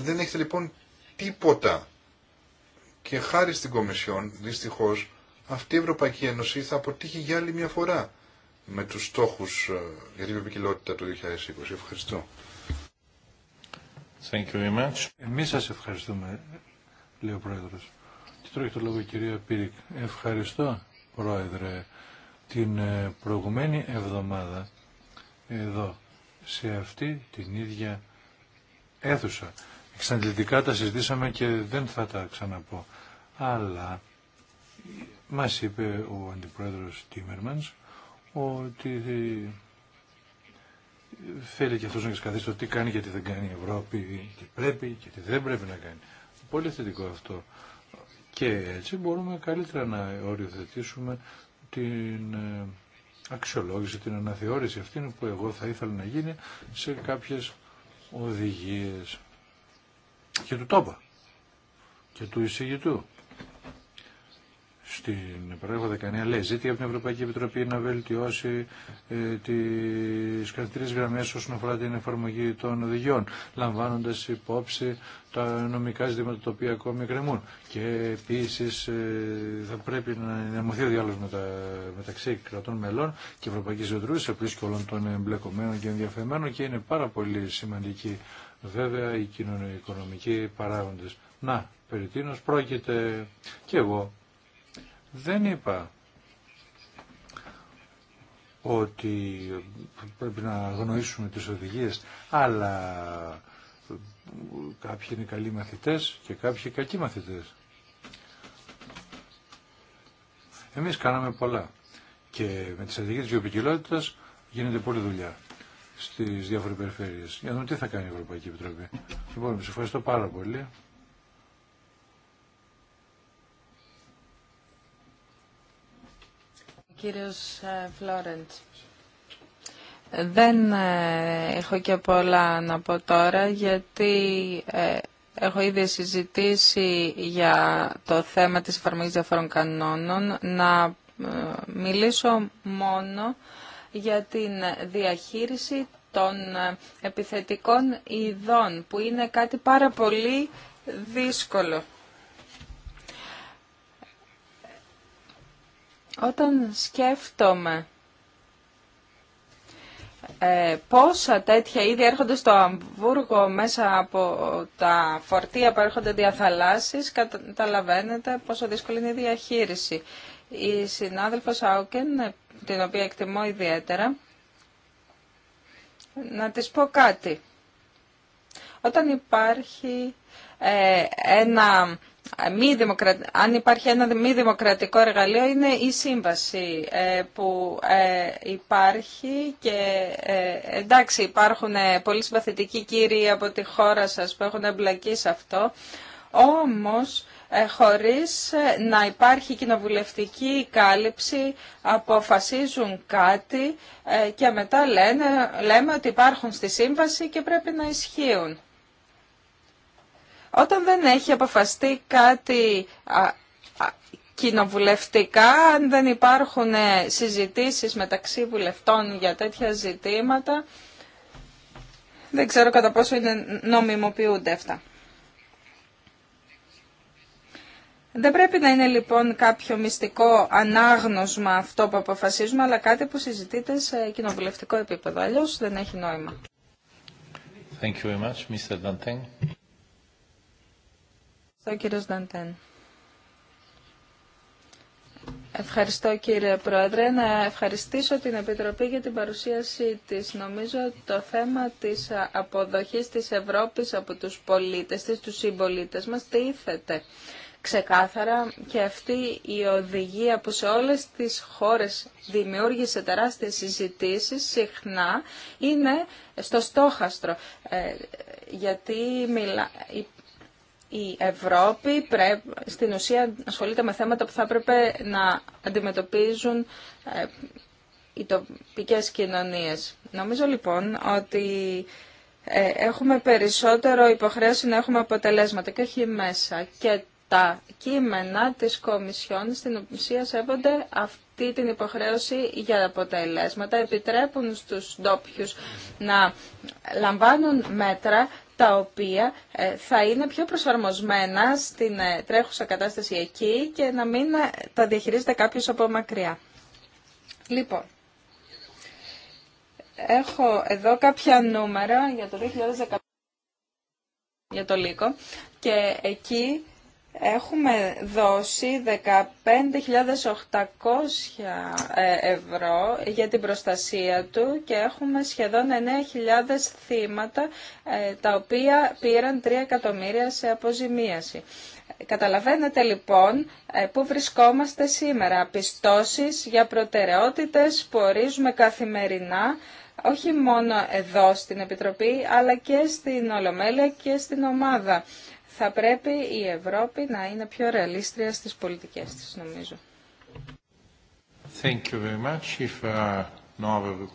δεν έχετε λοιπόν τίποτα και χάρη στην Κομισιόν, δυστυχώς, αυτή η Ευρωπαϊκή Ένωση θα αποτύχει για άλλη μια φορά με τους στόχους ε, για την επικοινότητα του 2020. Ευχαριστώ. Thank you Εμείς σας ευχαριστούμε, λέει ο Πρόεδρος. Τι τρώει το λόγο η κυρία Πύρικ. Ευχαριστώ, Πρόεδρε. Την ε, προηγουμένη εβδομάδα, εδώ, σε αυτή την ίδια αίθουσα, εξαντλητικά τα συζητήσαμε και δεν θα τα ξαναπώ. Αλλά μας είπε ο Αντιπρόεδρος Τίμερμανς ότι θέλει και αυτός να καθίσει το τι κάνει γιατί δεν κάνει η Ευρώπη, τι πρέπει και τι δεν πρέπει να κάνει. Πολύ θετικό αυτό. Και έτσι μπορούμε καλύτερα να οριοθετήσουμε την ε, αξιολόγηση, την αναθεώρηση αυτήν που εγώ θα ήθελα να γίνει σε κάποιες οδηγίες και του τόπα και του εισηγητού στην παράγραφο 19 λέει ζήτη από την Ευρωπαϊκή Επιτροπή να βελτιώσει ε, τις γραμμέ γραμμές όσον αφορά την εφαρμογή των οδηγιών, λαμβάνοντας υπόψη τα νομικά ζητήματα τα οποία ακόμη εκκρεμούν. Και επίσης ε, θα πρέπει να ενημερωθεί ο διάλογος μετα, μεταξύ κρατών μελών και Ευρωπαϊκής σε σε και όλων των εμπλεκομένων και ενδιαφερμένων και είναι πάρα πολύ σημαντική βέβαια οι κοινωνικοί παράγοντες. Να, περί τίνος πρόκειται και εγώ δεν είπα ότι πρέπει να γνωρίσουμε τις οδηγίες, αλλά κάποιοι είναι καλοί μαθητές και κάποιοι κακοί μαθητές. Εμείς κάναμε πολλά και με τις οδηγίες της βιοποικιλότητας γίνεται πολλή δουλειά στις διάφορες περιφέρειες. Για να δούμε τι θα κάνει η Ευρωπαϊκή Επιτροπή. Λοιπόν, σας ευχαριστώ πάρα πολύ. κύριος ε, Φλόρεντ. Δεν ε, έχω και πολλά να πω τώρα, γιατί ε, έχω ήδη συζητήσει για το θέμα της εφαρμογής διαφορών κανόνων. Να μιλήσω μόνο για την διαχείριση των επιθετικών ειδών, που είναι κάτι πάρα πολύ δύσκολο. Όταν σκέφτομαι ε, πόσα τέτοια είδη έρχονται στο Αμβούργο μέσα από τα φορτία που έρχονται διαθαλάσσεις, καταλαβαίνετε πόσο δύσκολη είναι η διαχείριση. Η συνάδελφος Άουκεν, την οποία εκτιμώ ιδιαίτερα, να της πω κάτι. Όταν υπάρχει ε, ένα αν υπάρχει ένα μη δημοκρατικό εργαλείο είναι η σύμβαση ε, που ε, υπάρχει και ε, εντάξει υπάρχουν πολύ συμπαθητικοί κύριοι από τη χώρα σας που έχουν εμπλακεί σε αυτό, όμως χωρίς να υπάρχει κοινοβουλευτική κάλυψη αποφασίζουν κάτι και μετά λένε, λέμε ότι υπάρχουν στη σύμβαση και πρέπει να ισχύουν. Όταν δεν έχει αποφαστεί κάτι κοινοβουλευτικά, αν δεν υπάρχουν ε, συζητήσεις μεταξύ βουλευτών για τέτοια ζητήματα, δεν ξέρω κατά πόσο είναι νομιμοποιούνται αυτά. Δεν πρέπει να είναι λοιπόν κάποιο μυστικό ανάγνωσμα αυτό που αποφασίζουμε, αλλά κάτι που συζητείται σε κοινοβουλευτικό επίπεδο. Αλλιώς δεν έχει νόημα. Thank you much, Mr. Ευχαριστώ κύριε Πρόεδρε. Να ευχαριστήσω την Επιτροπή για την παρουσίασή της. Νομίζω το θέμα της αποδοχής της Ευρώπης από τους πολίτες της, τους συμπολίτε μας, τίθεται ξεκάθαρα και αυτή η οδηγία που σε όλες τις χώρες δημιούργησε τεράστιες συζητήσεις συχνά είναι στο στόχαστρο ε, γιατί μιλά, η Ευρώπη στην ουσία ασχολείται με θέματα που θα έπρεπε να αντιμετωπίζουν οι ε, τοπικές κοινωνίες. Νομίζω λοιπόν ότι ε, έχουμε περισσότερο υποχρέωση να έχουμε αποτελέσματα και όχι μέσα. Και τα κείμενα της Κομισιόν στην ουσία σέβονται αυτή την υποχρέωση για αποτελέσματα, επιτρέπουν στους ντόπιου να λαμβάνουν μέτρα τα οποία ε, θα είναι πιο προσαρμοσμένα στην ε, τρέχουσα κατάσταση εκεί και να μην ε, τα διαχειρίζεται κάποιος από μακριά. Λοιπόν, έχω εδώ κάποια νούμερα για το 2015 για το Λύκο και εκεί Έχουμε δώσει 15.800 ε, ευρώ για την προστασία του και έχουμε σχεδόν 9.000 θύματα ε, τα οποία πήραν 3 εκατομμύρια σε αποζημίαση. Καταλαβαίνετε λοιπόν ε, πού βρισκόμαστε σήμερα. Πιστώσεις για προτεραιότητες που ορίζουμε καθημερινά όχι μόνο εδώ στην Επιτροπή αλλά και στην Ολομέλεια και στην ομάδα θα πρέπει η Ευρώπη να είναι πιο ρεαλίστρια στις πολιτικές της, νομίζω. Thank you very much. If, uh, no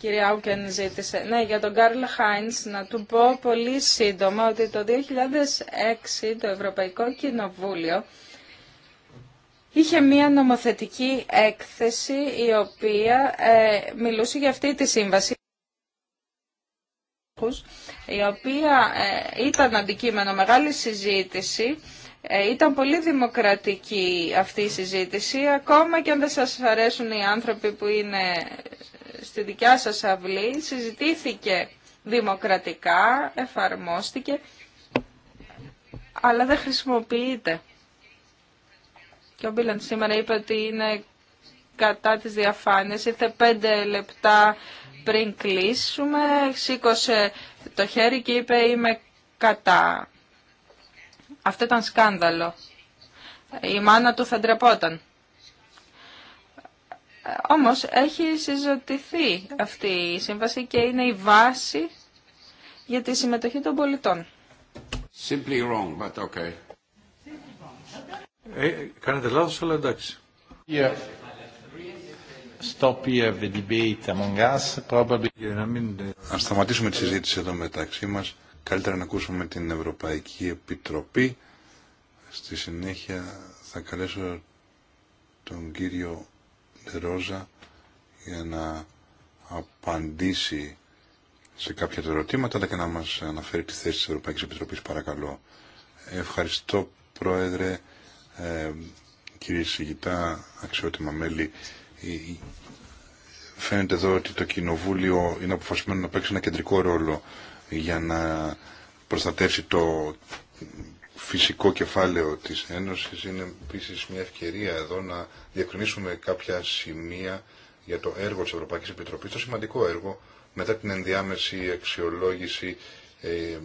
Κύριε Άουκεν ζήτησε, ναι, για τον Κάρλ Χάινς να του πω πολύ σύντομα ότι το 2006 το Ευρωπαϊκό Κοινοβούλιο είχε μία νομοθετική έκθεση η οποία ε, μιλούσε για αυτή τη σύμβαση η οποία ε, ήταν αντικείμενο μεγάλη συζήτηση, ε, ήταν πολύ δημοκρατική αυτή η συζήτηση, ακόμα και αν δεν σας αρέσουν οι άνθρωποι που είναι στη δικιά σας αυλή, συζητήθηκε δημοκρατικά, εφαρμόστηκε, αλλά δεν χρησιμοποιείται. Και ο Μπίλαντ σήμερα είπε ότι είναι κατά της διαφάνειας, ήρθε πέντε λεπτά πριν κλείσουμε σήκωσε το χέρι και είπε είμαι κατά. Αυτό ήταν σκάνδαλο. Η μάνα του θα ντρεπόταν. Όμως έχει συζητηθεί αυτή η σύμβαση και είναι η βάση για τη συμμετοχή των πολιτών. Simply wrong, ε, κάνετε λάθος, αλλά εντάξει. Αν σταματήσουμε τη συζήτηση εδώ μεταξύ μας. Καλύτερα να ακούσουμε την Ευρωπαϊκή Επιτροπή. Στη συνέχεια θα καλέσω τον κύριο Ρόζα για να απαντήσει σε κάποια ερωτήματα αλλά και να μας αναφέρει τη θέση της Ευρωπαϊκής Επιτροπής παρακαλώ. Ευχαριστώ Πρόεδρε, ε, κύριε Συγητά, αξιότιμα μέλη φαίνεται εδώ ότι το Κοινοβούλιο είναι αποφασισμένο να παίξει ένα κεντρικό ρόλο για να προστατεύσει το φυσικό κεφάλαιο της Ένωσης. Είναι επίση μια ευκαιρία εδώ να διακρινούμε κάποια σημεία για το έργο της Ευρωπαϊκής Επιτροπής, το σημαντικό έργο, μετά την ενδιάμεση αξιολόγηση ε,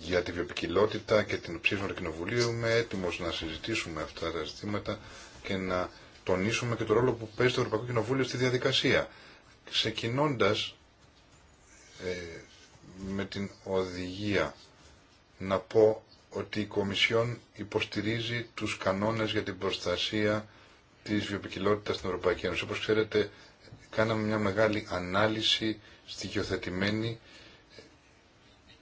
για τη βιοπικιλότητα και την ψήφιση του Κοινοβουλίου. Είμαι έτοιμος να συζητήσουμε αυτά τα ζητήματα και να τονίσουμε και το ρόλο που παίζει το Ευρωπαϊκό Κοινοβούλιο στη διαδικασία. Ξεκινώντα ε, με την οδηγία να πω ότι η Κομισιόν υποστηρίζει τους κανόνες για την προστασία της βιοποικιλότητας στην Ευρωπαϊκή Ένωση. Όπως ξέρετε, κάναμε μια μεγάλη ανάλυση στοιχειοθετημένη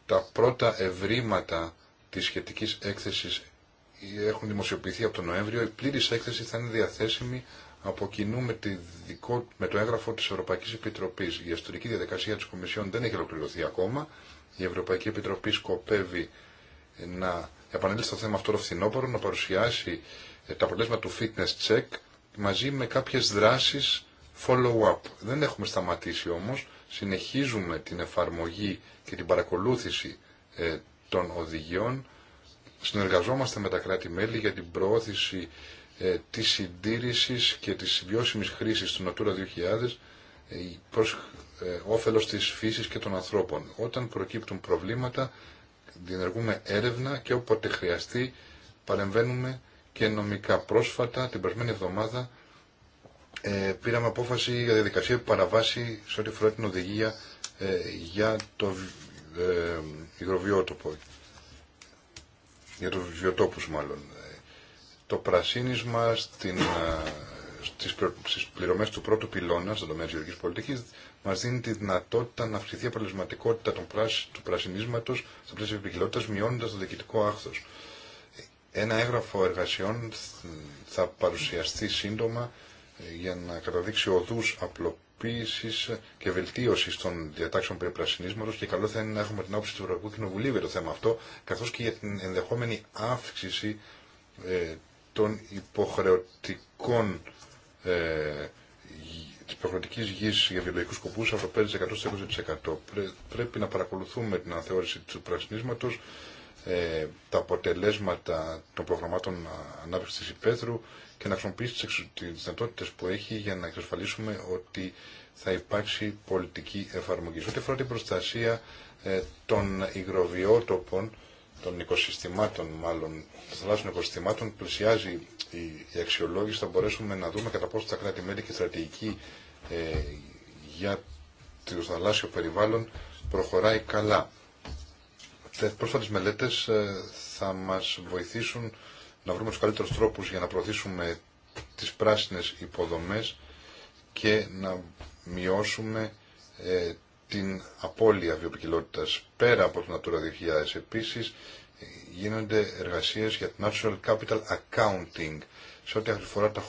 τα πρώτα ευρήματα της σχετικής έκθεσης έχουν δημοσιοποιηθεί από τον Νοέμβριο. Η πλήρης έκθεση θα είναι διαθέσιμη από κοινού με, τη με το έγγραφο της Ευρωπαϊκής Επιτροπής. Η ιστορική διαδικασία της Κομισιόν δεν έχει ολοκληρωθεί ακόμα. Η Ευρωπαϊκή Επιτροπή σκοπεύει να επανέλθει στο θέμα αυτό το φθινόπωρο, να παρουσιάσει ε, τα αποτέλεσμα του fitness check μαζί με κάποιες δράσεις follow-up. Δεν έχουμε σταματήσει όμως, συνεχίζουμε την εφαρμογή και την παρακολούθηση ε, των οδηγιών συνεργαζόμαστε με τα κράτη-μέλη για την προώθηση ε, της συντήρησης και της βιώσιμης χρήσης του Natura 2000 ε, προς ε, όφελος της φύσης και των ανθρώπων. Όταν προκύπτουν προβλήματα, διενεργούμε έρευνα και όποτε χρειαστεί παρεμβαίνουμε και νομικά. Πρόσφατα, την περσμένη εβδομάδα, ε, πήραμε απόφαση για διαδικασία που παραβάσει σε ό,τι φορά την οδηγία ε, για το ε, υγροβιότοπο για τους βιοτόπους μάλλον. Το πρασίνισμα στην, στις, στις πληρωμές του πρώτου πυλώνα στον τομέα της γεωργικής πολιτικής μας δίνει τη δυνατότητα να αυξηθεί η αποτελεσματικότητα του πρασινίσματος στα πλαίσια επικοινότητας μειώνοντας το διοικητικό άχθος. Ένα έγγραφο εργασιών θα παρουσιαστεί σύντομα για να καταδείξει οδούς απλοποίησης και βελτίωση των διατάξεων περί πρασινίσματο και καλό θα είναι να έχουμε την άποψη του Ευρωπαϊκού Κοινοβουλίου για το θέμα αυτό, καθώ και για την ενδεχόμενη αύξηση ε, των υποχρεωτικών ε, τη υποχρεωτική γη για βιολογικού σκοπού από το 5% στο 20%. πρέπει να παρακολουθούμε την αναθεώρηση του πρασινίσματο, ε, τα αποτελέσματα των προγραμμάτων ανάπτυξη υπαίθρου και να χρησιμοποιήσει τι δυνατότητε που έχει για να εξασφαλίσουμε ότι θα υπάρξει πολιτική εφαρμογή. Σε Ό,τι αφορά την προστασία ε, των υγροβιότοπων, των οικοσυστημάτων μάλλον, των θαλάσσιων οικοσυστημάτων, πλησιάζει η αξιολόγηση. Θα μπορέσουμε να δούμε κατά πόσο τα κράτη-μέλη και η στρατηγική ε, για το θαλάσσιο περιβάλλον προχωράει καλά. Πρόσφατες μελέτες ε, θα μας βοηθήσουν να βρούμε τους καλύτερους τρόπους για να προωθήσουμε τις πράσινες υποδομές και να μειώσουμε ε, την απώλεια βιοποικιλότητας πέρα από το Natura 2000. Επίσης, γίνονται εργασίες για το Natural Capital Accounting σε ό,τι αφορά τα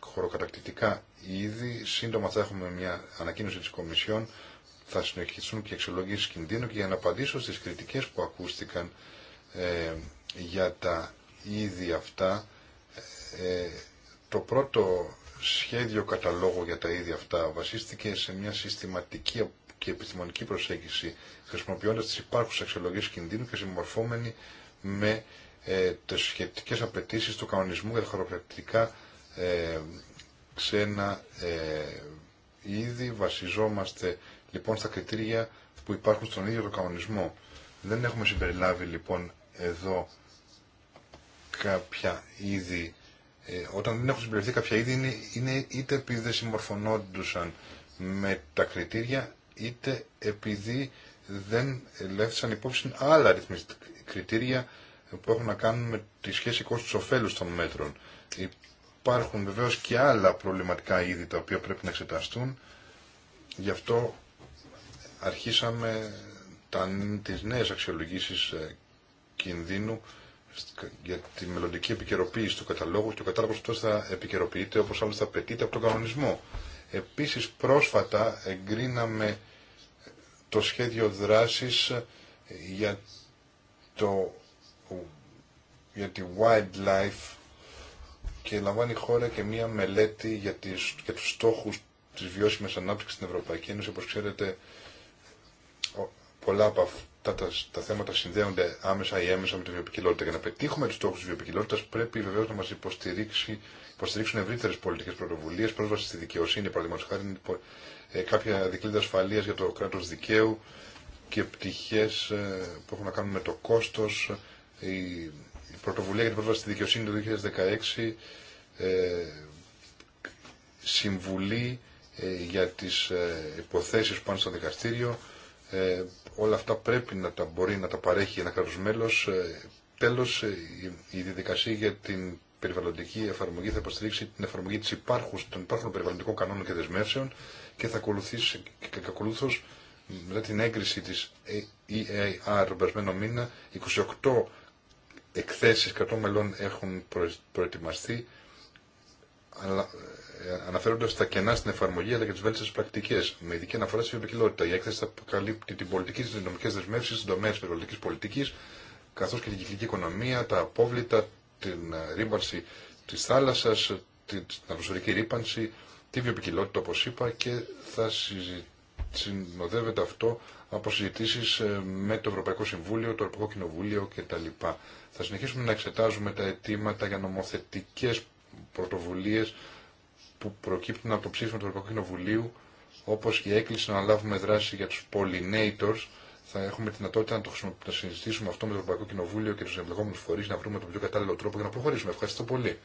χωροκατακτητικά είδη. Σύντομα θα έχουμε μια ανακοίνωση της Κομισιόν, θα συνεχιστούν και εξολογήσεις κινδύνου και για να απαντήσω στις κριτικές που ακούστηκαν ε, για τα ήδη αυτά. Ε, το πρώτο σχέδιο καταλόγου για τα ίδια αυτά βασίστηκε σε μια συστηματική και επιστημονική προσέγγιση χρησιμοποιώντας τις υπάρχουσες αξιολογίες κινδύνου και συμμορφόμενοι με ε, τις σχετικές απαιτήσεις του κανονισμού για τα χωροπρακτικά ε, ξένα ε, Βασιζόμαστε λοιπόν στα κριτήρια που υπάρχουν στον ίδιο το κανονισμό. Δεν έχουμε συμπεριλάβει λοιπόν εδώ κάποια είδη, ε, όταν δεν έχουν συμπληρωθεί κάποια είδη, είναι, είτε επειδή δεν συμμορφωνόντουσαν με τα κριτήρια, είτε επειδή δεν λέφθησαν υπόψη άλλα αριθμιστικά κριτήρια που έχουν να κάνουν με τη σχέση κόστους-οφέλους των μέτρων. Υπάρχουν βεβαίως και άλλα προβληματικά είδη τα οποία πρέπει να εξεταστούν. Γι' αυτό αρχίσαμε τα, τις νέες αξιολογήσεις ε, κινδύνου για τη μελλοντική επικαιροποίηση του καταλόγου και ο κατάλογο αυτό θα επικαιροποιείται όπως άλλωστε θα απαιτείται από τον κανονισμό. Επίσης πρόσφατα εγκρίναμε το σχέδιο δράσης για, για τη wildlife και λαμβάνει η χώρα και μία μελέτη για, τις, για τους στόχους της βιώσιμης ανάπτυξης στην Ευρωπαϊκή Ένωση. Όπως ξέρετε, πολλά από αυτά τα, τα θέματα συνδέονται άμεσα ή έμεσα με τη βιοπικιλότητα. Για να πετύχουμε του στόχου τη βιοπικιλότητα, πρέπει βεβαίω να μα υποστηρίξουν ευρύτερε πολιτικέ πρωτοβουλίε, πρόσβαση στη δικαιοσύνη, παραδείγματο χάρη, ε, κάποια δικλείδα ασφαλεία για το κράτο δικαίου και πτυχέ ε, που έχουν να κάνουν με το κόστο. Η πρωτοβουλία για την πρόσβαση στη δικαιοσύνη το 2016, ε, συμβουλή για τις υποθέσει που πάνε στο δικαστήριο, όλα αυτά πρέπει να τα μπορεί να τα παρέχει ένα κράτο μέλο. Ε, τέλος, ε, η διαδικασία για την περιβαλλοντική εφαρμογή θα υποστηρίξει την εφαρμογή της υπάρχους, των υπάρχων περιβαλλοντικών κανόνων και δεσμεύσεων και θα ακολουθήσει και κακολούθως μετά την έγκριση της EAR ε, τον περασμένο μήνα 28 εκθέσεις κρατών μελών έχουν προετοιμαστεί αλλά ε, αναφέροντας στα κενά στην εφαρμογή αλλά και τι βέλτιστες πρακτικέ με ειδική αναφορά στη βιοπικιλότητα. Η έκθεση θα καλύπτει την πολιτική τη νομικές δεσμεύσεις στην τομέα τη περιβαλλοντική πολιτικής, καθώς και την κυκλική οικονομία, τα απόβλητα, την ε, ρήπανση τη θάλασσα, την ατμοσφαιρική ρήπανση, τη βιοπικιλότητα όπω είπα και θα συνοδεύεται αυτό από συζητήσει ε, με το Ευρωπαϊκό Συμβούλιο, το Ευρωπαϊκό Κοινοβούλιο κτλ. Θα συνεχίσουμε να εξετάζουμε τα αιτήματα για νομοθετικέ πρωτοβουλίε που προκύπτουν από το ψήφισμα του Ευρωπαϊκού Κοινοβουλίου, όπως η έκκληση να λάβουμε δράση για τους pollinators, θα έχουμε τη δυνατότητα να το, να συζητήσουμε αυτό με το Ευρωπαϊκό Κοινοβούλιο και του εμπλεκόμενου φορεί να βρούμε τον πιο κατάλληλο τρόπο για να προχωρήσουμε. Ευχαριστώ πολύ.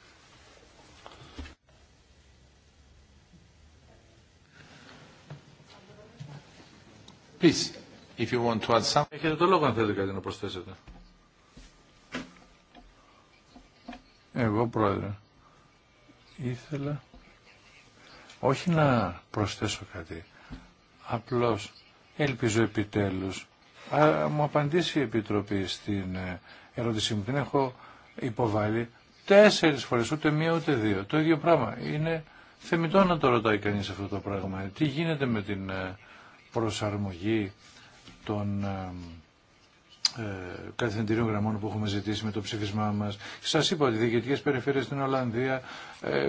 Please, if you want to add something. Έχετε το λόγο αν θέλετε κάτι να προσθέσετε. Εγώ, Πρόεδρε, ήθελα όχι να προσθέσω κάτι. Απλώς ελπίζω επιτέλους. Α, μου απαντήσει η Επιτροπή στην ε, ερώτησή μου. Την έχω υποβάλει τέσσερις φορές, ούτε μία ούτε δύο. Το ίδιο πράγμα. Είναι θεμητό να το ρωτάει κανείς αυτό το πράγμα. Τι γίνεται με την ε, προσαρμογή των ε, ε, καθεντηρίων γραμμών που έχουμε ζητήσει με το ψήφισμά μα. Σα είπα ότι οι διοικητικέ περιφέρειε στην Ολλανδία ε,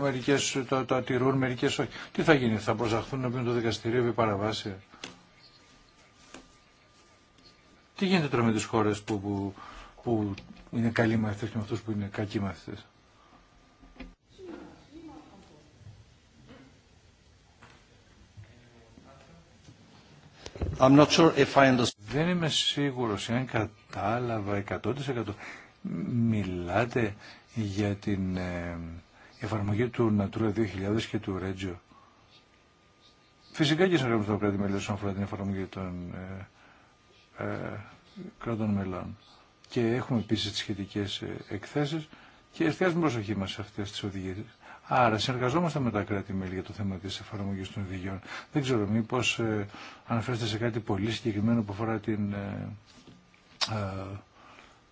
μερικέ τα, τα τηρούν, μερικέ όχι. Τι θα γίνει, θα προσαχθούν να πούν το δικαστήριο επί παραβάση. Τι γίνεται τώρα με τι χώρε που, που, που είναι καλοί μαθητέ και με αυτού που είναι κακοί μαθητέ. Δεν είμαι σίγουρος αν κατάλαβα 100% μιλάτε για την ε, εφαρμογή του Natura 2000 και του Regio. Φυσικά και συνεργάζομαι το κράτη μελή όσον αφορά την εφαρμογή των ε, ε, κρατών μελών. Και έχουμε επίσης τις σχετικές ε, εκθέσεις και εστιάζουμε προσοχή μας σε αυτές τις οδηγίες. Άρα συνεργαζόμαστε με τα κράτη-μέλη για το θέμα τη εφαρμογή των οδηγιών. Δεν ξέρω μήπω ε, αναφέρεστε σε κάτι πολύ συγκεκριμένο που αφορά την ε, ε,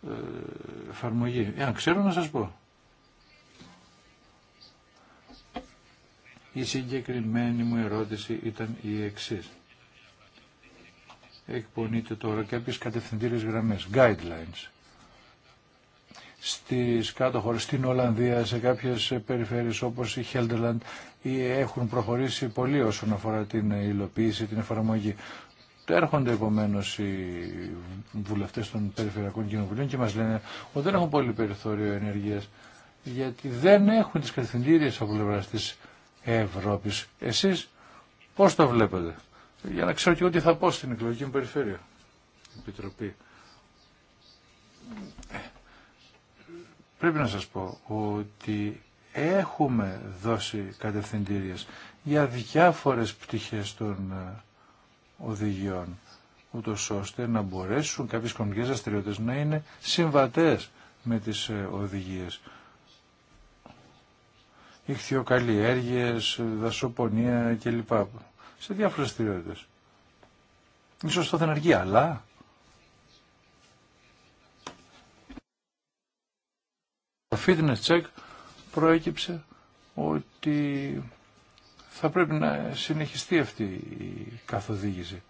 ε εφαρμογή. Εάν ξέρω να σας πω. Η συγκεκριμένη μου ερώτηση ήταν η εξή. Εκπονείται τώρα κάποιε κατευθυντήριε γραμμέ, guidelines, στις κάτω χώρες, στην Ολλανδία, σε κάποιες περιφέρειες όπως η Χέλτερλαντ έχουν προχωρήσει πολύ όσον αφορά την υλοποίηση, την εφαρμογή. Έρχονται επομένω οι βουλευτέ των Περιφερειακών Κοινοβουλίων και μα λένε ότι δεν έχουν πολύ περιθώριο ενέργεια γιατί δεν έχουν τι κατευθυντήριες από πλευρά τη Ευρώπη. Εσεί πώ το βλέπετε, για να ξέρω και εγώ τι θα πω στην εκλογική μου περιφέρεια. Επιτροπή. Πρέπει να σας πω ότι έχουμε δώσει κατευθυντήριες για διάφορες πτυχές των ε, οδηγιών, ούτω ώστε να μπορέσουν κάποιες κοινωνικές δραστηριότητε να είναι συμβατές με τις ε, οδηγίες. Ιχθυοκαλλιέργειες, δασοπονία κλπ. Σε διάφορες δραστηριότητε. Ίσως αυτό δεν αργεί, αλλά Το fitness check προέκυψε ότι θα πρέπει να συνεχιστεί αυτή η καθοδήγηση.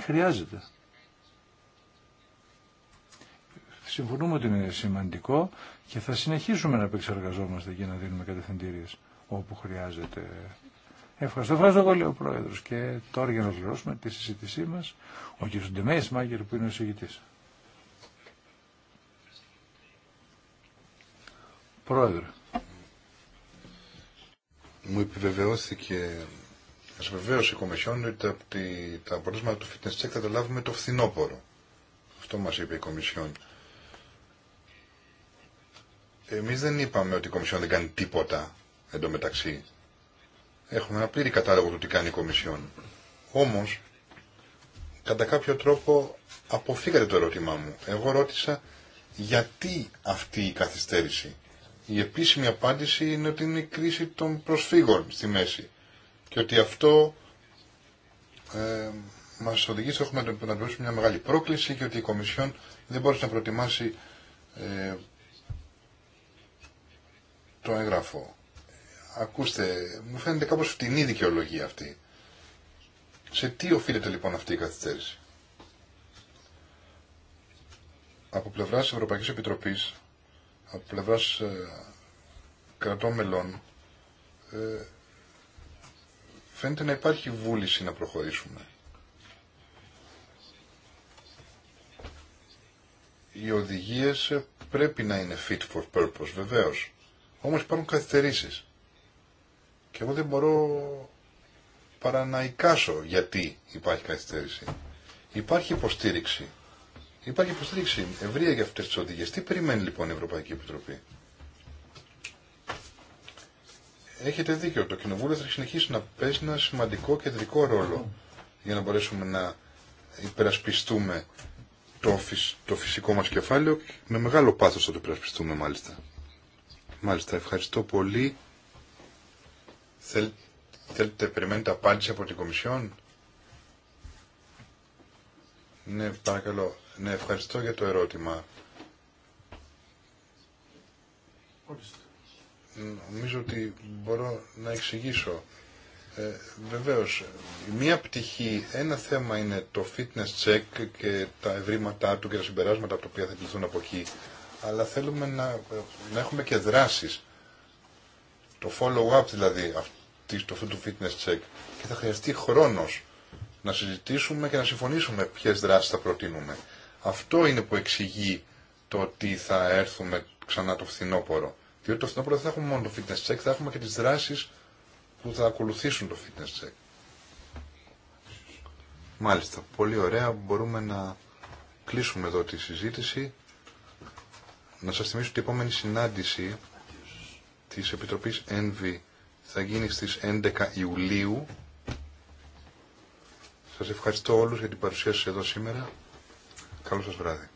Χρειάζεται. Συμφωνούμε ότι είναι σημαντικό και θα συνεχίσουμε να επεξεργαζόμαστε και να δίνουμε κατευθυντήριες όπου χρειάζεται. Ευχαριστώ. Ευχαριστώ πολύ ο Πρόεδρος. Και τώρα για να ολοκληρώσουμε τη συζήτησή μας, ο κ. Ντεμέης Μάγκερ που είναι ο συγητής. Πρόεδρε. Μου επιβεβαιώθηκε, μα βεβαίωσε η Κομισιόν ότι τα αποτελέσματα του fitness check θα τα λάβουμε το φθινόπωρο. Αυτό μας είπε η Κομισιόν. Εμείς δεν είπαμε ότι η Κομισιόν δεν κάνει τίποτα εντωμεταξύ. Έχουμε ένα πλήρη κατάλογο του τι κάνει η Κομισιόν. Όμως, κατά κάποιο τρόπο αποφύγατε το ερώτημά μου. Εγώ ρώτησα γιατί αυτή η καθυστέρηση η επίσημη απάντηση είναι ότι είναι η κρίση των προσφύγων στη μέση και ότι αυτό ε, μας οδηγεί στο έχουμε να αντιμετωπίσουμε μια μεγάλη πρόκληση και ότι η Κομισιόν δεν μπορεί να προετοιμάσει ε, το έγγραφο. Ακούστε, μου φαίνεται κάπως φτηνή δικαιολογία αυτή. Σε τι οφείλεται λοιπόν αυτή η καθυστέρηση. Από πλευράς τη Ευρωπαϊκής Επιτροπής από πλευράς ε, κρατών μελών ε, φαίνεται να υπάρχει βούληση να προχωρήσουμε. Οι οδηγίες πρέπει να είναι fit for purpose, βεβαίως. Όμως υπάρχουν καθυστερήσεις. Και εγώ δεν μπορώ παρά να εικάσω γιατί υπάρχει καθυστέρηση. Υπάρχει υποστήριξη Υπάρχει υποστήριξη ευρεία για αυτές τις οδηγίες. Τι περιμένει λοιπόν η Ευρωπαϊκή Επιτροπή. Έχετε δίκιο, το Κοινοβούλιο θα συνεχίσει να παίζει ένα σημαντικό κεντρικό ρόλο για να μπορέσουμε να υπερασπιστούμε το, το φυσικό μας κεφάλαιο με μεγάλο πάθος να το υπερασπιστούμε μάλιστα. Μάλιστα, ευχαριστώ πολύ. Θέλ, θέλετε, περιμένετε απάντηση από την Κομισιόν. Ναι, παρακαλώ. Ναι, ευχαριστώ για το ερώτημα. Νομίζω ότι μπορώ να εξηγήσω. Ε, βεβαίως, μία πτυχή, ένα θέμα είναι το fitness check και τα ευρήματά του και τα συμπεράσματα από τα οποία θα πληθούν από εκεί. Αλλά θέλουμε να, να έχουμε και δράσεις. Το follow-up δηλαδή αυτού του fitness check. Και θα χρειαστεί χρόνος να συζητήσουμε και να συμφωνήσουμε ποιες δράσεις θα προτείνουμε. Αυτό είναι που εξηγεί το ότι θα έρθουμε ξανά το φθινόπωρο. Διότι το φθινόπωρο δεν θα έχουμε μόνο το fitness check, θα έχουμε και τις δράσεις που θα ακολουθήσουν το fitness check. Μάλιστα, πολύ ωραία. Μπορούμε να κλείσουμε εδώ τη συζήτηση. Να σας θυμίσω ότι η επόμενη συνάντηση της Επιτροπής ΕΝΒΗ θα γίνει στις 11 Ιουλίου. Σας ευχαριστώ όλους για την παρουσία σας εδώ σήμερα. Καλό σας βράδυ.